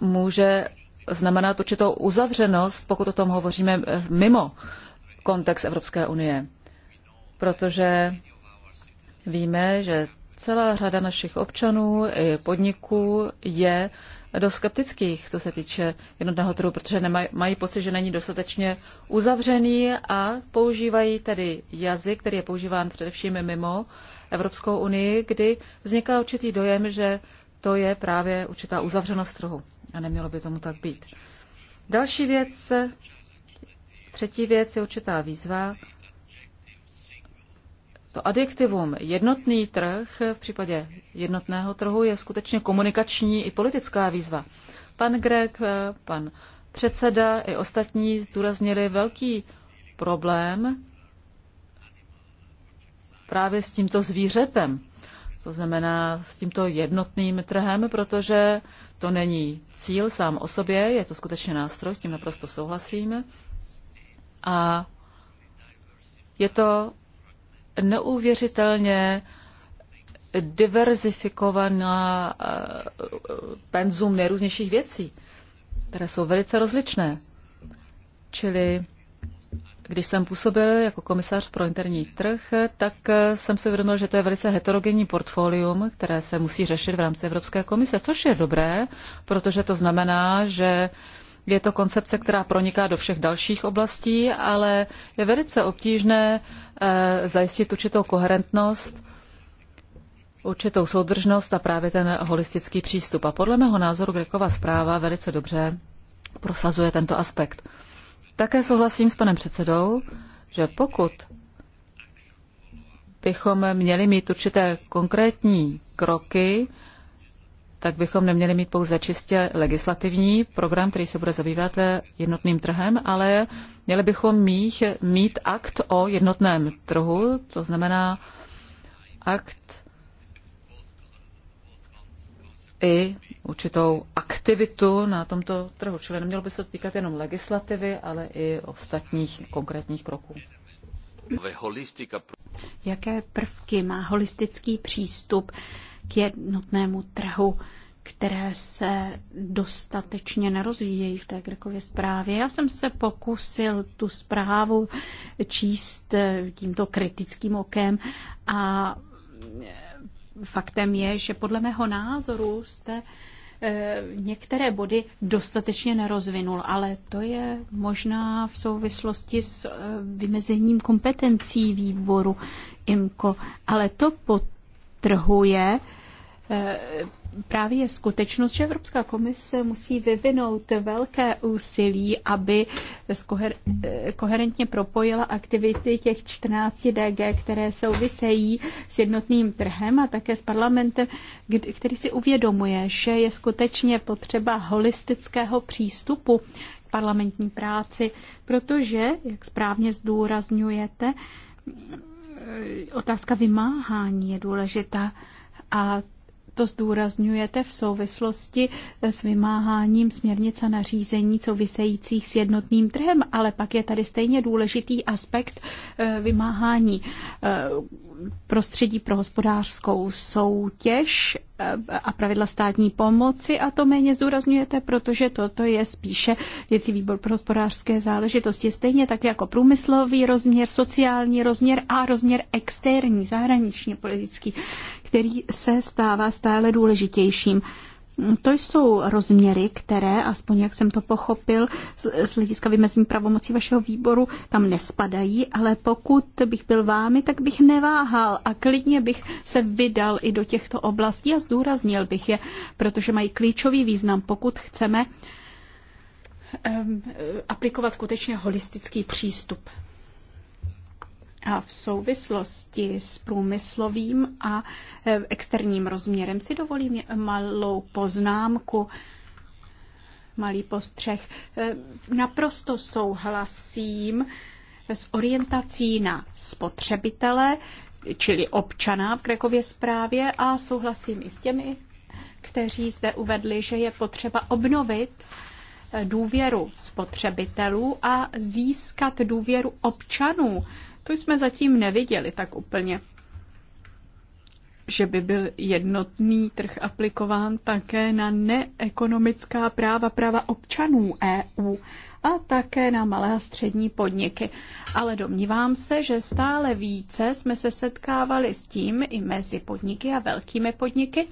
může znamenat určitou uzavřenost, pokud o tom hovoříme eh, mimo kontext Evropské unie protože víme, že celá řada našich občanů i podniků je do skeptických, co se týče jednotného trhu, protože nemaj, mají pocit, že není dostatečně uzavřený a používají tedy jazyk, který je používán především mimo Evropskou unii, kdy vzniká určitý dojem, že to je právě určitá uzavřenost trhu a nemělo by tomu tak být. Další věc, třetí věc je určitá výzva to adjektivum jednotný trh v případě jednotného trhu je skutečně komunikační i politická výzva. Pan Greg, pan předseda i ostatní zdůraznili velký problém právě s tímto zvířetem, to znamená s tímto jednotným trhem, protože to není cíl sám o sobě, je to skutečně nástroj, s tím naprosto souhlasím. A je to neuvěřitelně diverzifikovaná eh, penzum nejrůznějších věcí, které jsou velice rozličné. Čili když jsem působil jako komisař pro interní trh, tak eh, jsem si uvědomil, že to je velice heterogenní portfolium, které se musí řešit v rámci Evropské komise, což je dobré, protože to znamená, že je to koncepce, která proniká do všech dalších oblastí, ale je velice obtížné Eh, zajistit určitou koherentnost, určitou soudržnost a právě ten holistický přístup. A podle mého názoru Grekova zpráva velice dobře prosazuje tento aspekt. Také souhlasím s panem předsedou, že pokud bychom měli mít určité konkrétní kroky, tak bychom neměli mít pouze čistě legislativní program, který se bude zabývat eh, jednotným trhem, ale měli bychom mít, mít akt o jednotném trhu, to znamená akt i určitou aktivitu na tomto trhu. Čili nemělo by se to týkat jenom legislativy, ale i ostatních konkrétních kroků. Jaké prvky má holistický přístup k jednotnému trhu? které se dostatečně nerozvíjejí v té Grekově zprávě. Já jsem se pokusil tu zprávu číst eh, tímto kritickým okem a eh, faktem je, že podle mého názoru jste eh, některé body dostatečně nerozvinul, ale to je možná v souvislosti s vymezením kompetencí výboru IMCO, ale to potrhuje právě je skutečnost, že Evropská komise musí vyvinout velké úsilí, aby skoher, koherentně propojila aktivity těch 14 DG, které souvisejí s jednotným trhem a také s parlamentem, který si uvědomuje, že je skutečně potřeba holistického přístupu k parlamentní práci, protože, jak správně zdůrazňujete, otázka vymáhání je důležitá. A to zdůrazňujete v souvislosti s vymáháním směrnice a nařízení souvisejících s jednotným trhem, ale pak je tady stejně důležitý aspekt eh, vymáhání eh, prostředí pro hospodářskou soutěž eh, a pravidla státní pomoci a to méně zdůrazňujete, protože toto je spíše věcí výbor pro hospodářské záležitosti, stejně tak jako průmyslový rozměr, sociální rozměr a rozměr externí, zahraničně politický, který se stává stále stále důležitějším. To jsou rozměry, které, aspoň jak jsem to pochopil, z, hlediska vymezení pravomocí vašeho výboru tam nespadají, ale pokud bych byl vámi, tak bych neváhal a klidně bych se vydal i do těchto oblastí a zdůraznil bych je, protože mají klíčový význam, pokud chceme um, aplikovat skutečně holistický přístup. A v souvislosti s průmyslovým a e, externím rozměrem si dovolím malou poznámku, malý postřeh. E, naprosto souhlasím s orientací na spotřebitele, čili občana v Grekově zprávě a souhlasím i s těmi, kteří zde uvedli, že je potřeba obnovit e, důvěru spotřebitelů a získat důvěru občanů to jsme zatím neviděli tak úplně že by byl jednotný trh aplikován také na neekonomická práva, práva občanů EU a také na malé a střední podniky. Ale domnívám se, že stále více jsme se setkávali s tím i mezi podniky a velkými podniky,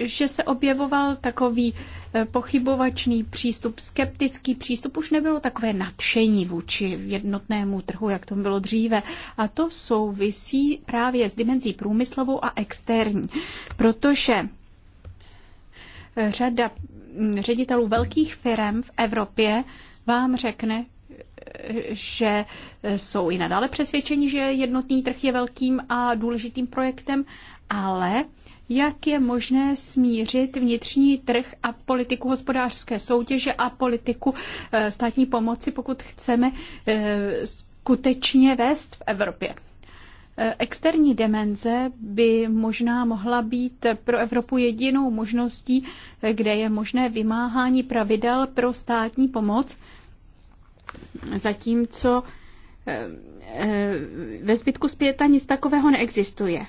že se objevoval takový eh, pochybovačný přístup, skeptický přístup, už nebylo takové nadšení vůči jednotnému trhu, jak to bylo dříve. A to souvisí právě s dimenzí průmyslovou a externí, protože eh, řada hm, ředitelů velkých firm v Evropě vám řekne, eh, že jsou i nadále přesvědčeni, že jednotný trh je velkým a důležitým projektem, ale jak je možné smířit vnitřní trh a politiku hospodářské soutěže a politiku eh, státní pomoci, pokud chceme eh, skutečně vést v Evropě. Eh, externí demenze by možná mohla být pro Evropu jedinou možností, kde je možné vymáhání pravidel pro státní pomoc, zatímco ve zbytku zpěta nic takového neexistuje.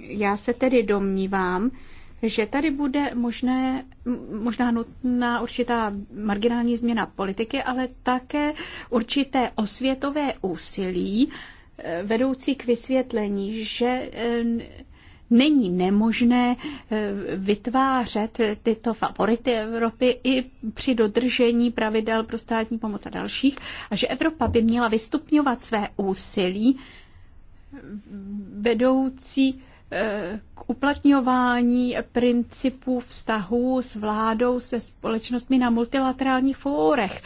Já se tedy domnívám, že tady bude možné, možná nutná určitá marginální změna politiky, ale také určité osvětové úsilí eh, vedoucí k vysvětlení, že eh, není nemožné eh, vytvářet tyto favority Evropy i při dodržení pravidel pro státní pomoc a dalších a že Evropa by měla vystupňovat své úsilí vedoucí Eh, k uplatňování principů vztahů s vládou, se společnostmi na multilaterálních fórech.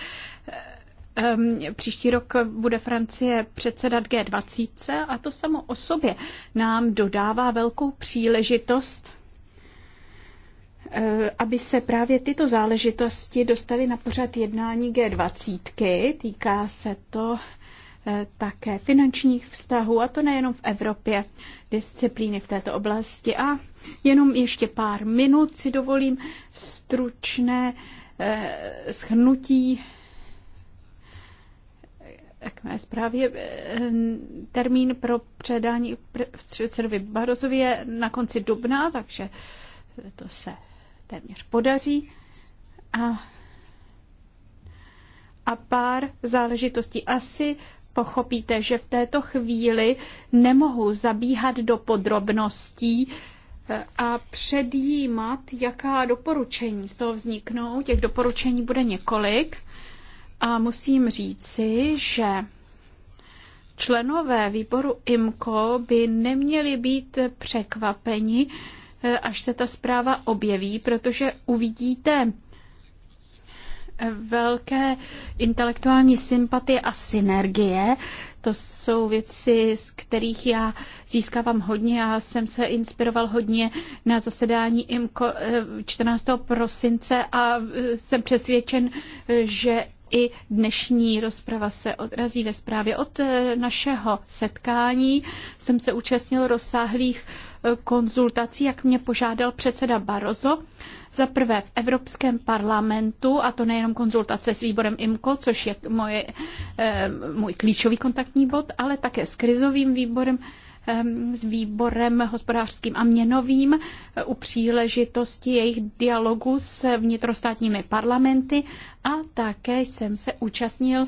Eh, příští rok bude Francie předsedat G20 a to samo o sobě nám dodává velkou příležitost, eh, aby se právě tyto záležitosti dostaly na pořad jednání G20. Týká se to také finančních vztahů, a to nejenom v Evropě disciplíny v této oblasti. A jenom ještě pár minut si dovolím stručné eh, schnutí eh, k mé zprávě. Eh, termín pro předání předsedovi Barozovi je na konci dubna, takže to se téměř podaří. A, a pár záležitostí asi pochopíte, že v této chvíli nemohu zabíhat do podrobností eh, a předjímat, jaká doporučení z toho vzniknou. Těch doporučení bude několik a musím říci, že členové výboru IMCO by neměli být překvapeni, eh, až se ta zpráva objeví, protože uvidíte velké intelektuální sympatie a synergie. To jsou věci, z kterých já získávám hodně a jsem se inspiroval hodně na zasedání IMCO 14. Eh, prosince a eh, jsem přesvědčen, eh, že i dnešní rozprava se odrazí ve zprávě. Od našeho setkání jsem se účastnil rozsáhlých konzultací, jak mě požádal předseda Barozo za prvé v Evropském parlamentu, a to nejenom konzultace s výborem IMCO, což je moje, eh, můj klíčový kontaktní bod, ale také s krizovým výborem, eh, s výborem hospodářským a měnovým eh, u příležitosti jejich dialogu s vnitrostátními parlamenty a také jsem se účastnil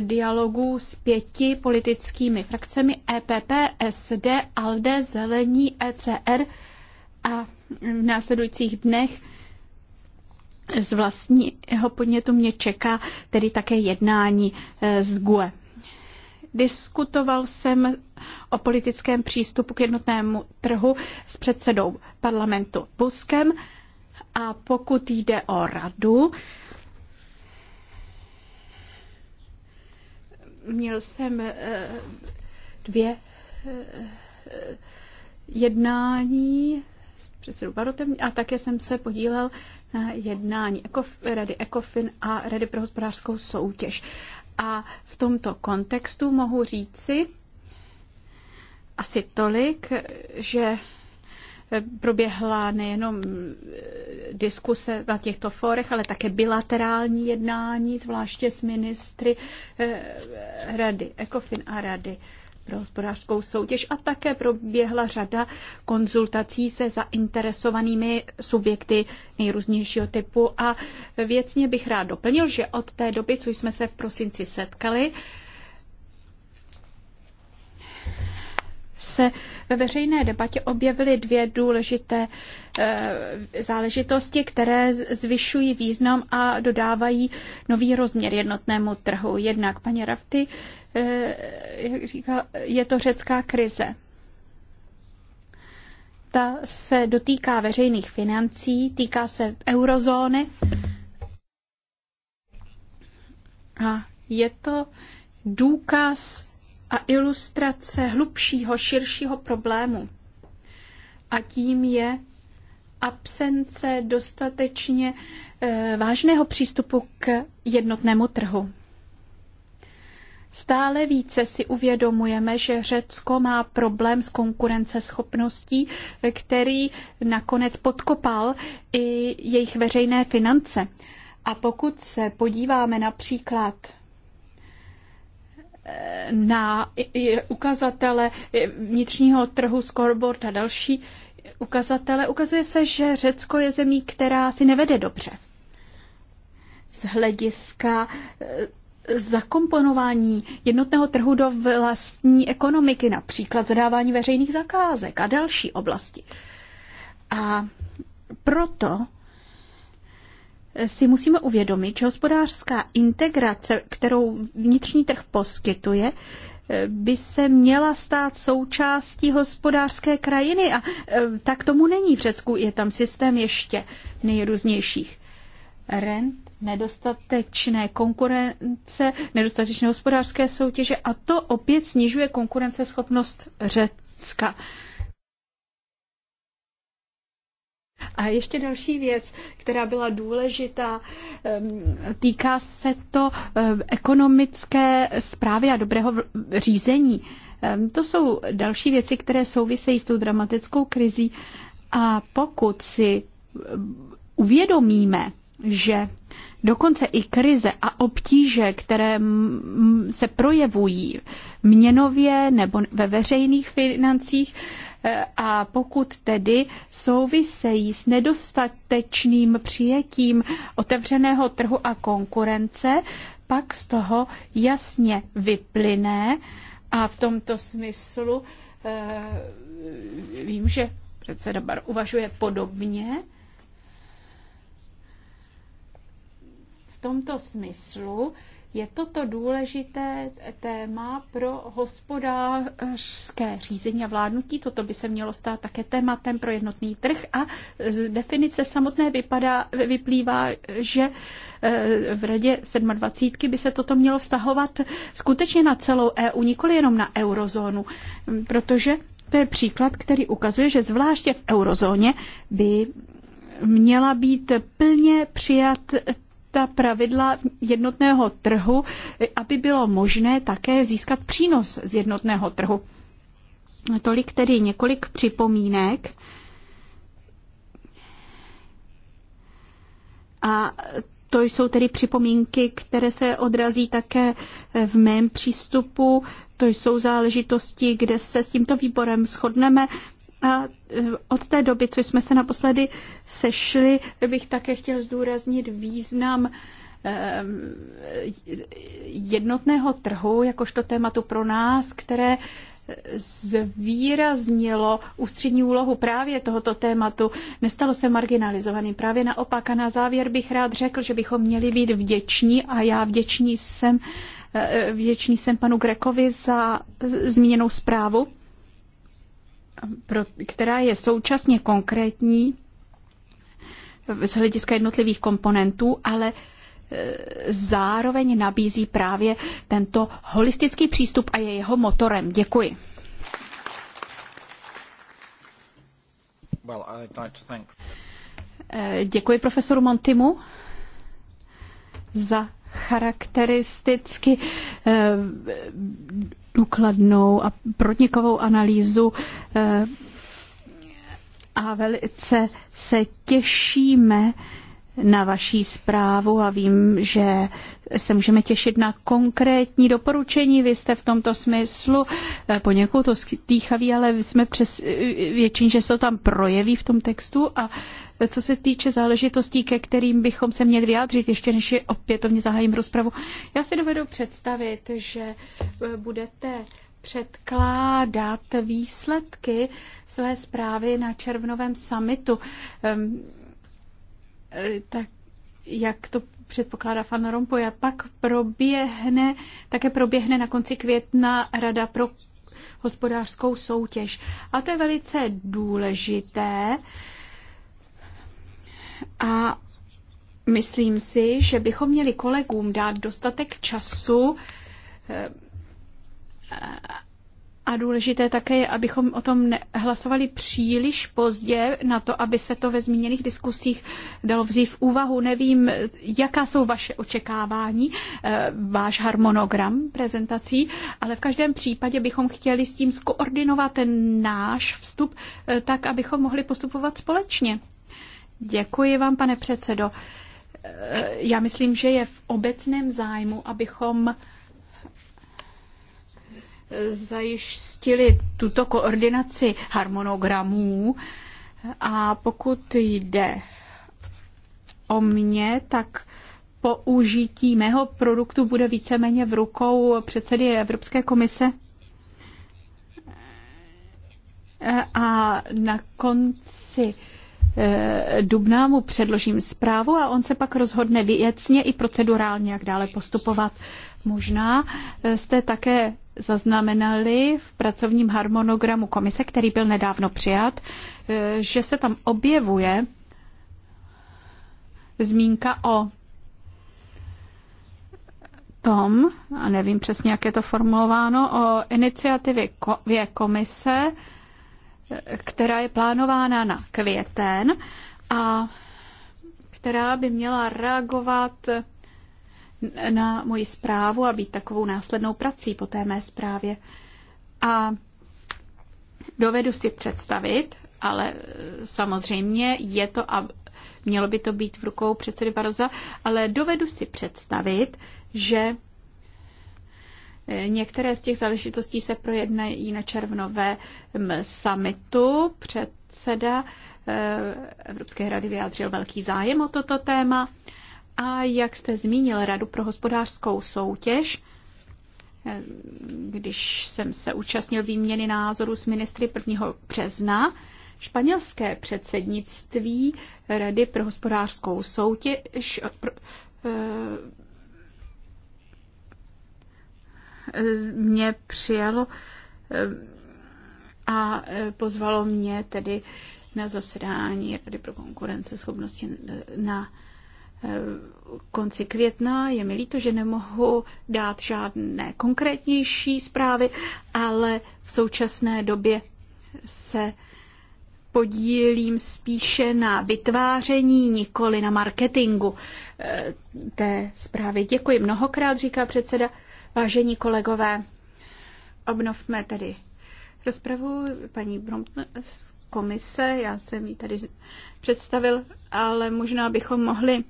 dialogu s pěti politickými frakcemi EPP, SD, ALDE, Zelení, ECR a v následujících dnech z vlastního podnětu mě čeká tedy také jednání eh, z GUE. Diskutoval jsem o politickém přístupu k jednotnému trhu s předsedou parlamentu Buskem a pokud jde o radu, měl jsem eh, dvě eh, jednání s předsedou Barotem a také jsem se podílel jednání Rady ECOFIN a Rady pro hospodářskou soutěž. A v tomto kontextu mohu říci asi tolik, že proběhla nejenom eh, diskuse na těchto fórech, ale také bilaterální jednání, zvláště s ministry eh, Rady ECOFIN a Rady pro hospodářskou soutěž a také proběhla řada konzultací se zainteresovanými subjekty nejrůznějšího typu a věcně bych rád doplnil, že od té doby, co jsme se v prosinci setkali, se ve veřejné debatě objevily dvě důležité e, záležitosti, které zvyšují význam a dodávají nový rozměr jednotnému trhu. Jednak paní Rafty Eh, jak říká, je to řecká krize. Ta se dotýká veřejných financí, týká se eurozóny a je to důkaz a ilustrace hlubšího, širšího problému. A tím je absence dostatečně eh, vážného přístupu k jednotnému trhu. Stále více si uvědomujeme, že Řecko má problém s konkurenceschopností, který nakonec podkopal i jejich veřejné finance. A pokud se podíváme například eh, na ukazatele vnitřního trhu scoreboard a další ukazatele, ukazuje se, že Řecko je zemí, která si nevede dobře z hlediska eh, zakomponování jednotného trhu do vlastní ekonomiky, například zadávání veřejných zakázek a další oblasti. A proto si musíme uvědomit, že hospodářská integrace, kterou vnitřní trh poskytuje, by se měla stát součástí hospodářské krajiny. A e, tak tomu není v Řecku, je tam systém ještě nejrůznějších. Ren nedostatečné konkurence, nedostatečné hospodářské soutěže a to opět snižuje konkurenceschopnost Řecka. A ještě další věc, která byla důležitá, týká se to ekonomické zprávy a dobrého řízení. To jsou další věci, které souvisejí s tou dramatickou krizí. A pokud si uvědomíme, že Dokonce i krize a obtíže, které se projevují měnově nebo ve veřejných financích, eh, a pokud tedy souvisejí s nedostatečným přijetím otevřeného trhu a konkurence, pak z toho jasně vyplyne a v tomto smyslu eh, vím, že předseda Bar uvažuje podobně, tomto smyslu je toto důležité téma pro hospodářské řízení a vládnutí. Toto by se mělo stát také tématem pro jednotný trh a z definice samotné vypadá, vyplývá, že eh, v radě 27 by se toto mělo vztahovat skutečně na celou EU, nikoli jenom na eurozónu, protože to je příklad, který ukazuje, že zvláště v eurozóně by měla být plně přijat ta pravidla jednotného trhu, aby bylo možné také získat přínos z jednotného trhu. Tolik tedy několik připomínek. A to jsou tedy připomínky, které se odrazí také v mém přístupu. To jsou záležitosti, kde se s tímto výborem shodneme a e, od té doby, co jsme se naposledy sešli, bych také chtěl zdůraznit význam e, jednotného trhu, jakožto tématu pro nás, které zvýraznilo ústřední úlohu právě tohoto tématu, nestalo se marginalizovaným. Právě naopak a na závěr bych rád řekl, že bychom měli být vděční a já vděčný jsem, e, vděčný jsem panu Grekovi za zmíněnou zprávu která je současně konkrétní z hlediska jednotlivých komponentů, ale e, zároveň nabízí právě tento holistický přístup a je jeho motorem. Děkuji. Well, like e, Děkuji profesoru Montimu za charakteristicky e, důkladnou a protnikovou analýzu eh, a velice se těšíme na vaší zprávu a vím, že se můžeme těšit na konkrétní doporučení. Vy jste v tomto smyslu eh, poněkud stýchaví, ale jsme přes eh, většin, že se to tam projeví v tom textu a co se týče záležitostí, ke kterým bychom se měli vyjádřit, ještě než je opětovně zahájím rozpravu, já si dovedu představit, že eh, budete předkládat výsledky své zprávy na červnovém summitu. Ehm, eh, tak jak to předpokládá Fan Rompuy. A pak proběhne, také proběhne na konci května Rada pro hospodářskou soutěž. A to je velice důležité, a myslím si, že bychom měli kolegům dát dostatek času eh, a důležité také je, abychom o tom hlasovali příliš pozdě na to, aby se to ve zmíněných diskusích dalo vzít v úvahu. Nevím, jaká jsou vaše očekávání, eh, váš harmonogram prezentací, ale v každém případě bychom chtěli s tím skoordinovat ten náš vstup eh, tak, abychom mohli postupovat společně. Děkuji vám, pane předsedo. Eh, já myslím, že je v obecném zájmu, abychom eh, zajištili tuto koordinaci harmonogramů. A pokud jde o mě, tak použití mého produktu bude víceméně v rukou předsedy Evropské komise. Eh, a na konci Eh, dubna mu předložím zprávu a on se pak rozhodne věcně i procedurálně, jak dále postupovat. Možná eh, jste také zaznamenali v pracovním harmonogramu komise, který byl nedávno přijat, eh, že se tam objevuje zmínka o tom, a nevím přesně, jak je to formulováno, o iniciativě komise která je plánována na květen a která by měla reagovat na moji zprávu a být takovou následnou prací po té mé zprávě. A dovedu si představit, ale samozřejmě je to a mělo by to být v rukou předsedy Baroza, ale dovedu si představit, že Některé z těch záležitostí se projednají na červnovém summitu. Předseda eh, Evropské rady vyjádřil velký zájem o toto téma. A jak jste zmínil Radu pro hospodářskou soutěž, eh, když jsem se účastnil výměny názoru s ministry 1. března, španělské předsednictví Rady pro hospodářskou soutěž eh, mě přijalo eh, a eh, pozvalo mě tedy na zasedání Rady pro schopnosti na eh, konci května. Je mi líto, že nemohu dát žádné konkrétnější zprávy, ale v současné době se podílím spíše na vytváření, nikoli na marketingu té zprávy. Děkuji mnohokrát, říká předseda. Vážení kolegové, obnovme tedy rozpravu paní Brompton z komise, já jsem ji tady představil, ale možná bychom mohli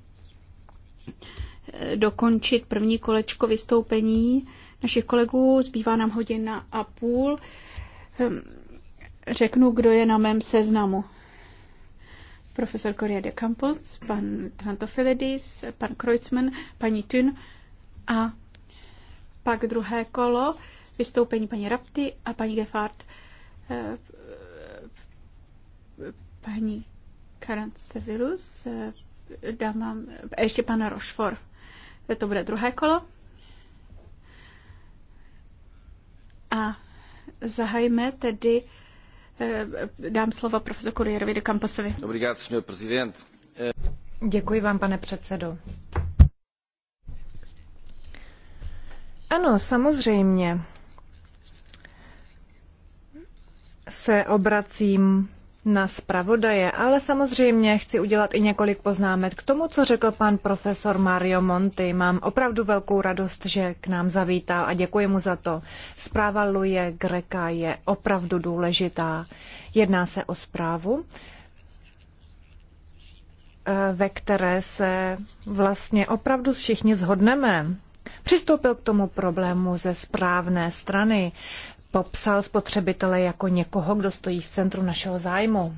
eh, dokončit první kolečko vystoupení našich kolegů. Zbývá nám hodina a půl. Hm, řeknu, kdo je na mém seznamu. Profesor Coria de Campos, pan Trantofilidis, pan Kreutzmann, paní Thun a pak druhé kolo, vystoupení paní Rapty a paní Gefard. Eh, paní Karancevirus, eh, dám vám, ještě pana Rošfor. Eh, to bude druhé kolo. A zahajme tedy, dám slovo profesor Kurierovi do Kamposovi. Dobrý den, prezident. Děkuji vám, pane předsedo. Ano, samozřejmě se obracím na zpravodaje, ale samozřejmě chci udělat i několik poznámek k tomu, co řekl pan profesor Mario Monti. Mám opravdu velkou radost, že k nám zavítal a děkuji mu za to. Zpráva Luje Greka je opravdu důležitá. Jedná se o zprávu, eh, ve které se vlastně opravdu všichni zhodneme přistoupil k tomu problému ze správné strany. Popsal spotřebitele jako někoho, kdo stojí v centru našeho zájmu.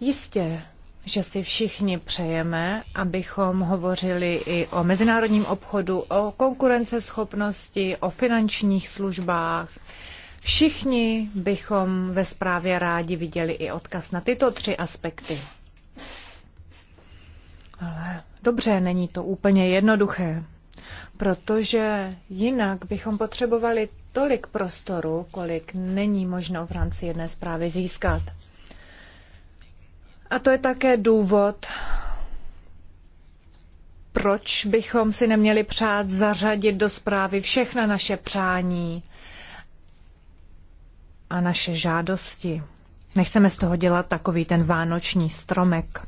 Jistě, že si všichni přejeme, abychom hovořili i o mezinárodním obchodu, o konkurenceschopnosti, o finančních službách. Všichni bychom ve zprávě rádi viděli i odkaz na tyto tři aspekty. Ale dobře, není to úplně jednoduché protože jinak bychom potřebovali tolik prostoru, kolik není možno v rámci jedné zprávy získat. A to je také důvod, proč bychom si neměli přát zařadit do zprávy všechna naše přání a naše žádosti. Nechceme z toho dělat takový ten vánoční stromek.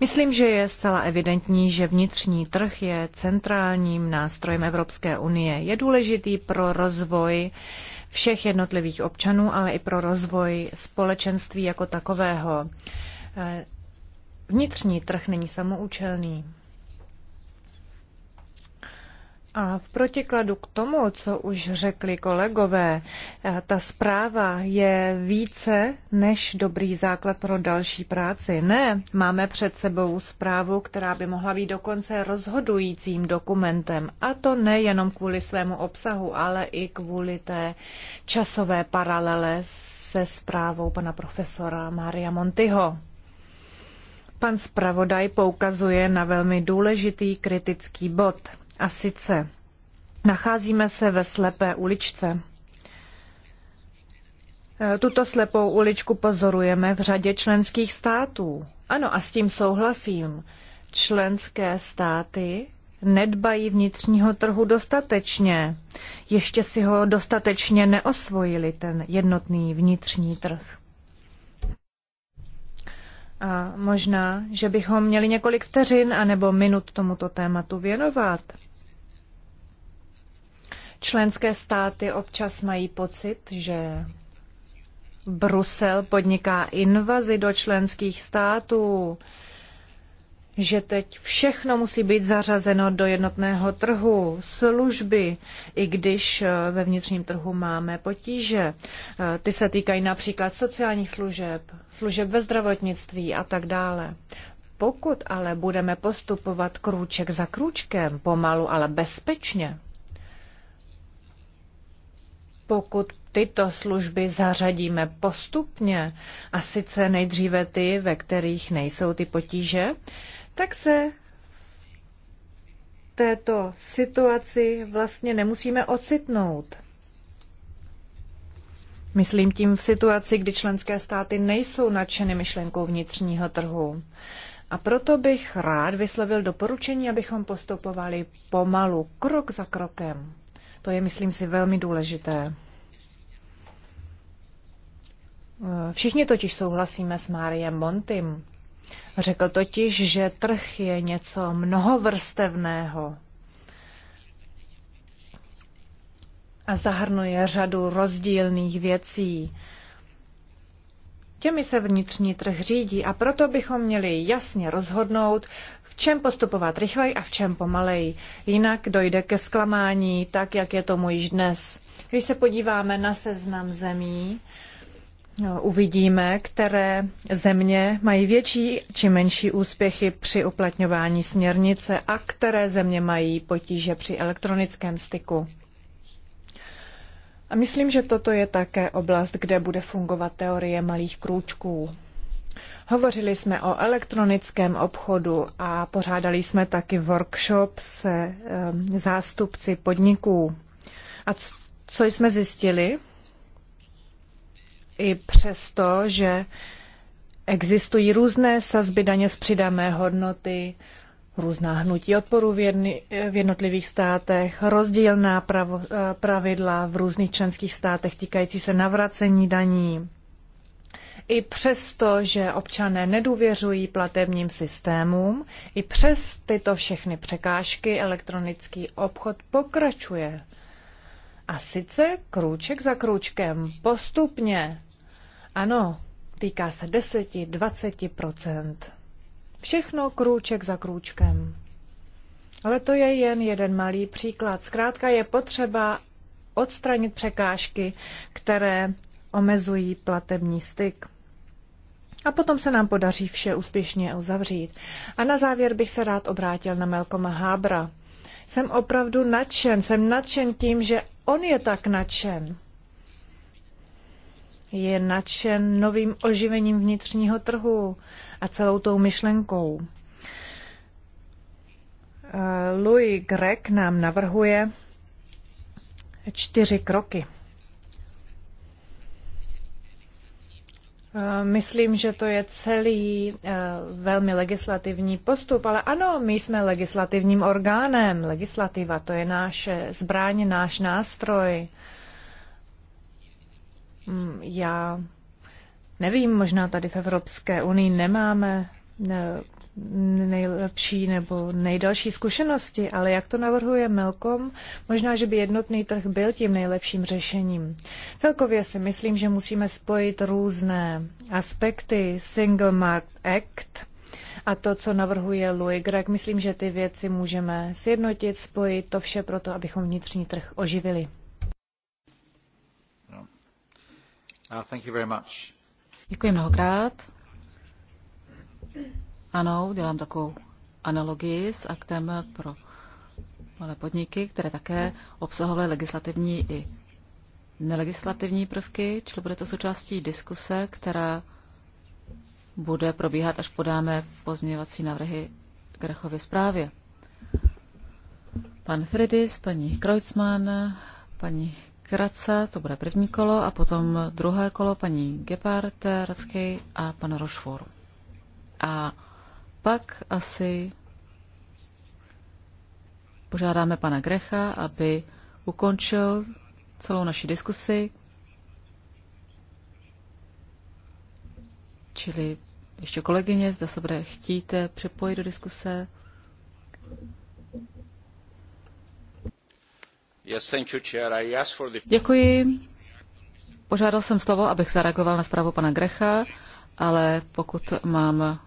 Myslím, že je zcela evidentní, že vnitřní trh je centrálním nástrojem Evropské unie. Je důležitý pro rozvoj všech jednotlivých občanů, ale i pro rozvoj společenství jako takového. Eh, vnitřní trh není samoučelný. A v protikladu k tomu, co už řekli kolegové, eh, ta zpráva je více než dobrý základ pro další práci. Ne, máme před sebou zprávu, která by mohla být dokonce rozhodujícím dokumentem. A to nejenom kvůli svému obsahu, ale i kvůli té časové paralele se zprávou pana profesora Maria Montyho. Pan zpravodaj poukazuje na velmi důležitý kritický bod – a sice nacházíme se ve slepé uličce. E, tuto slepou uličku pozorujeme v řadě členských států. Ano, a s tím souhlasím. Členské státy nedbají vnitřního trhu dostatečně. Ještě si ho dostatečně neosvojili, ten jednotný vnitřní trh. A možná, že bychom měli několik vteřin anebo minut tomuto tématu věnovat, Členské státy občas mají pocit, že Brusel podniká invazi do členských států, že teď všechno musí být zařazeno do jednotného trhu, služby, i když eh, ve vnitřním trhu máme potíže. Eh, ty se týkají například sociálních služeb, služeb ve zdravotnictví a tak dále. Pokud ale budeme postupovat krůček za krůčkem, pomalu, ale bezpečně, pokud tyto služby zařadíme postupně, a sice nejdříve ty, ve kterých nejsou ty potíže, tak se této situaci vlastně nemusíme ocitnout. Myslím tím v situaci, kdy členské státy nejsou nadšeny myšlenkou vnitřního trhu. A proto bych rád vyslovil doporučení, abychom postupovali pomalu, krok za krokem. To je, myslím si, velmi důležité. Všichni totiž souhlasíme s Máriem Montym. Řekl totiž, že trh je něco mnohovrstevného a zahrnuje řadu rozdílných věcí. Těmi se vnitřní trh řídí a proto bychom měli jasně rozhodnout, v čem postupovat rychleji a v čem pomaleji. Jinak dojde ke zklamání, tak jak je tomu již dnes. Když se podíváme na seznam zemí, uvidíme, které země mají větší či menší úspěchy při uplatňování směrnice a které země mají potíže při elektronickém styku. A myslím, že toto je také oblast, kde bude fungovat teorie malých krůčků. Hovořili jsme o elektronickém obchodu a pořádali jsme taky workshop se ehm, zástupci podniků. A co jsme zjistili? I přesto, že existují různé sazby daně z přidané hodnoty, různá hnutí odporu v, jedny, v jednotlivých státech, rozdílná eh, pravidla v různých členských státech týkající se navracení daní, i přesto, že občané nedůvěřují platebním systémům, i přes tyto všechny překážky elektronický obchod pokračuje. A sice krůček za krůčkem, postupně. Ano, týká se 10-20%. Všechno krůček za krůčkem. Ale to je jen jeden malý příklad. Zkrátka je potřeba odstranit překážky, které omezují platební styk. A potom se nám podaří vše úspěšně uzavřít. A na závěr bych se rád obrátil na Melkoma Hábra. Jsem opravdu nadšen, jsem nadšen tím, že on je tak nadšen. Je nadšen novým oživením vnitřního trhu a celou tou myšlenkou. Eh, Louis Gregg nám navrhuje čtyři kroky. Eh, myslím, že to je celý eh, velmi legislativní postup, ale ano, my jsme legislativním orgánem. Legislativa to je náš zbraň, náš nástroj. Mm, já nevím, možná tady v Evropské unii nemáme eh, nejlepší nebo nejdelší zkušenosti, ale jak to navrhuje Melkom, možná, že by jednotný trh byl tím nejlepším řešením. Celkově si myslím, že musíme spojit různé aspekty Single Market Act a to, co navrhuje Louis Gregg. Myslím, že ty věci můžeme sjednotit, spojit to vše proto, abychom vnitřní trh oživili. No. Uh, Děkuji mnohokrát. Ano, dělám takovou analogii s aktem pro malé podniky, které také obsahovaly legislativní i nelegislativní prvky, čili bude to součástí diskuse, která bude probíhat, až podáme pozměňovací návrhy k Rechově zprávě. Pan Fridis, paní Kreutzmann, paní Kratce, to bude první kolo, a potom druhé kolo paní Gepard, Radskej a pan Rošfor. A pak asi požádáme pana Grecha, aby ukončil celou naši diskusi. Čili ještě kolegyně, zda se bude chtít připojit do diskuse. Yes, thank you, chair. I for the... Děkuji. Požádal jsem slovo, abych zareagoval na zprávu pana Grecha, ale pokud mám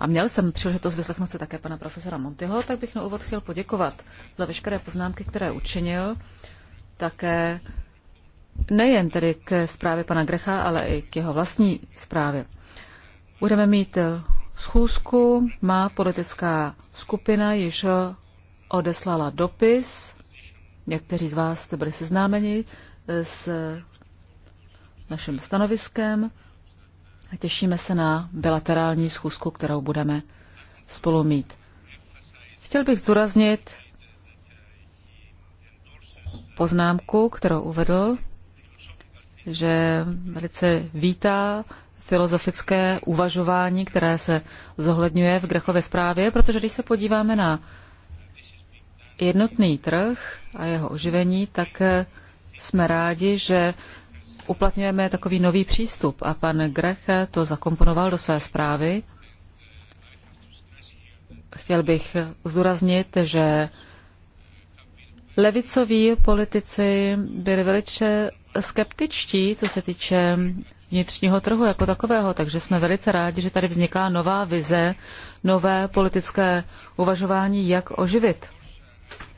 a měl jsem příležitost vyslechnout se také pana profesora Montyho, tak bych na úvod chtěl poděkovat za veškeré poznámky, které učinil, také nejen tedy k zprávě pana Grecha, ale i k jeho vlastní zprávě. Budeme mít schůzku, má politická skupina již odeslala dopis, někteří z vás jste byli seznámeni s naším stanoviskem a těšíme se na bilaterální schůzku, kterou budeme spolu mít. Chtěl bych zdůraznit poznámku, kterou uvedl, že velice vítá filozofické uvažování, které se zohledňuje v Grechově zprávě, protože když se podíváme na jednotný trh a jeho oživení, tak jsme rádi, že uplatňujeme takový nový přístup a pan Grech to zakomponoval do své zprávy. Chtěl bych zúraznit, že levicoví politici byli velice skeptičtí, co se týče vnitřního trhu jako takového, takže jsme velice rádi, že tady vzniká nová vize, nové politické uvažování, jak oživit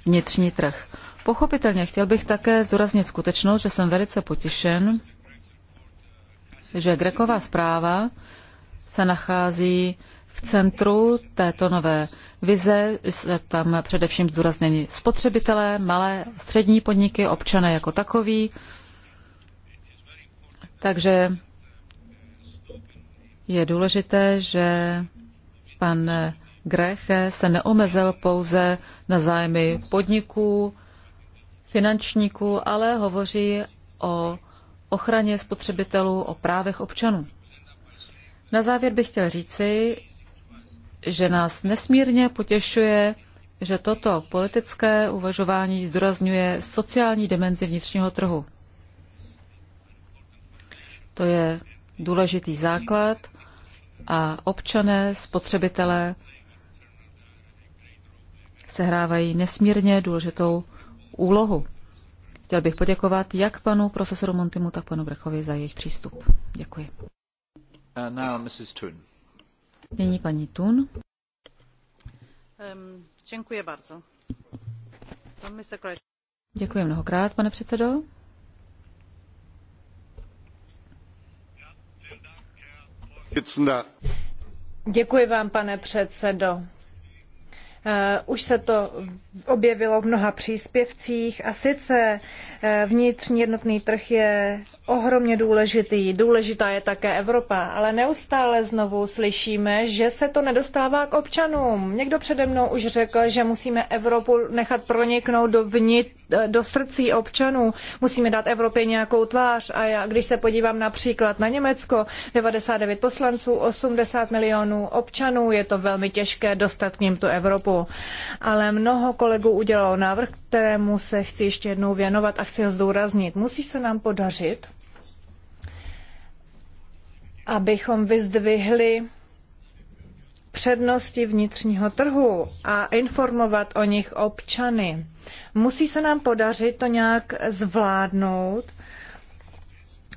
vnitřní trh. Pochopitelně chtěl bych také zdůraznit skutečnost, že jsem velice potěšen, že Greková zpráva se nachází v centru této nové vize. Jsou tam především zdůraznění spotřebitelé, malé, střední podniky, občané jako takový. Takže je důležité, že pan Grech se neomezil pouze na zájmy podniků, finančníků, ale hovoří o ochraně spotřebitelů, o právech občanů. Na závěr bych chtěl říci, že nás nesmírně potěšuje, že toto politické uvažování zdůrazňuje sociální dimenzi vnitřního trhu. To je důležitý základ a občané, spotřebitelé sehrávají nesmírně důležitou úlohu. Chtěl bych poděkovat jak panu profesoru Montimu, tak panu Brechovi za jejich přístup. Děkuji. And uh, now Mrs. Thun. Nyní paní Thun. Um, děkuji bardzo. Děkuji mnohokrát, pane předsedo. Děkuji vám, pane předsedo Eh, už se to objevilo v mnoha příspěvcích a sice eh, vnitřní jednotný trh je ohromně důležitý. Důležitá je také Evropa, ale neustále znovu slyšíme, že se to nedostává k občanům. Někdo přede mnou už řekl, že musíme Evropu nechat proniknout do, vnit, do srdcí občanů. Musíme dát Evropě nějakou tvář. A já, když se podívám například na Německo, 99 poslanců, 80 milionů občanů, je to velmi těžké dostat k ním tu Evropu. Ale mnoho kolegů udělalo návrh, kterému se chci ještě jednou věnovat a chci ho zdůraznit. Musí se nám podařit abychom vyzdvihli přednosti vnitřního trhu a informovat o nich občany. Musí se nám podařit to nějak zvládnout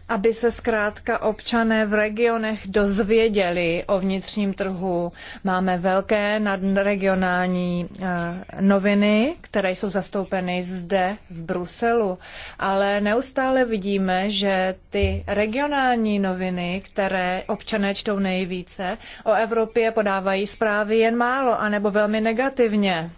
aby se zkrátka občané v regionech dozvěděli o vnitřním trhu. Máme velké nadregionální eh, noviny, které jsou zastoupeny zde v Bruselu, ale neustále vidíme, že ty regionální noviny, které občané čtou nejvíce, o Evropě podávají zprávy jen málo anebo velmi negativně.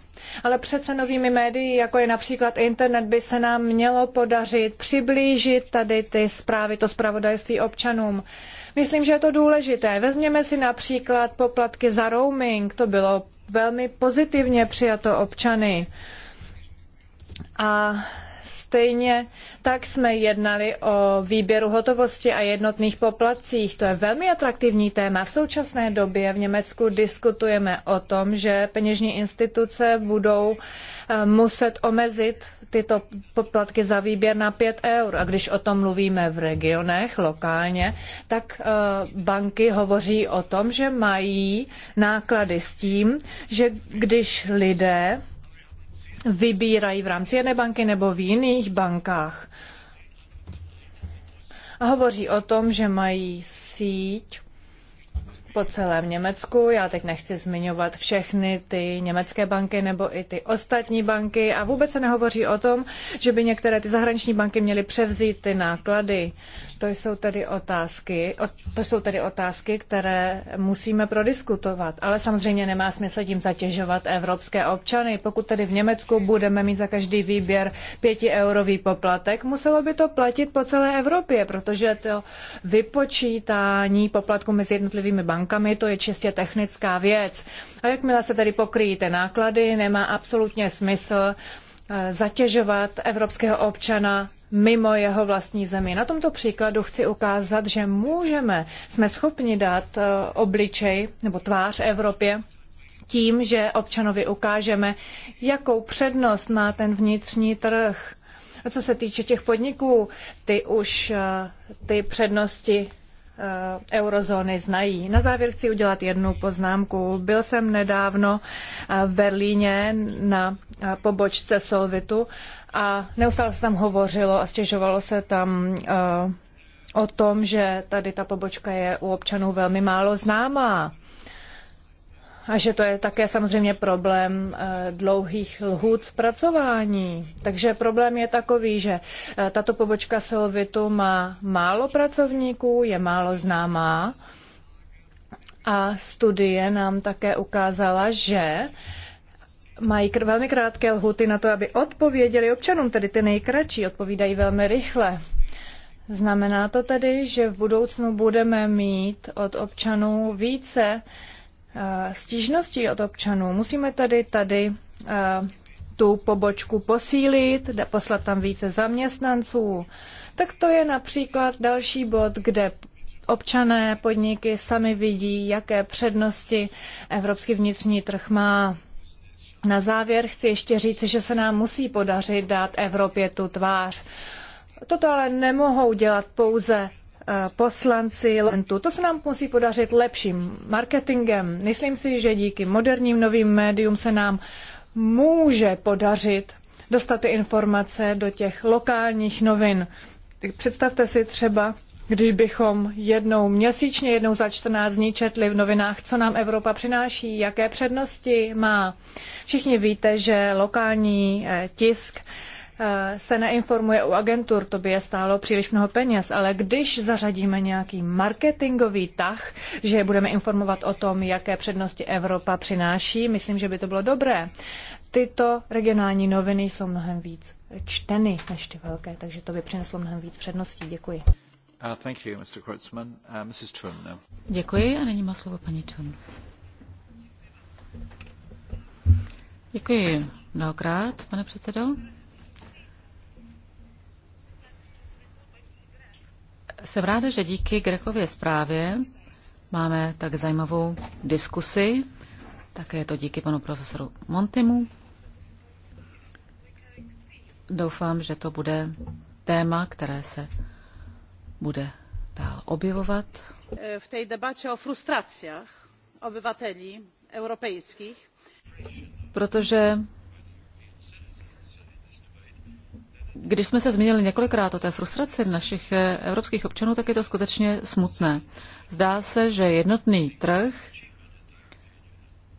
Ale přece novými médii, jako je například internet, by se nám mělo podařit přiblížit tady ty zprávy, to zpravodajství občanům. Myslím, že je to důležité. Vezměme si například poplatky za roaming, to bylo velmi pozitivně přijato občany. A Stejně tak jsme jednali o výběru hotovosti a jednotných poplatcích. To je velmi atraktivní téma. V současné době v Německu diskutujeme o tom, že peněžní instituce budou eh, muset omezit tyto poplatky za výběr na 5 eur. A když o tom mluvíme v regionech, lokálně, tak eh, banky hovoří o tom, že mají náklady s tím, že když lidé vybírají v rámci jedné banky nebo v jiných bankách. A hovoří o tom, že mají síť po celém Německu. Já teď nechci zmiňovat všechny ty německé banky nebo i ty ostatní banky a vůbec se nehovoří o tom, že by některé ty zahraniční banky měly převzít ty náklady. To jsou tedy otázky, to jsou tedy otázky, které musíme prodiskutovat, ale samozřejmě nemá smysl tím zatěžovat evropské občany. Pokud tedy v Německu budeme mít za každý výběr pětieurový poplatek, muselo by to platit po celé Evropě, protože to vypočítání poplatku mezi jednotlivými bankami, to je čistě technická věc. A jakmile se tedy pokryjí ty náklady, nemá absolutně smysl eh, zatěžovat evropského občana mimo jeho vlastní zemi. Na tomto příkladu chci ukázat, že můžeme, jsme schopni dát eh, obličej nebo tvář Evropě tím, že občanovi ukážeme, jakou přednost má ten vnitřní trh. A co se týče těch podniků, ty už eh, ty přednosti Eh, eurozóny znají. Na závěr chci udělat jednu poznámku. Byl jsem nedávno eh, v Berlíně na eh, pobočce Solvitu a neustále se tam hovořilo a stěžovalo se tam o tom, že tady ta pobočka je u občanů velmi málo známá a že to je také samozřejmě problém eh, dlouhých lhůt zpracování. Takže problém je takový, že eh, tato pobočka Solvitu má málo pracovníků, je málo známá a studie nám také ukázala, že mají kr- velmi krátké lhuty na to, aby odpověděli občanům, tedy ty nejkratší odpovídají velmi rychle. Znamená to tedy, že v budoucnu budeme mít od občanů více Eh, stížnosti od občanů. Musíme tady tady eh, tu pobočku posílit, poslat tam více zaměstnanců. Tak to je například další bod, kde občané, podniky sami vidí, jaké přednosti evropský vnitřní trh má. Na závěr chci ještě říct, že se nám musí podařit dát Evropě tu tvář. Toto ale nemohou dělat pouze Eh, poslanci lentu. To se nám musí podařit lepším marketingem. Myslím si, že díky moderním novým médiům se nám může podařit dostat ty informace do těch lokálních novin. Představte si třeba, když bychom jednou měsíčně, jednou za 14 dní četli v novinách, co nám Evropa přináší, jaké přednosti má. Všichni víte, že lokální eh, tisk se neinformuje u agentur, to by je stálo příliš mnoho peněz, ale když zařadíme nějaký marketingový tah, že budeme informovat o tom, jaké přednosti Evropa přináší, myslím, že by to bylo dobré. Tyto regionální noviny jsou mnohem víc čteny než ty velké, takže to by přineslo mnohem víc předností. Děkuji. Uh, thank you, Mr. Kurtzman. Uh, Mrs. Thun, no. Děkuji a nyní má slovo paní Thun. Děkuji mnohokrát, pane předsedo. Jsem ráda, že díky Grekově zprávě máme tak zajímavou diskusi. Také je to díky panu profesoru Montimu. Doufám, že to bude téma, které se bude dál objevovat. E, v té debatě o frustracích obyvatelí europejských. Protože Když jsme se zmínili několikrát o té frustraci našich eh, evropských občanů, tak je to skutečně smutné. Zdá se, že jednotný trh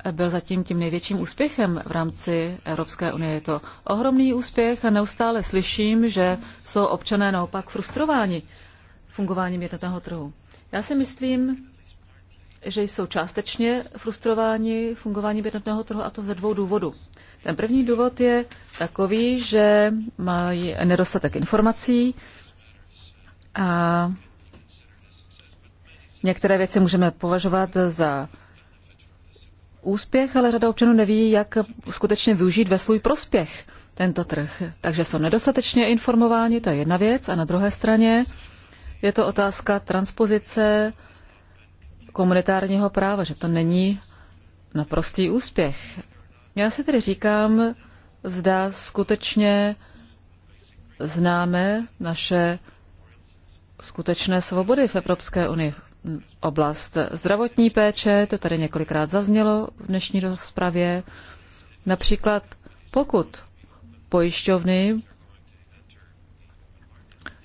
eh, byl zatím tím největším úspěchem v rámci Evropské unie. Je to ohromný úspěch a neustále slyším, že jsou občané naopak frustrováni fungováním jednotného trhu. Já si myslím, že jsou částečně frustrováni fungováním jednotného trhu a to ze dvou důvodů. Ten první důvod je takový, že mají nedostatek informací a některé věci můžeme považovat za úspěch, ale řada občanů neví, jak skutečně využít ve svůj prospěch tento trh. Takže jsou nedostatečně informováni, to je jedna věc. A na druhé straně je to otázka transpozice komunitárního práva, že to není naprostý úspěch. Já si tedy říkám, zda skutečně známe naše skutečné svobody v Evropské unii. Oblast zdravotní péče, to tady několikrát zaznělo v dnešní rozpravě. Například pokud pojišťovny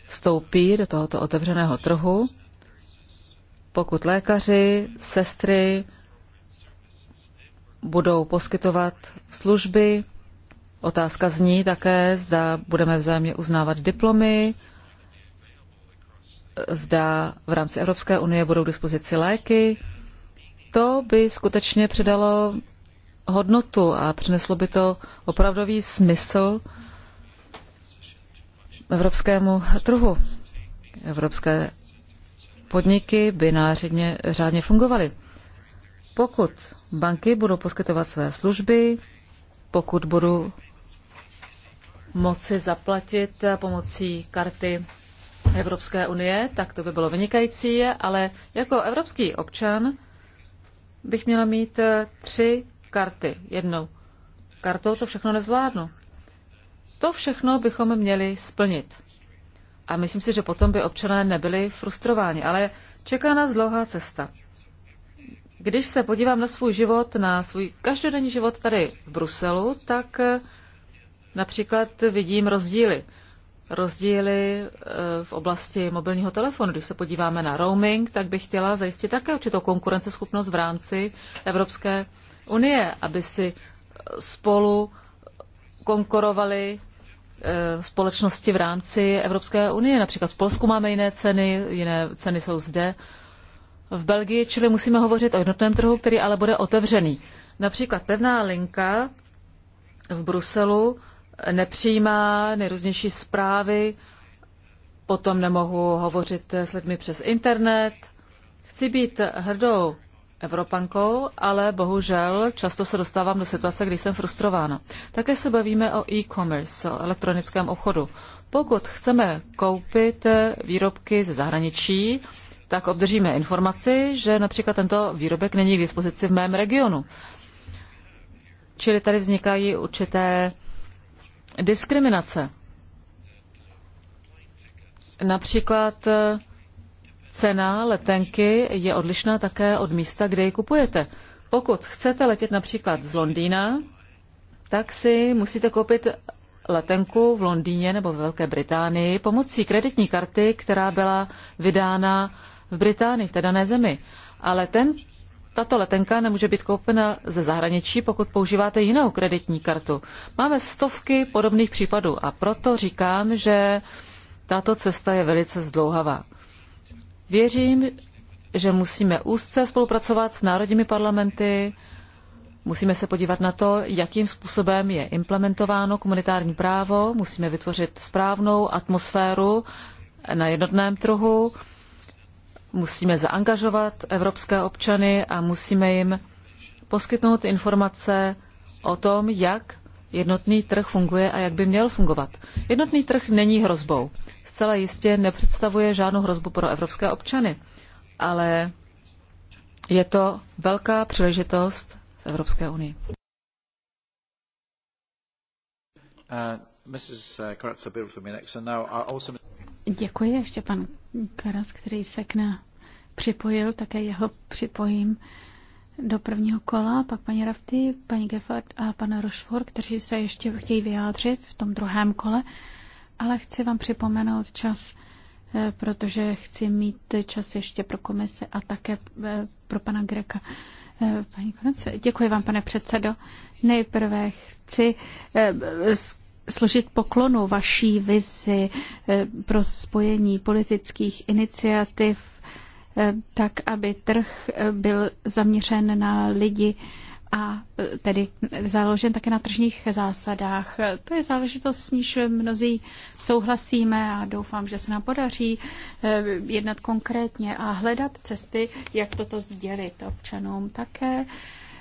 vstoupí do tohoto otevřeného trhu, pokud lékaři, sestry, budou poskytovat služby. Otázka zní také, zda budeme vzájemně uznávat diplomy, zda v rámci Evropské unie budou k dispozici léky. To by skutečně přidalo hodnotu a přineslo by to opravdový smysl evropskému trhu. Evropské podniky by nářadně řádně fungovaly. Pokud banky budou poskytovat své služby, pokud budou moci zaplatit pomocí karty Evropské unie, tak to by bylo vynikající, ale jako evropský občan bych měla mít eh, tři karty jednou. Kartou to všechno nezvládnu. To všechno bychom měli splnit. A myslím si, že potom by občané nebyli frustrováni, ale čeká nás dlouhá cesta. Když se podívám na svůj život, na svůj každodenní život tady v Bruselu, tak eh, například vidím rozdíly. Rozdíly eh, v oblasti mobilního telefonu. Když se podíváme na roaming, tak bych chtěla zajistit také určitou konkurenceschopnost v rámci Evropské unie, aby si eh, spolu konkurovali společnosti v rámci Evropské unie. Například v Polsku máme jiné ceny, jiné ceny jsou zde v Belgii, čili musíme hovořit o jednotném trhu, který ale bude otevřený. Například pevná linka v Bruselu nepřijímá nejrůznější zprávy, potom nemohu hovořit s lidmi přes internet. Chci být hrdou Evropankou, ale bohužel často se dostávám do situace, kdy jsem frustrována. Také se bavíme o e-commerce, o elektronickém obchodu. Pokud chceme koupit výrobky ze zahraničí, tak obdržíme informaci, že například tento výrobek není k dispozici v mém regionu. Čili tady vznikají určité diskriminace. Například eh, cena letenky je odlišná také od místa, kde ji kupujete. Pokud chcete letět například z Londýna, tak si musíte koupit letenku v Londýně nebo ve Velké Británii pomocí kreditní karty, která byla vydána v Británii, v té dané zemi. Ale ten, tato letenka nemůže být koupena ze zahraničí, pokud používáte jinou kreditní kartu. Máme stovky podobných případů a proto říkám, že tato cesta je velice zdlouhavá. Věřím, že musíme úzce spolupracovat s národními parlamenty, musíme se podívat na to, jakým způsobem je implementováno komunitární právo, musíme vytvořit správnou atmosféru na jednotném trhu, Musíme zaangažovat evropské občany a musíme jim poskytnout informace o tom, jak jednotný trh funguje a jak by měl fungovat. Jednotný trh není hrozbou. Zcela jistě nepředstavuje žádnou hrozbu pro evropské občany, ale je to velká příležitost v Evropské unii. Uh, Děkuji ještě pan Karas, který se k nám připojil, také jeho připojím do prvního kola, pak paní Rafty, paní Geffard a pana Rošvor, kteří se ještě chtějí vyjádřit v tom druhém kole, ale chci vám připomenout čas, eh, protože chci mít čas ještě pro komise a také eh, pro pana Greka. Eh, paní konec, děkuji vám, pane předsedo. Nejprve chci složit poklonu vaší vizi eh, pro spojení politických iniciativ eh, tak, aby trh eh, byl zaměřen na lidi a tedy založen také na tržních zásadách. To je záležitost, s níž mnozí souhlasíme a doufám, že se nám podaří jednat konkrétně a hledat cesty, jak toto sdělit občanům také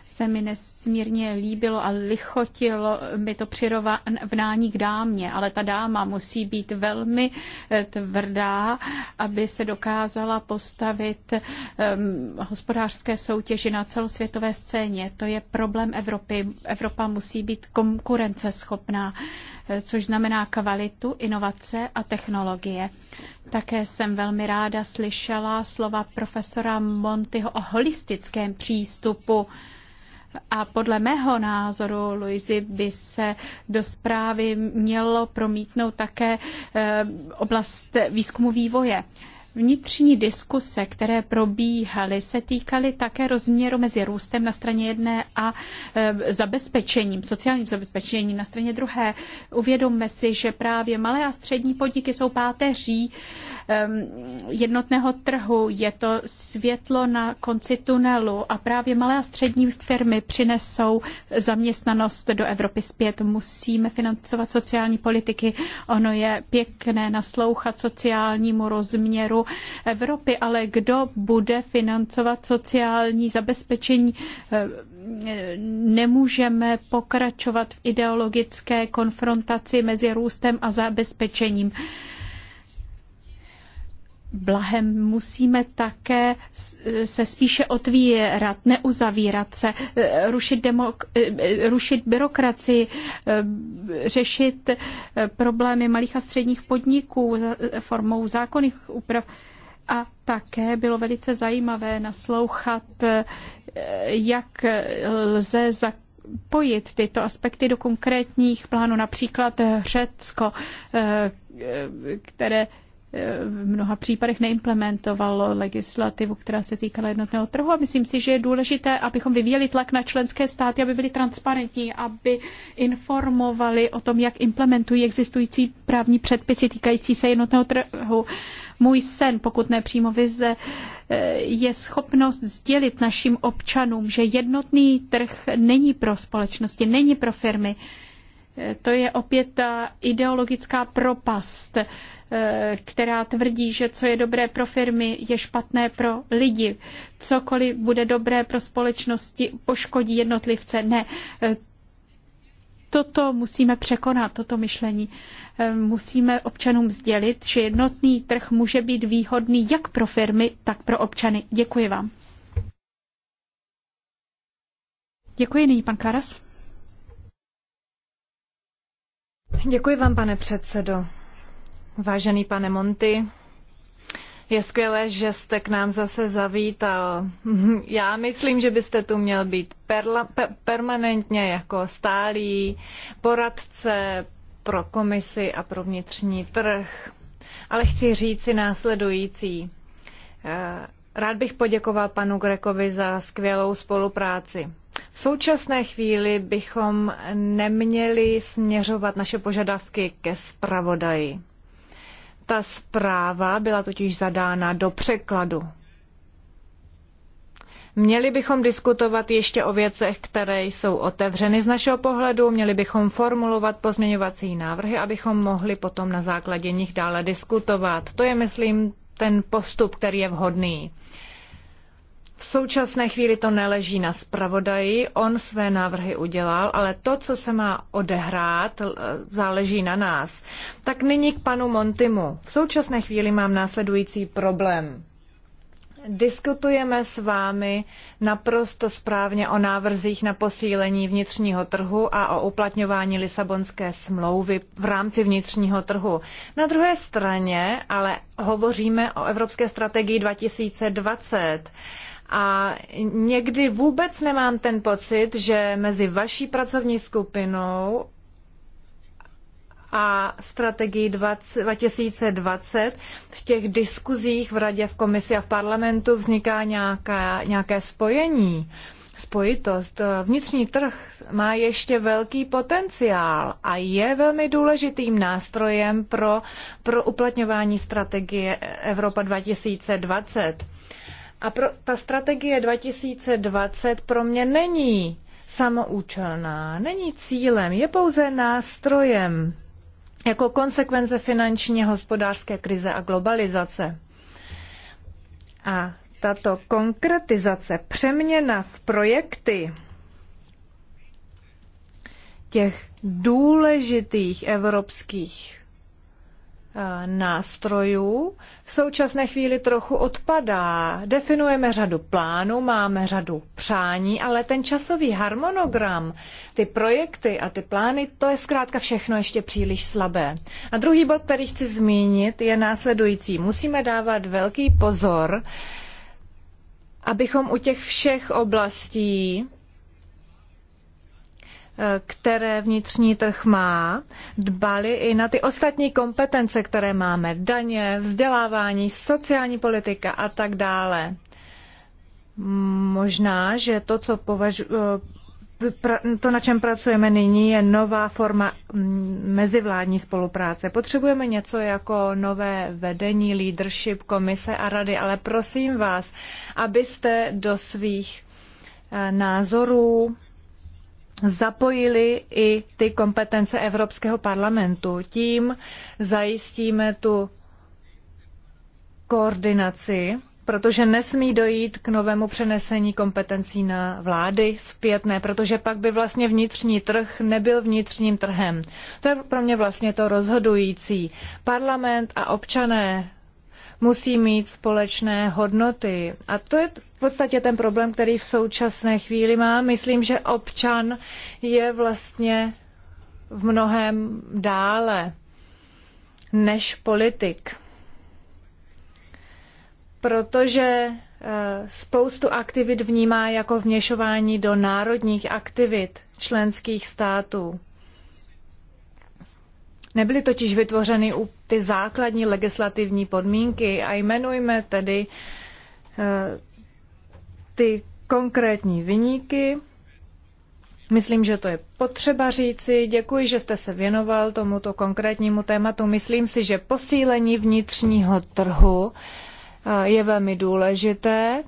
se mi nesmírně líbilo a lichotilo mi to přirovnání k dámě, ale ta dáma musí být velmi eh, tvrdá, aby se dokázala postavit um, hospodářské soutěži na celosvětové scéně. To je problém Evropy. Evropa musí být konkurenceschopná eh, což znamená kvalitu, inovace a technologie. Také jsem velmi ráda slyšela slova profesora Montyho o holistickém přístupu a podle mého názoru, Luizi, by se do zprávy mělo promítnout také eh, oblast výzkumu vývoje. Vnitřní diskuse, které probíhaly, se týkaly také rozměru mezi růstem na straně jedné a eh, zabezpečením, sociálním zabezpečením na straně druhé. Uvědomme si, že právě malé a střední podniky jsou páteří jednotného trhu, je to světlo na konci tunelu a právě malé a střední firmy přinesou zaměstnanost do Evropy zpět. Musíme financovat sociální politiky. Ono je pěkné naslouchat sociálnímu rozměru Evropy, ale kdo bude financovat sociální zabezpečení? Nemůžeme pokračovat v ideologické konfrontaci mezi růstem a zabezpečením blahem musíme také se spíše otvírat, neuzavírat se, eh, rušit, demok- eh, rušit byrokracii, eh, řešit problémy malých a středních podniků formou zákonných úprav. A také bylo velice zajímavé naslouchat, jak lze za pojit tyto aspekty do konkrétních plánů, například Řecko, které v mnoha případech neimplementovalo legislativu, která se týkala jednotného trhu. A myslím si, že je důležité, abychom vyvíjeli tlak na členské státy, aby byly transparentní, aby informovali o tom, jak implementují existující právní předpisy týkající se jednotného trhu. Můj sen, pokud ne přímo vize, je schopnost sdělit našim občanům, že jednotný trh není pro společnosti, není pro firmy. To je opět ta ideologická propast Eh, která tvrdí, že co je dobré pro firmy, je špatné pro lidi. Cokoliv bude dobré pro společnosti, poškodí jednotlivce. Ne, eh, toto musíme překonat, toto myšlení. Eh, musíme občanům sdělit, že jednotný trh může být výhodný jak pro firmy, tak pro občany. Děkuji vám. Děkuji, nyní pan Karas. Děkuji vám, pane předsedo. Vážený pane Monty, je skvělé, že jste k nám zase zavítal. [laughs] Já myslím, že byste tu měl být perla, per, permanentně jako stálý poradce pro komisi a pro vnitřní trh. Ale chci říct si následující. Eh, rád bych poděkoval panu Grekovi za skvělou spolupráci. V současné chvíli bychom neměli směřovat naše požadavky ke spravodaji. Ta zpráva byla totiž zadána do překladu. Měli bychom diskutovat ještě o věcech, které jsou otevřeny z našeho pohledu, měli bychom formulovat pozměňovací návrhy, abychom mohli potom na základě nich dále diskutovat. To je, myslím, ten postup, který je vhodný. V současné chvíli to neleží na zpravodaji, on své návrhy udělal, ale to, co se má odehrát, záleží na nás. Tak nyní k panu Montimu. V současné chvíli mám následující problém. Diskutujeme s vámi naprosto správně o návrzích na posílení vnitřního trhu a o uplatňování Lisabonské smlouvy v rámci vnitřního trhu. Na druhé straně ale hovoříme o Evropské strategii 2020 a někdy vůbec nemám ten pocit, že mezi vaší pracovní skupinou a strategii 2020 v těch diskuzích v radě, v komisi a v parlamentu vzniká nějaká, nějaké spojení, spojitost. Vnitřní trh má ještě velký potenciál a je velmi důležitým nástrojem pro, pro uplatňování strategie Evropa 2020. A pro, ta strategie 2020 pro mě není samoučelná, není cílem, je pouze nástrojem jako konsekvence finanční hospodářské krize a globalizace. A tato konkretizace, přeměna v projekty těch důležitých evropských nástrojů v současné chvíli trochu odpadá. Definujeme řadu plánů, máme řadu přání, ale ten časový harmonogram, ty projekty a ty plány, to je zkrátka všechno ještě příliš slabé. A druhý bod, který chci zmínit, je následující. Musíme dávat velký pozor, abychom u těch všech oblastí, které vnitřní trh má, dbali i na ty ostatní kompetence, které máme, daně, vzdělávání, sociální politika a tak dále. Možná, že to, co považu, to, na čem pracujeme nyní, je nová forma mm, mezivládní spolupráce. Potřebujeme něco jako nové vedení, leadership, komise a rady, ale prosím vás, abyste do svých eh, názorů zapojili i ty kompetence Evropského parlamentu. Tím zajistíme tu koordinaci, protože nesmí dojít k novému přenesení kompetencí na vlády zpětné, protože pak by vlastně vnitřní trh nebyl vnitřním trhem. To je pro mě vlastně to rozhodující. Parlament a občané musí mít společné hodnoty. A to je v podstatě ten problém, který v současné chvíli má. Myslím, že občan je vlastně v mnohem dále než politik. Protože eh, spoustu aktivit vnímá jako vněšování do národních aktivit členských států. Nebyly totiž vytvořeny ty základní legislativní podmínky a jmenujme tedy eh, ty konkrétní vyníky. Myslím, že to je potřeba říci. Děkuji, že jste se věnoval tomuto konkrétnímu tématu. Myslím si, že posílení vnitřního trhu eh, je velmi důležité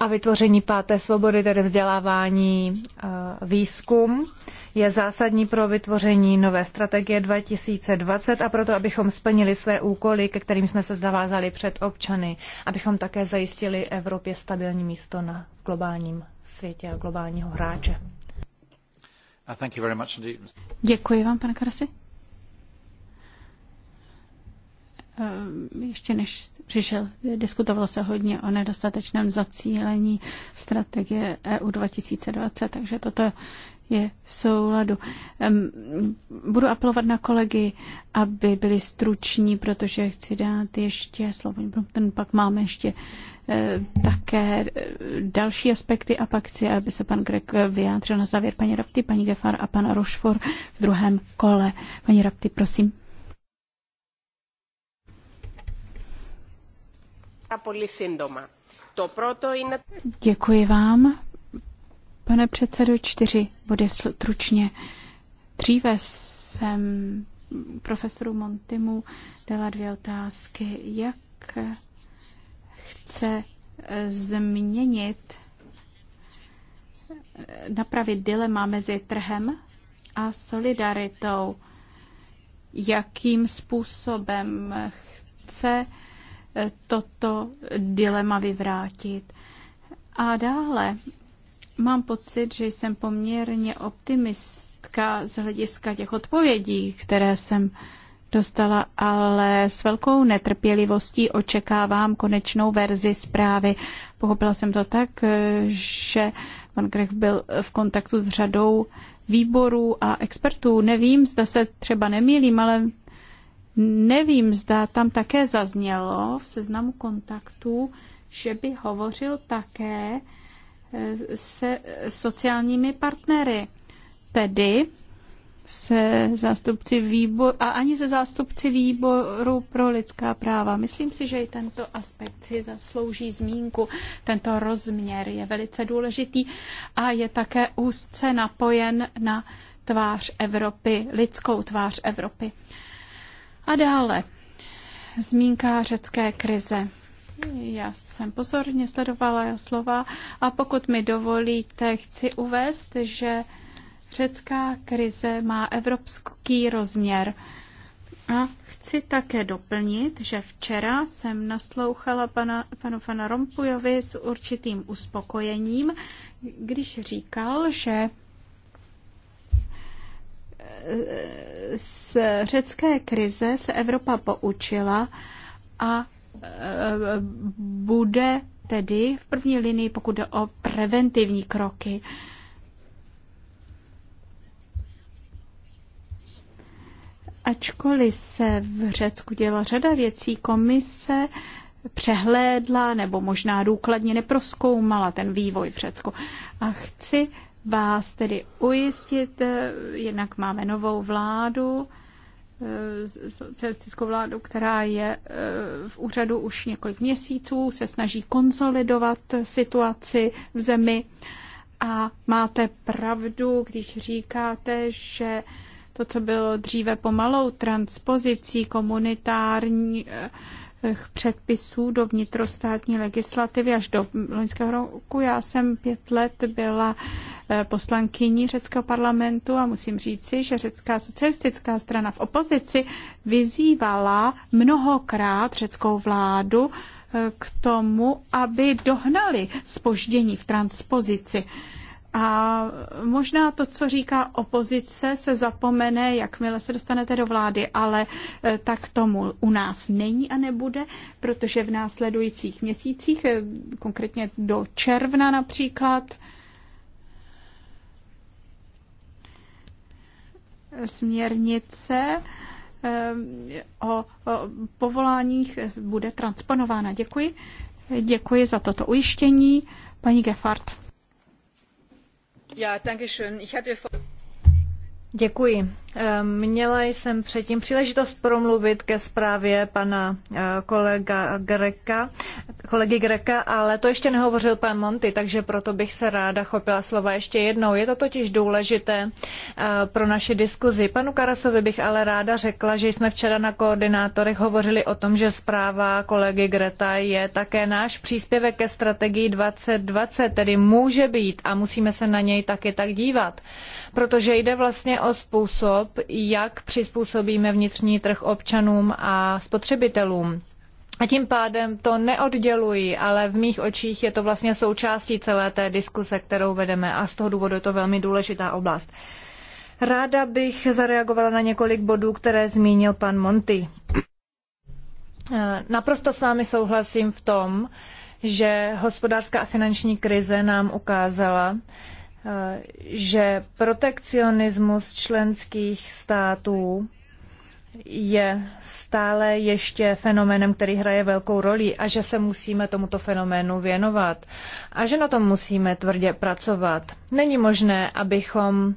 a vytvoření páté svobody, tedy vzdělávání eh, výzkum, je zásadní pro vytvoření nové strategie 2020 a proto, abychom splnili své úkoly, ke kterým jsme se zavázali před občany, abychom také zajistili Evropě stabilní místo na globálním světě a globálního hráče. Uh, Děkuji vám, pane Karasi. Eh, ještě než přišel, diskutovalo se hodně o nedostatečném zacílení strategie EU 2020, takže toto je v souladu. Budu apelovat na kolegy, aby byli struční, protože chci dát ještě slovo, ten pak máme ještě eh, také eh, další aspekty a pak chci, aby se pan Grek vyjádřil na závěr paní Rapty, paní Gefar a pan Rošfor v druhém kole. Paní Rapty, prosím. Děkuji vám, pane předsedo, čtyři body stručně. Dříve jsem profesoru Montimu dala dvě otázky. Jak chce eh, změnit, eh, napravit dilema mezi trhem a solidaritou? Jakým způsobem chce toto dilema vyvrátit. A dále mám pocit, že jsem poměrně optimistka z hlediska těch odpovědí, které jsem dostala, ale s velkou netrpělivostí očekávám konečnou verzi zprávy. Pochopila jsem to tak, že pan Grech byl v kontaktu s řadou výborů a expertů. Nevím, zda se třeba nemýlím, ale Nevím, zda tam také zaznělo v seznamu kontaktů, že by hovořil také eh, se sociálními partnery, tedy se zástupci výboru a ani se zástupci výboru pro lidská práva. Myslím si, že i tento aspekt si zaslouží zmínku. Tento rozměr je velice důležitý a je také úzce napojen na tvář Evropy, lidskou tvář Evropy. A dále zmínka řecké krize. Já jsem pozorně sledovala jeho slova a pokud mi dovolíte, chci uvést, že řecká krize má evropský rozměr. A chci také doplnit, že včera jsem naslouchala pana, panu Fana Rompujovi s určitým uspokojením, když říkal, že z řecké krize se Evropa poučila a e, bude tedy v první linii, pokud jde o preventivní kroky. Ačkoliv se v Řecku děla řada věcí, komise přehlédla nebo možná důkladně neproskoumala ten vývoj v Řecku. A chci vás tedy ujistit, eh, jednak máme novou vládu, eh, socialistickou vládu, která je eh, v úřadu už několik měsíců, se snaží konsolidovat situaci v zemi a máte pravdu, když říkáte, že to, co bylo dříve pomalou transpozicí komunitární Eh, předpisů do vnitrostátní legislativy až do loňského roku. Já jsem pět let byla eh, poslankyní řeckého parlamentu a musím říci, že řecká socialistická strana v opozici vyzývala mnohokrát řeckou vládu eh, k tomu, aby dohnali spoždění v transpozici a možná to, co říká opozice, se zapomene, jakmile se dostanete do vlády, ale e, tak tomu u nás není a nebude, protože v následujících měsících, e, konkrétně do června například, směrnice e, o povoláních bude transponována. Děkuji. Děkuji za toto ujištění. Paní Geffard. Děkuji. Eh, měla jsem předtím příležitost promluvit ke zprávě pana eh, kolega Greka, kolegy Greka, ale to ještě nehovořil pan Monty, takže proto bych se ráda chopila slova ještě jednou. Je to totiž důležité eh, pro naši diskuzi. Panu Karasovi bych ale ráda řekla, že jsme včera na koordinátorech hovořili o tom, že zpráva kolegy Greta je také náš příspěvek ke strategii 2020, tedy může být a musíme se na něj taky tak dívat, protože jde vlastně o způsob, jak přizpůsobíme vnitřní trh občanům a spotřebitelům. A tím pádem to neodděluji, ale v mých očích je to vlastně součástí celé té diskuse, kterou vedeme a z toho důvodu je to velmi důležitá oblast. Ráda bych zareagovala na několik bodů, které zmínil pan Monty. Eh, naprosto s vámi souhlasím v tom, že hospodářská a finanční krize nám ukázala, eh, že protekcionismus členských států je stále ještě fenoménem, který hraje velkou roli a že se musíme tomuto fenoménu věnovat a že na tom musíme tvrdě pracovat. Není možné, abychom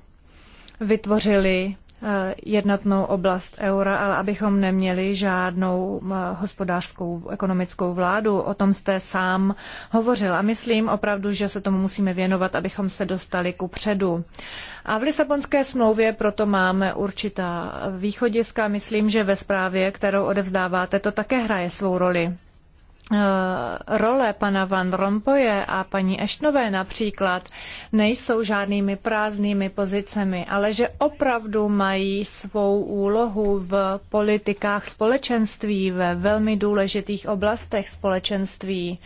vytvořili Eh, jednotnou oblast eura, ale abychom neměli žádnou eh, hospodářskou, ekonomickou vládu. O tom jste sám hovořil a myslím opravdu, že se tomu musíme věnovat, abychom se dostali ku předu. A v Lisabonské smlouvě proto máme určitá východiska. Myslím, že ve zprávě, kterou odevzdáváte, to také hraje svou roli. Eh, role pana Van Rompoje a paní Eštnové například nejsou žádnými prázdnými pozicemi, ale že opravdu mají svou úlohu v politikách společenství, ve velmi důležitých oblastech společenství.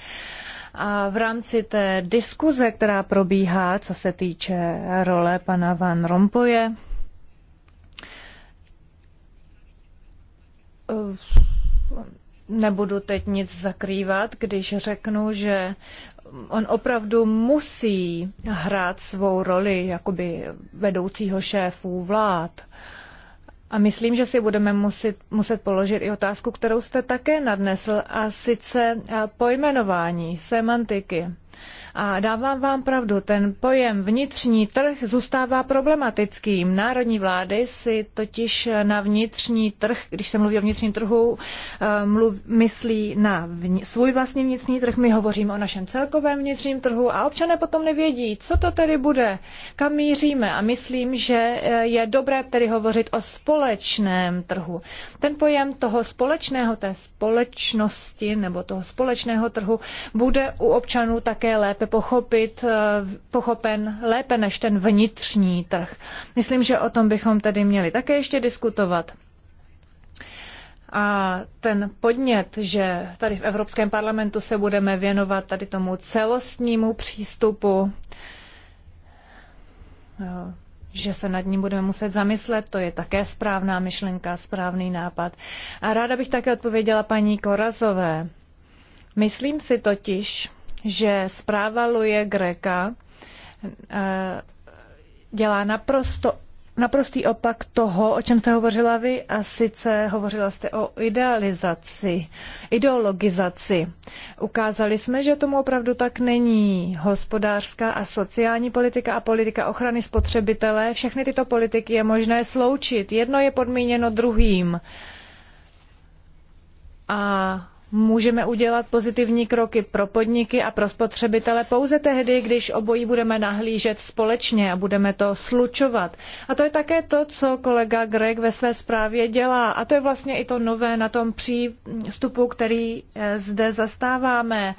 A v rámci té diskuze, která probíhá, co se týče role pana Van Rompoje, eh, nebudu teď nic zakrývat, když řeknu, že on opravdu musí hrát svou roli jakoby vedoucího šéfů vlád. A myslím, že si budeme muset, muset položit i otázku, kterou jste také nadnesl, a sice pojmenování, semantiky. A dávám vám pravdu, ten pojem vnitřní trh zůstává problematickým. Národní vlády si totiž na vnitřní trh, když se mluví o vnitřním trhu, eh, mluv, myslí na vn, svůj vlastní vnitřní trh. My hovoříme o našem celkovém vnitřním trhu a občané potom nevědí, co to tedy bude, kam míříme. A myslím, že eh, je dobré tedy hovořit o společném trhu. Ten pojem toho společného, té společnosti nebo toho společného trhu bude u občanů také lépe pochopit, eh, pochopen lépe než ten vnitřní trh. Myslím, že o tom bychom tedy měli také ještě diskutovat. A ten podnět, že tady v Evropském parlamentu se budeme věnovat tady tomu celostnímu přístupu, eh, že se nad ním budeme muset zamyslet, to je také správná myšlenka, správný nápad. A ráda bych také odpověděla paní Korazové. Myslím si totiž, že zpráva Luje Greka eh, dělá naprosto naprostý opak toho, o čem jste hovořila vy, a sice hovořila jste o idealizaci, ideologizaci. Ukázali jsme, že tomu opravdu tak není. Hospodářská a sociální politika a politika ochrany spotřebitele, všechny tyto politiky je možné sloučit. Jedno je podmíněno druhým. A Můžeme udělat pozitivní kroky pro podniky a pro spotřebitele pouze tehdy, když obojí budeme nahlížet společně a budeme to slučovat. A to je také to, co kolega Greg ve své zprávě dělá. A to je vlastně i to nové na tom přístupu, který eh, zde zastáváme.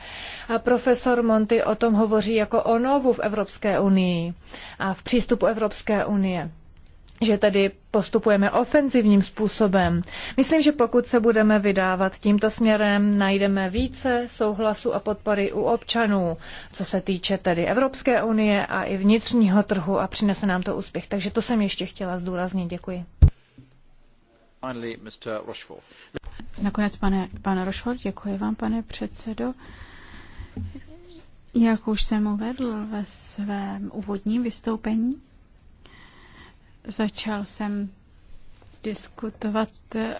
A profesor Monty o tom hovoří jako o novu v Evropské unii a v přístupu Evropské unie že tedy postupujeme ofenzivním způsobem. Myslím, že pokud se budeme vydávat tímto směrem, najdeme více souhlasu a podpory u občanů, co se týče tedy Evropské unie a i vnitřního trhu a přinese nám to úspěch. Takže to jsem ještě chtěla zdůraznit. Děkuji. Nakonec, pane, pane Rošford, děkuji vám, pane předsedo. Jak už jsem uvedl ve svém úvodním vystoupení, Začal jsem diskutovat eh,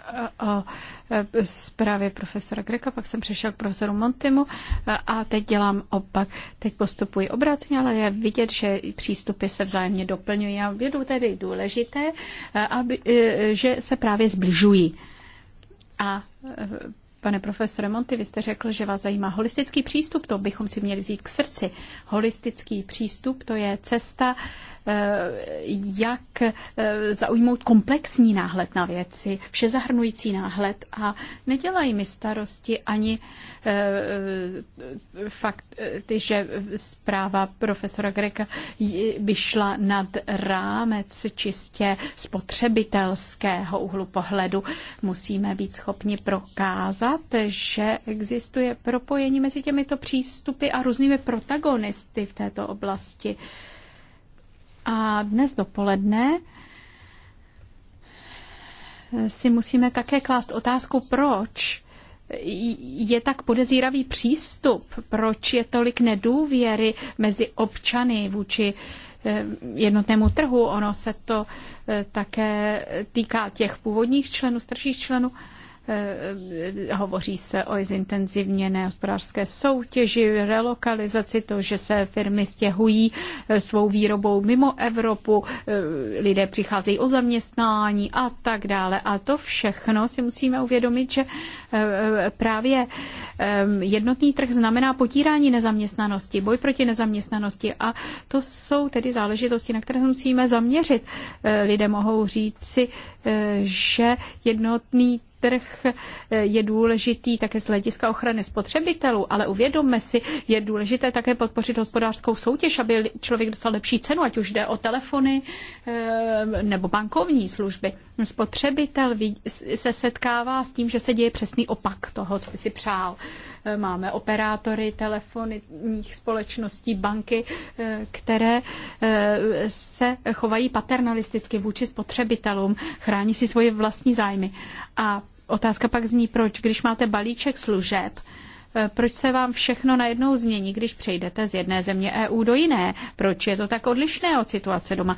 o eh, zprávě profesora Greka, pak jsem přešel k profesoru Montimu eh, a teď dělám opak. Teď postupuji obráceně, ale je vidět, že přístupy se vzájemně doplňují a vědou tedy důležité, aby, že se právě zbližují. A Pane profesore Monty, vy jste řekl, že vás zajímá holistický přístup, to bychom si měli vzít k srdci. Holistický přístup to je cesta Eh, jak eh, zaujmout komplexní náhled na věci, všezahrnující náhled a nedělají mi starosti ani eh, fakt, že zpráva profesora Greka by šla nad rámec čistě spotřebitelského úhlu pohledu. Musíme být schopni prokázat, že existuje propojení mezi těmito přístupy a různými protagonisty v této oblasti. A dnes dopoledne si musíme také klást otázku, proč je tak podezíravý přístup, proč je tolik nedůvěry mezi občany vůči eh, jednotnému trhu. Ono se to eh, také týká těch původních členů, starších členů. Eh, hovoří se o zintenzivněné hospodářské soutěži, relokalizaci, to, že se firmy stěhují eh, svou výrobou mimo Evropu, eh, lidé přicházejí o zaměstnání a tak dále. A to všechno si musíme uvědomit, že právě jednotný trh znamená potírání nezaměstnanosti, boj proti nezaměstnanosti a to jsou tedy záležitosti, na které musíme zaměřit. Lidé mohou říct si, že jednotný trh je důležitý také z hlediska ochrany spotřebitelů, ale uvědomme si, je důležité také podpořit hospodářskou soutěž, aby člověk dostal lepší cenu, ať už jde o telefony eh, nebo bankovní služby. Spotřebitel se setkává s tím, že se děje přesný opak toho, co by si přál máme operátory telefonních společností, banky, eh, které eh, se chovají paternalisticky vůči spotřebitelům, chrání si svoje vlastní zájmy. A otázka pak zní, proč, když máte balíček služeb, eh, proč se vám všechno najednou změní, když přejdete z jedné země EU do jiné? Proč je to tak odlišné od situace doma?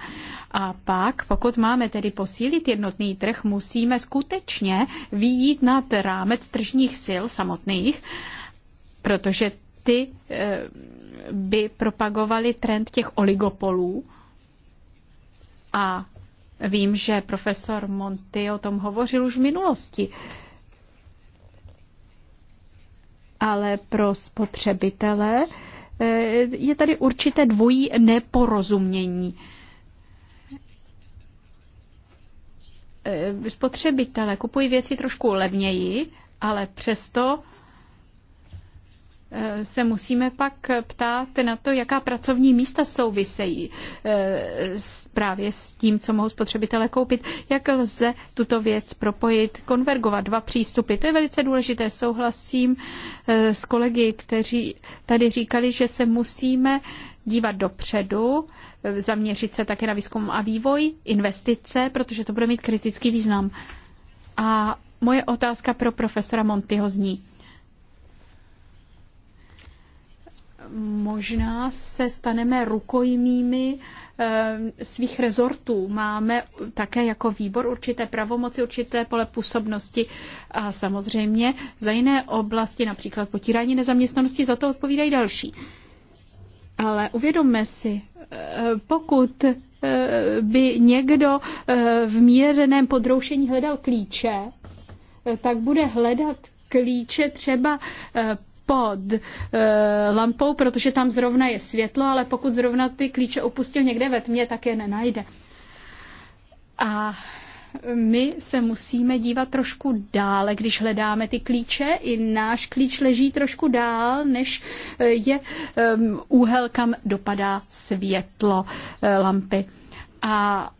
A pak, pokud máme tedy posílit jednotný trh, musíme skutečně výjít nad rámec tržních sil samotných protože ty eh, by propagovaly trend těch oligopolů. A vím, že profesor Monty o tom hovořil už v minulosti. Ale pro spotřebitele eh, je tady určité dvojí neporozumění. Eh, spotřebitele kupují věci trošku levněji, ale přesto se musíme pak ptát na to, jaká pracovní místa souvisejí eh, právě s tím, co mohou spotřebitelé koupit, jak lze tuto věc propojit, konvergovat dva přístupy. To je velice důležité. Souhlasím eh, s kolegy, kteří tady říkali, že se musíme dívat dopředu, eh, zaměřit se také na výzkum a vývoj, investice, protože to bude mít kritický význam. A moje otázka pro profesora Montyho zní možná se staneme rukojmími eh, svých rezortů. Máme také jako výbor určité pravomoci, určité pole působnosti a samozřejmě za jiné oblasti, například potírání nezaměstnanosti, za to odpovídají další. Ale uvědomme si, eh, pokud eh, by někdo v mírném podroušení hledal klíče, tak bude hledat klíče třeba pod eh, lampou, protože tam zrovna je světlo, ale pokud zrovna ty klíče opustil někde ve tmě, tak je nenajde. A my se musíme dívat trošku dále, když hledáme ty klíče. I náš klíč leží trošku dál, než eh, je um, úhel, kam dopadá světlo lampy. A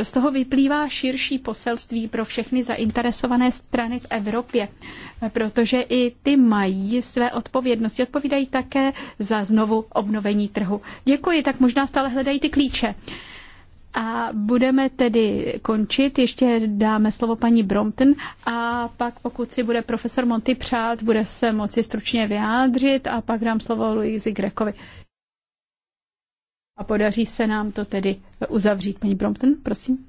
e, z toho vyplývá širší poselství pro všechny zainteresované strany v Evropě, protože i ty mají své odpovědnosti. Odpovídají také za znovu obnovení trhu. Děkuji, tak možná stále hledají ty klíče. A budeme tedy končit. Ještě dáme slovo paní Brompton a pak, pokud si bude profesor Monty přát, bude se moci stručně vyjádřit a pak dám slovo Luizi Grekovi a podaří se nám to tedy uzavřít. Paní Brompton, prosím.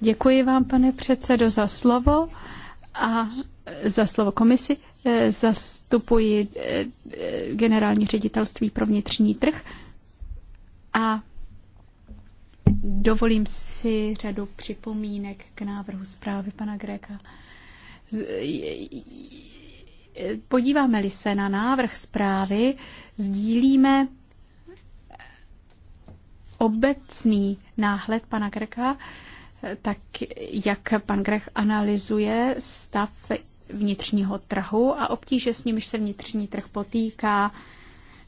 Děkuji vám, pane předsedo, za slovo a za slovo komisi. Zastupuji eh, eh, generální ředitelství pro vnitřní trh a dovolím si řadu připomínek k návrhu zprávy pana Greka. Eh, podíváme-li se na návrh zprávy, sdílíme obecný náhled pana Greka, tak jak pan Grech analyzuje stav vnitřního trhu a obtíže s nimiž se vnitřní trh potýká,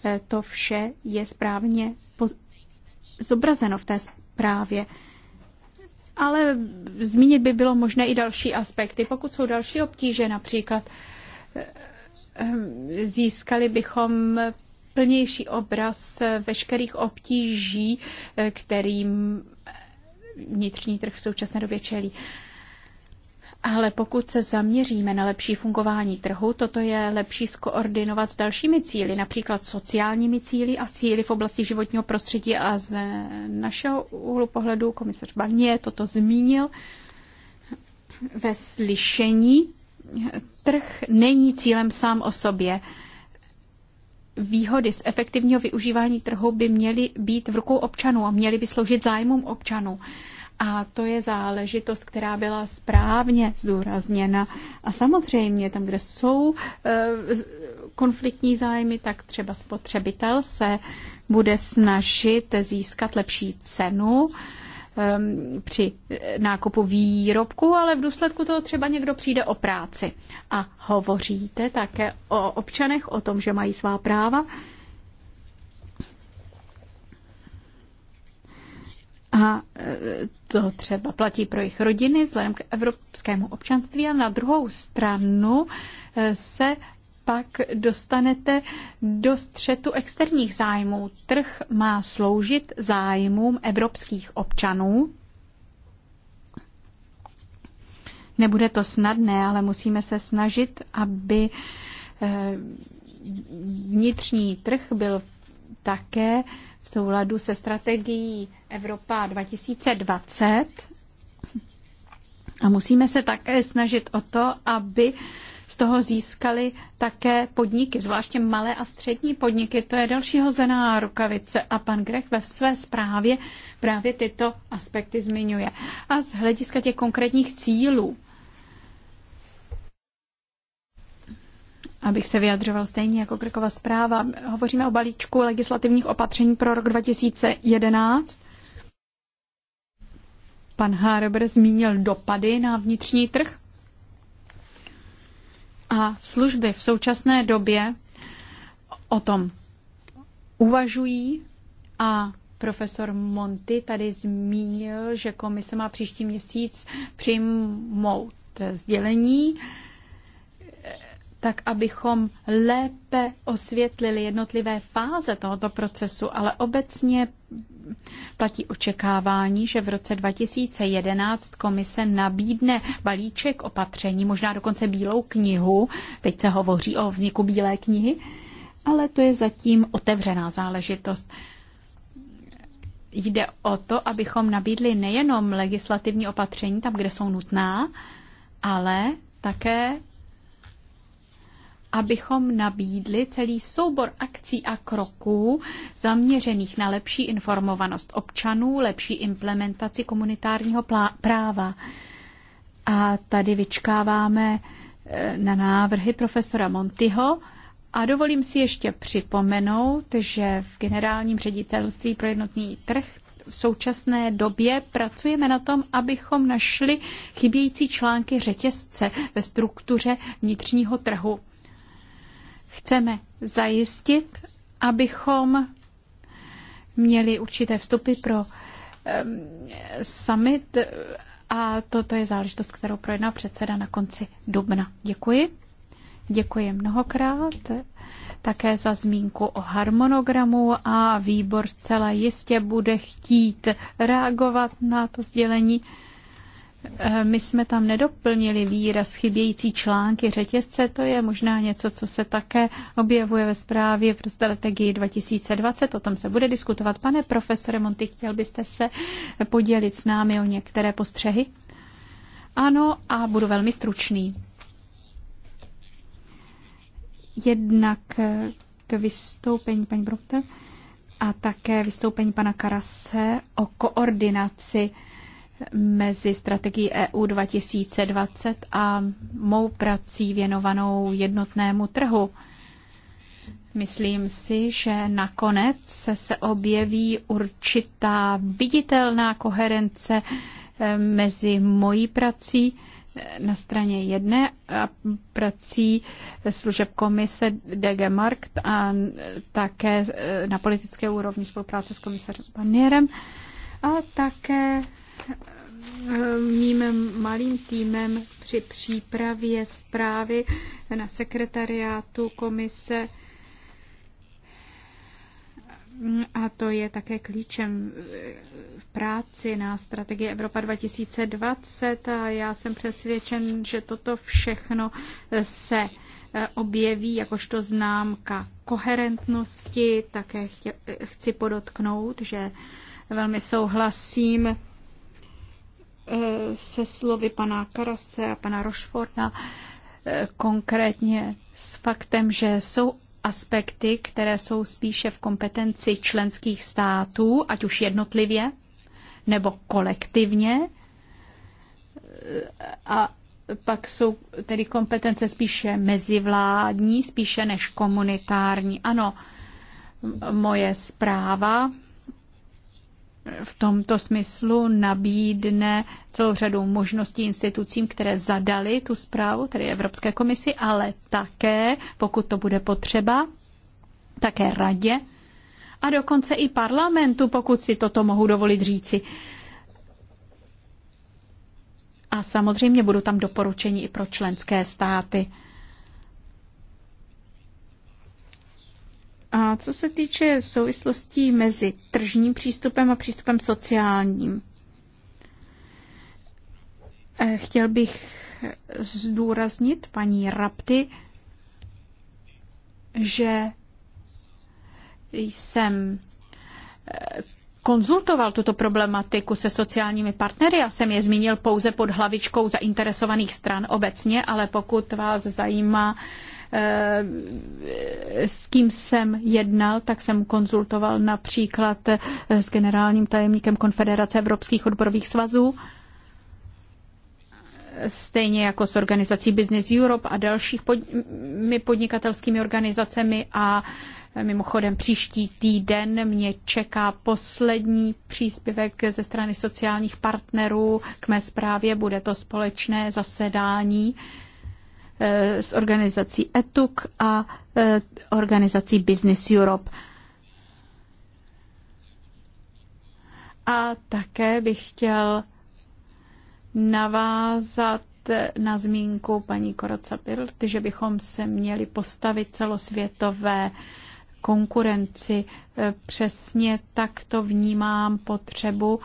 eh, to vše je správně zobrazeno v té zprávě. Ale zmínit by bylo možné i další aspekty. Pokud jsou další obtíže, například eh, ehm, získali bychom plnější obraz veškerých obtíží, eh, kterým vnitřní trh v současné době čelí. Ale pokud se zaměříme na lepší fungování trhu, toto je lepší skoordinovat s dalšími cíly, například sociálními cíly a cíly v oblasti životního prostředí. A z našeho úhlu pohledu komisař Barnier toto zmínil ve slyšení. Trh není cílem sám o sobě výhody z efektivního využívání trhu by měly být v rukou občanů a měly by sloužit zájmům občanů. A to je záležitost, která byla správně zdůrazněna. A samozřejmě tam, kde jsou eh, konfliktní zájmy, tak třeba spotřebitel se bude snažit získat lepší cenu Um, při nákupu výrobku, ale v důsledku toho třeba někdo přijde o práci. A hovoříte také o občanech, o tom, že mají svá práva. A e, to třeba platí pro jejich rodiny vzhledem k evropskému občanství a na druhou stranu e, se pak dostanete do střetu externích zájmů. Trh má sloužit zájmům evropských občanů. Nebude to snadné, ale musíme se snažit, aby eh, vnitřní trh byl také v souladu se strategií Evropa 2020. A musíme se také snažit o to, aby z toho získali také podniky, zvláště malé a střední podniky. To je další hozená rukavice a pan Grech ve své zprávě právě tyto aspekty zmiňuje. A z hlediska těch konkrétních cílů, abych se vyjadřoval stejně jako Grekova zpráva. Hovoříme o balíčku legislativních opatření pro rok 2011. Pan Harber zmínil dopady na vnitřní trh a služby v současné době o tom uvažují a profesor Monty tady zmínil, že komise má příští měsíc přijmout sdělení tak abychom lépe osvětlili jednotlivé fáze tohoto procesu, ale obecně platí očekávání, že v roce 2011 komise nabídne balíček opatření, možná dokonce bílou knihu. Teď se hovoří o vzniku bílé knihy, ale to je zatím otevřená záležitost. Jde o to, abychom nabídli nejenom legislativní opatření tam, kde jsou nutná, ale také abychom nabídli celý soubor akcí a kroků zaměřených na lepší informovanost občanů, lepší implementaci komunitárního práva. A tady vyčkáváme eh, na návrhy profesora Montyho, a dovolím si ještě připomenout, že v generálním ředitelství pro jednotný trh v současné době pracujeme na tom, abychom našli chybějící články řetězce ve struktuře vnitřního trhu. Chceme zajistit, abychom měli určité vstupy pro um, summit a toto je záležitost, kterou projedná předseda na konci dubna. Děkuji. Děkuji mnohokrát také za zmínku o harmonogramu a výbor zcela jistě bude chtít reagovat na to sdělení. Eh, my jsme tam nedoplnili výraz chybějící články řetězce, to je možná něco, co se také objevuje ve zprávě pro strategii 2020, o tom se bude diskutovat. Pane profesore Monty, chtěl byste se podělit s námi o některé postřehy? Ano, a budu velmi stručný. Jednak eh, k vystoupení paní Brokter a také vystoupení pana Karase o koordinaci mezi strategií EU 2020 a mou prací věnovanou jednotnému trhu. Myslím si, že nakonec se, se objeví určitá viditelná koherence eh, mezi mojí prací eh, na straně jedné a prací eh, služeb komise DG Markt a také na politické úrovni spolupráce s komisařem Panierem a také mým malým týmem při přípravě zprávy na sekretariátu komise. A to je také klíčem v práci na strategii Evropa 2020 a já jsem přesvědčen, že toto všechno se objeví jakožto známka koherentnosti. Také chci podotknout, že velmi souhlasím se slovy pana Karase a pana Rošforda, eh, konkrétně s faktem, že jsou aspekty, které jsou spíše v kompetenci členských států, ať už jednotlivě nebo kolektivně. Eh, a pak jsou tedy kompetence spíše mezivládní, spíše než komunitární. Ano, moje zpráva v tomto smyslu nabídne celou řadu možností institucím, které zadali tu zprávu, tedy Evropské komisi, ale také, pokud to bude potřeba, také radě a dokonce i parlamentu, pokud si toto mohu dovolit říci. A samozřejmě budou tam doporučení i pro členské státy. A co se týče souvislostí mezi tržním přístupem a přístupem sociálním, eh, chtěl bych zdůraznit paní Rapty, že jsem eh, konzultoval tuto problematiku se sociálními partnery. Já jsem je zmínil pouze pod hlavičkou zainteresovaných stran obecně, ale pokud vás zajímá, Eh, s kým jsem jednal, tak jsem konzultoval například eh, s generálním tajemníkem Konfederace Evropských odborových svazů, stejně jako s organizací Business Europe a dalšími podnikatelskými organizacemi a eh, Mimochodem příští týden mě čeká poslední příspěvek ze strany sociálních partnerů k mé zprávě. Bude to společné zasedání Eh, s organizací ETUK a eh, organizací Business Europe. A také bych chtěl navázat eh, na zmínku paní Koroca Pilt, že bychom se měli postavit celosvětové konkurenci. Přesně tak to vnímám potřebu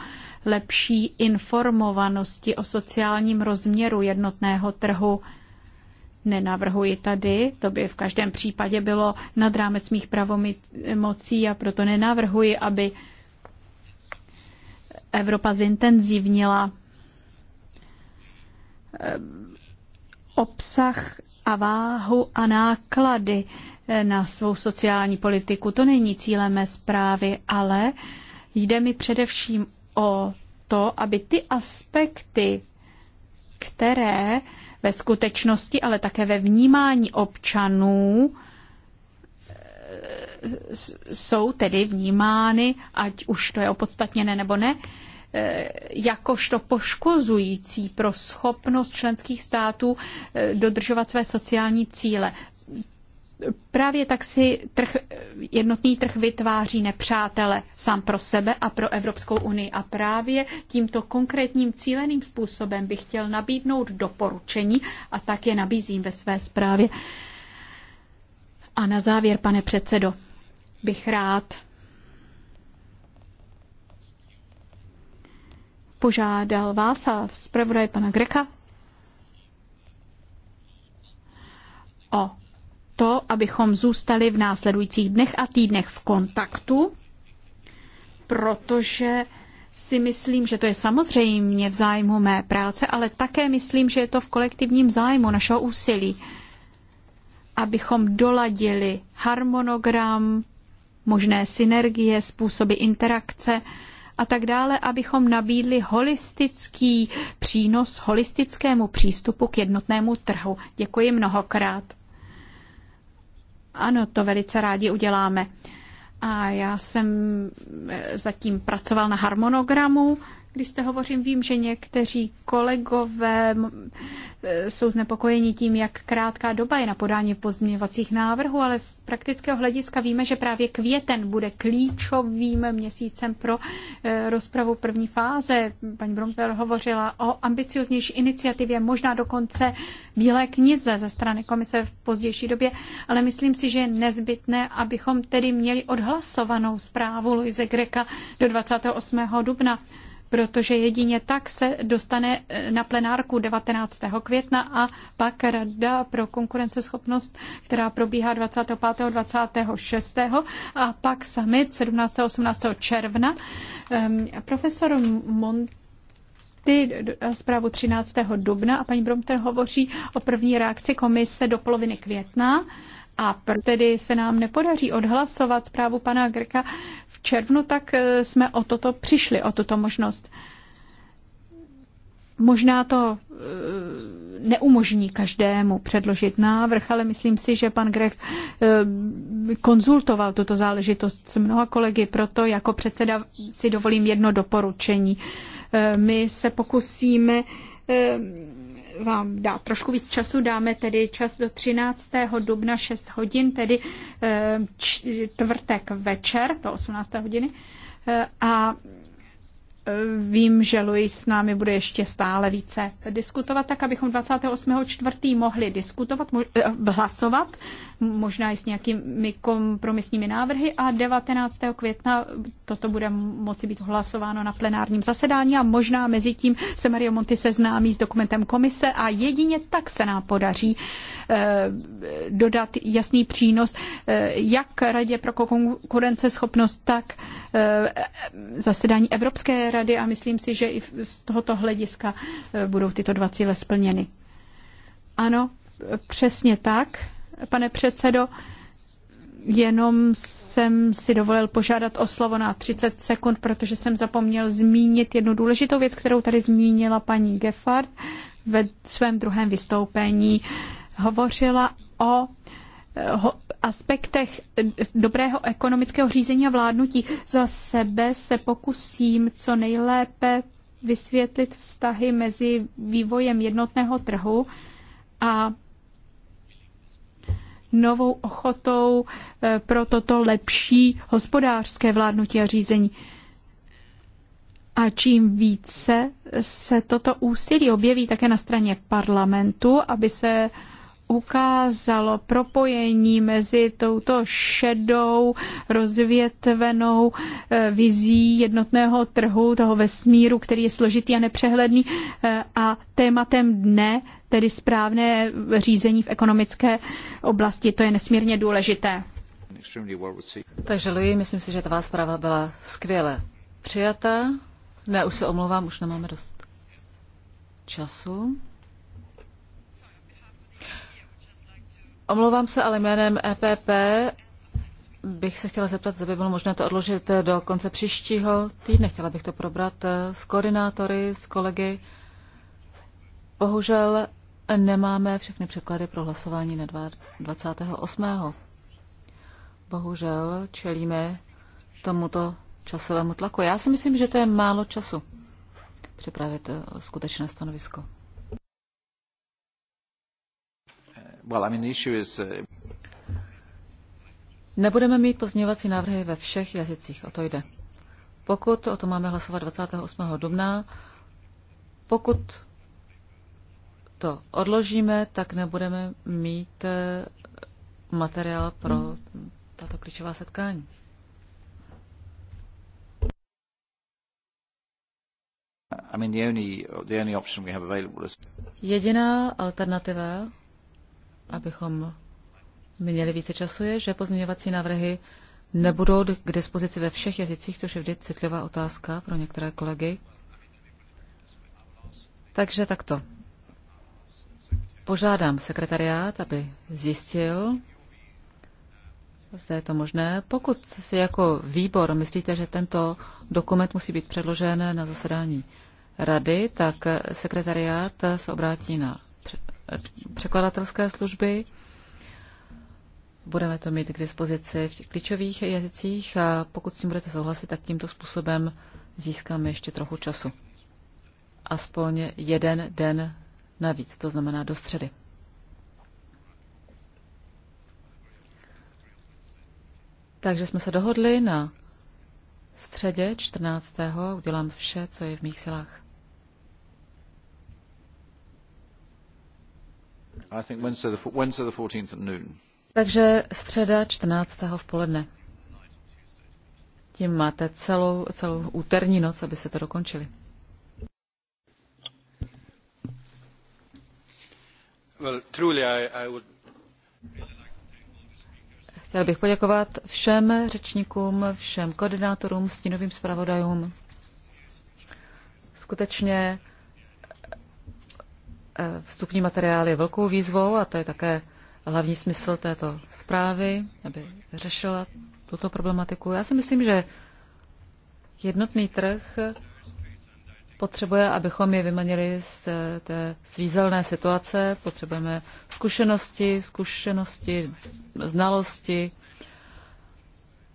lepší informovanosti o sociálním rozměru jednotného trhu nenavrhuji tady, to by v každém případě bylo nad rámec mých pravomocí a proto nenavrhuji, aby Evropa zintenzivnila eh, obsah a váhu a náklady eh, na svou sociální politiku. To není cílem mé zprávy, ale jde mi především o to, aby ty aspekty, které ve skutečnosti, ale také ve vnímání občanů eh, jsou tedy vnímány, ať už to je opodstatněné nebo ne, eh, jakožto poškozující pro schopnost členských států eh, dodržovat své sociální cíle. Právě tak si trh, jednotný trh vytváří nepřátele sám pro sebe a pro Evropskou unii. A právě tímto konkrétním cíleným způsobem bych chtěl nabídnout doporučení a tak je nabízím ve své zprávě. A na závěr, pane předsedo, bych rád požádal vás a zpravodaj pana Greka o to, abychom zůstali v následujících dnech a týdnech v kontaktu, protože si myslím, že to je samozřejmě v zájmu mé práce, ale také myslím, že je to v kolektivním zájmu našeho úsilí, abychom doladili harmonogram, možné synergie, způsoby interakce a tak dále, abychom nabídli holistický přínos holistickému přístupu k jednotnému trhu. Děkuji mnohokrát. Ano, to velice rádi uděláme. A já jsem eh, zatím pracoval na harmonogramu když jste hovořím, vím, že někteří kolegové e, jsou znepokojeni tím, jak krátká doba je na podání pozměňovacích návrhů, ale z praktického hlediska víme, že právě květen bude klíčovým měsícem pro e, rozpravu první fáze. Paní Brumper hovořila o ambicioznější iniciativě, možná dokonce Bílé knize ze strany komise v pozdější době, ale myslím si, že je nezbytné, abychom tedy měli odhlasovanou zprávu Luise Greka do 28. dubna protože jedině tak se dostane eh, na plenárku 19. května a pak Rada pro konkurenceschopnost, která probíhá 25. 26. a pak summit 17. 18. června. Ehm, profesor Mont ty zprávu 13. dubna a paní Bromter hovoří o první reakci komise do poloviny května a tedy se nám nepodaří odhlasovat zprávu pana Grka červnu, tak eh, jsme o toto přišli, o tuto možnost. Možná to eh, neumožní každému předložit návrh, ale myslím si, že pan Grech eh, konzultoval tuto záležitost s mnoha kolegy, proto jako předseda si dovolím jedno doporučení. My se pokusíme vám dát trošku víc času. Dáme tedy čas do 13. dubna 6 hodin, tedy eh, čtvrtek večer do 18. hodiny. Eh, a eh, Vím, že Luis s námi bude ještě stále více diskutovat, tak abychom 28. čtvrtý mohli diskutovat, hlasovat možná i s nějakými kompromisními návrhy a 19. května toto bude moci být hlasováno na plenárním zasedání a možná mezi tím se Mario Monti seznámí s dokumentem komise a jedině tak se nám podaří eh, dodat jasný přínos eh, jak Radě pro konkurenceschopnost, tak eh, zasedání Evropské rady a myslím si, že i z tohoto hlediska budou tyto dva cíle splněny. Ano, přesně tak pane předsedo. Jenom jsem si dovolil požádat o slovo na 30 sekund, protože jsem zapomněl zmínit jednu důležitou věc, kterou tady zmínila paní Geffard ve svém druhém vystoupení. Hovořila o aspektech dobrého ekonomického řízení a vládnutí. Za sebe se pokusím co nejlépe vysvětlit vztahy mezi vývojem jednotného trhu a novou ochotou eh, pro toto lepší hospodářské vládnutí a řízení. A čím více se toto úsilí objeví také na straně parlamentu, aby se ukázalo propojení mezi touto šedou, rozvětvenou eh, vizí jednotného trhu, toho vesmíru, který je složitý a nepřehledný, eh, a tématem dne, tedy správné řízení v ekonomické oblasti. To je nesmírně důležité. Takže Louis, myslím si, že ta zpráva byla skvěle přijata. Ne, už se omlouvám, už nemáme dost času. Omlouvám se, ale jménem EPP bych se chtěla zeptat, zda by bylo možné to odložit do konce příštího týdne. Chtěla bych to probrat eh, s koordinátory, s kolegy. Bohužel nemáme všechny překlady pro hlasování na 28. Bohužel čelíme tomuto časovému tlaku. Já si myslím, že to je málo času připravit eh, skutečné stanovisko. well, I mean, the issue is, uh... Nebudeme mít pozměňovací návrhy ve všech jazycích, o to jde. Pokud o to máme hlasovat 28. dubna, pokud to odložíme, tak nebudeme mít eh, materiál pro hmm. tato klíčová setkání. Jediná alternativa, abychom měli více času, je, že pozměňovací návrhy nebudou k dispozici ve všech jazycích, což je vždy citlivá otázka pro některé kolegy. Takže takto. Požádám sekretariát, aby zjistil, zda je to možné. Pokud si jako výbor myslíte, že tento dokument musí být předložen na zasedání rady, tak sekretariát se obrátí na překladatelské služby. Budeme to mít k dispozici v těch klíčových jazycích a pokud s tím budete souhlasit, tak tímto způsobem získáme ještě trochu času. Aspoň jeden den navíc, to znamená do středy. Takže jsme se dohodli na středě 14. udělám vše, co je v mých silách. Takže středa 14. v poledne. Tím máte celou, celou úterní noc, abyste to dokončili. Well, truly I, I would... Chtěl bych poděkovat všem řečníkům, všem koordinátorům, stínovým zpravodajům. Skutečně Eh, vstupní materiál je velkou výzvou a to je také hlavní smysl této zprávy, aby řešila tuto problematiku. Já si myslím, že jednotný trh potřebuje, abychom je vymanili z eh, té svízelné situace. Potřebujeme zkušenosti, zkušenosti, znalosti,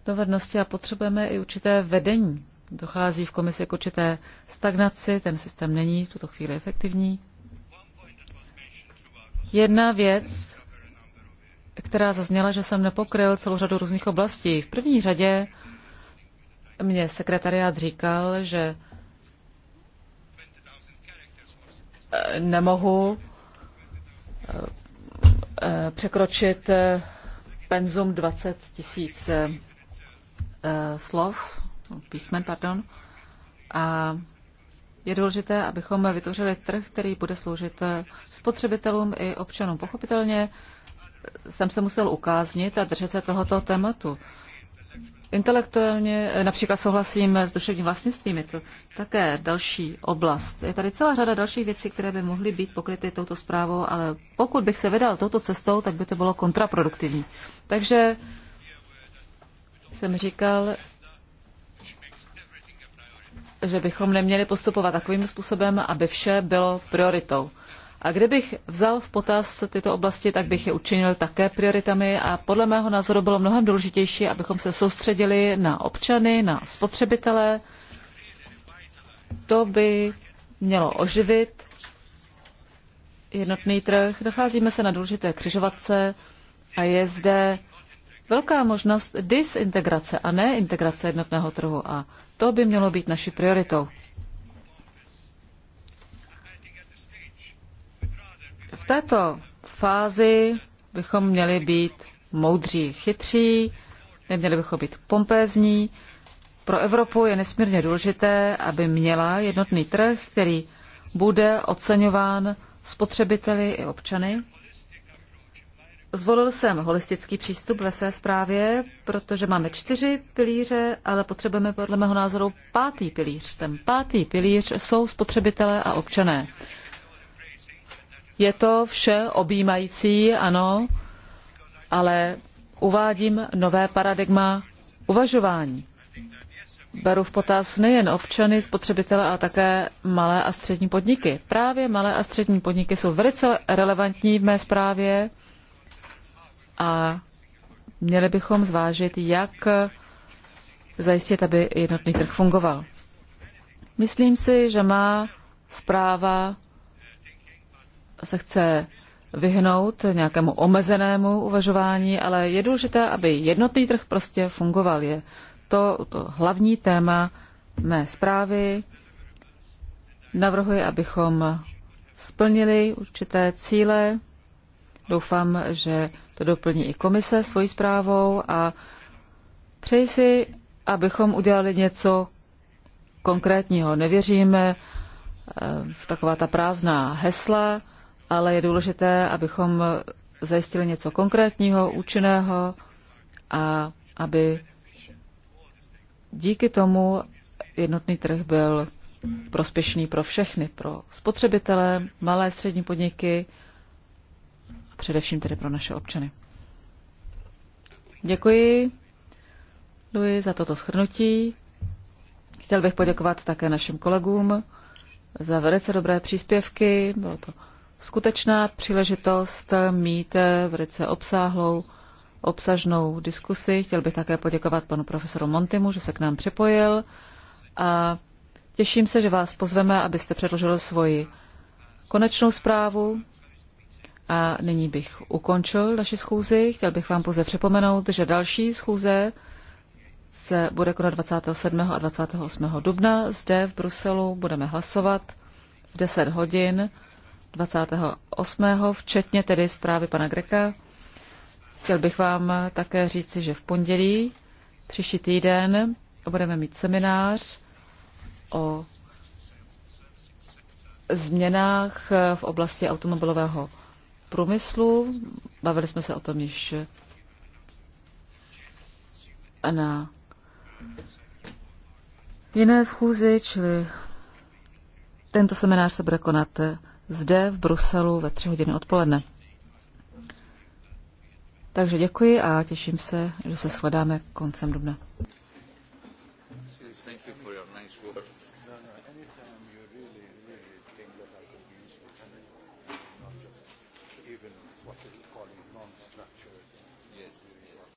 dovednosti a potřebujeme i určité vedení. Dochází v komisi k určité stagnaci, ten systém není v tuto chvíli efektivní. Jedna věc, která zazněla, že jsem nepokryl celou řadu různých oblastí. V první řadě mě sekretariát říkal, že eh, nemohu eh, eh, překročit penzum 20 tisíc slov, písmen, pardon. A je důležité, abychom vytvořili trh, který bude sloužit spotřebitelům i občanům. Pochopitelně jsem se musel ukáznit a držet se tohoto tématu. Intelektuálně například souhlasím s duševním vlastnictvím, je to také další oblast. Je tady celá řada dalších věcí, které by mohly být pokryty touto zprávou, ale pokud bych se vydal touto cestou, tak by to bylo kontraproduktivní. Takže jsem říkal, že bychom neměli postupovat takovým způsobem, aby vše bylo prioritou. A kdybych vzal v potaz tyto oblasti, tak bych je učinil také prioritami a podle mého názoru bylo mnohem důležitější, abychom se soustředili na občany, na spotřebitele. To by mělo oživit jednotný trh. Docházíme se na důležité křižovatce a je zde velká možnost disintegrace a ne integrace jednotného trhu. A to by mělo být naší prioritou. V této fázi bychom měli být moudří, chytří, neměli bychom být pompézní. Pro Evropu je nesmírně důležité, aby měla jednotný trh, který bude oceňován spotřebiteli i občany. Zvolil jsem holistický přístup ve své zprávě, protože máme čtyři pilíře, ale potřebujeme podle mého názoru pátý pilíř. Ten pátý pilíř jsou spotřebitelé a občané. Je to vše objímající, ano, ale uvádím nové paradigma uvažování. Beru v potaz nejen občany, spotřebitele, ale také malé a střední podniky. Právě malé a střední podniky jsou velice relevantní v mé zprávě a měli bychom zvážit, jak zajistit, aby jednotný trh fungoval. Myslím si, že má zpráva se chce vyhnout nějakému omezenému uvažování, ale je důležité, aby jednotný trh prostě fungoval. Je to, to hlavní téma mé zprávy. Navrhuji, abychom splnili určité cíle, Doufám, že to doplní i komise svojí zprávou a přeji si, abychom udělali něco konkrétního. Nevěříme eh, v taková ta prázdná hesla, ale je důležité, abychom zajistili něco konkrétního, účinného a aby díky tomu jednotný trh byl prospěšný pro všechny, pro spotřebitele, malé střední podniky, především tedy pro naše občany. Děkuji, Luji, za toto shrnutí. Chtěl bych poděkovat také našim kolegům za velice dobré příspěvky. Bylo to skutečná příležitost mít velice obsáhlou, obsažnou diskusi. Chtěl bych také poděkovat panu profesoru Montimu, že se k nám připojil a těším se, že vás pozveme, abyste předložil svoji konečnou zprávu. A nyní bych ukončil naši schůzi. Chtěl bych vám pouze připomenout, že další schůze se bude konat 27. a 28. dubna. Zde v Bruselu budeme hlasovat v 10 hodin 28. včetně tedy zprávy pana Greka. Chtěl bych vám také říci, že v pondělí příští týden budeme mít seminář o změnách v oblasti automobilového průmyslu. Bavili jsme se o tom již na jiné schůzi, čili tento seminář se bude konat zde v Bruselu ve tři hodiny odpoledne. Takže děkuji a těším se, že se shledáme koncem dubna.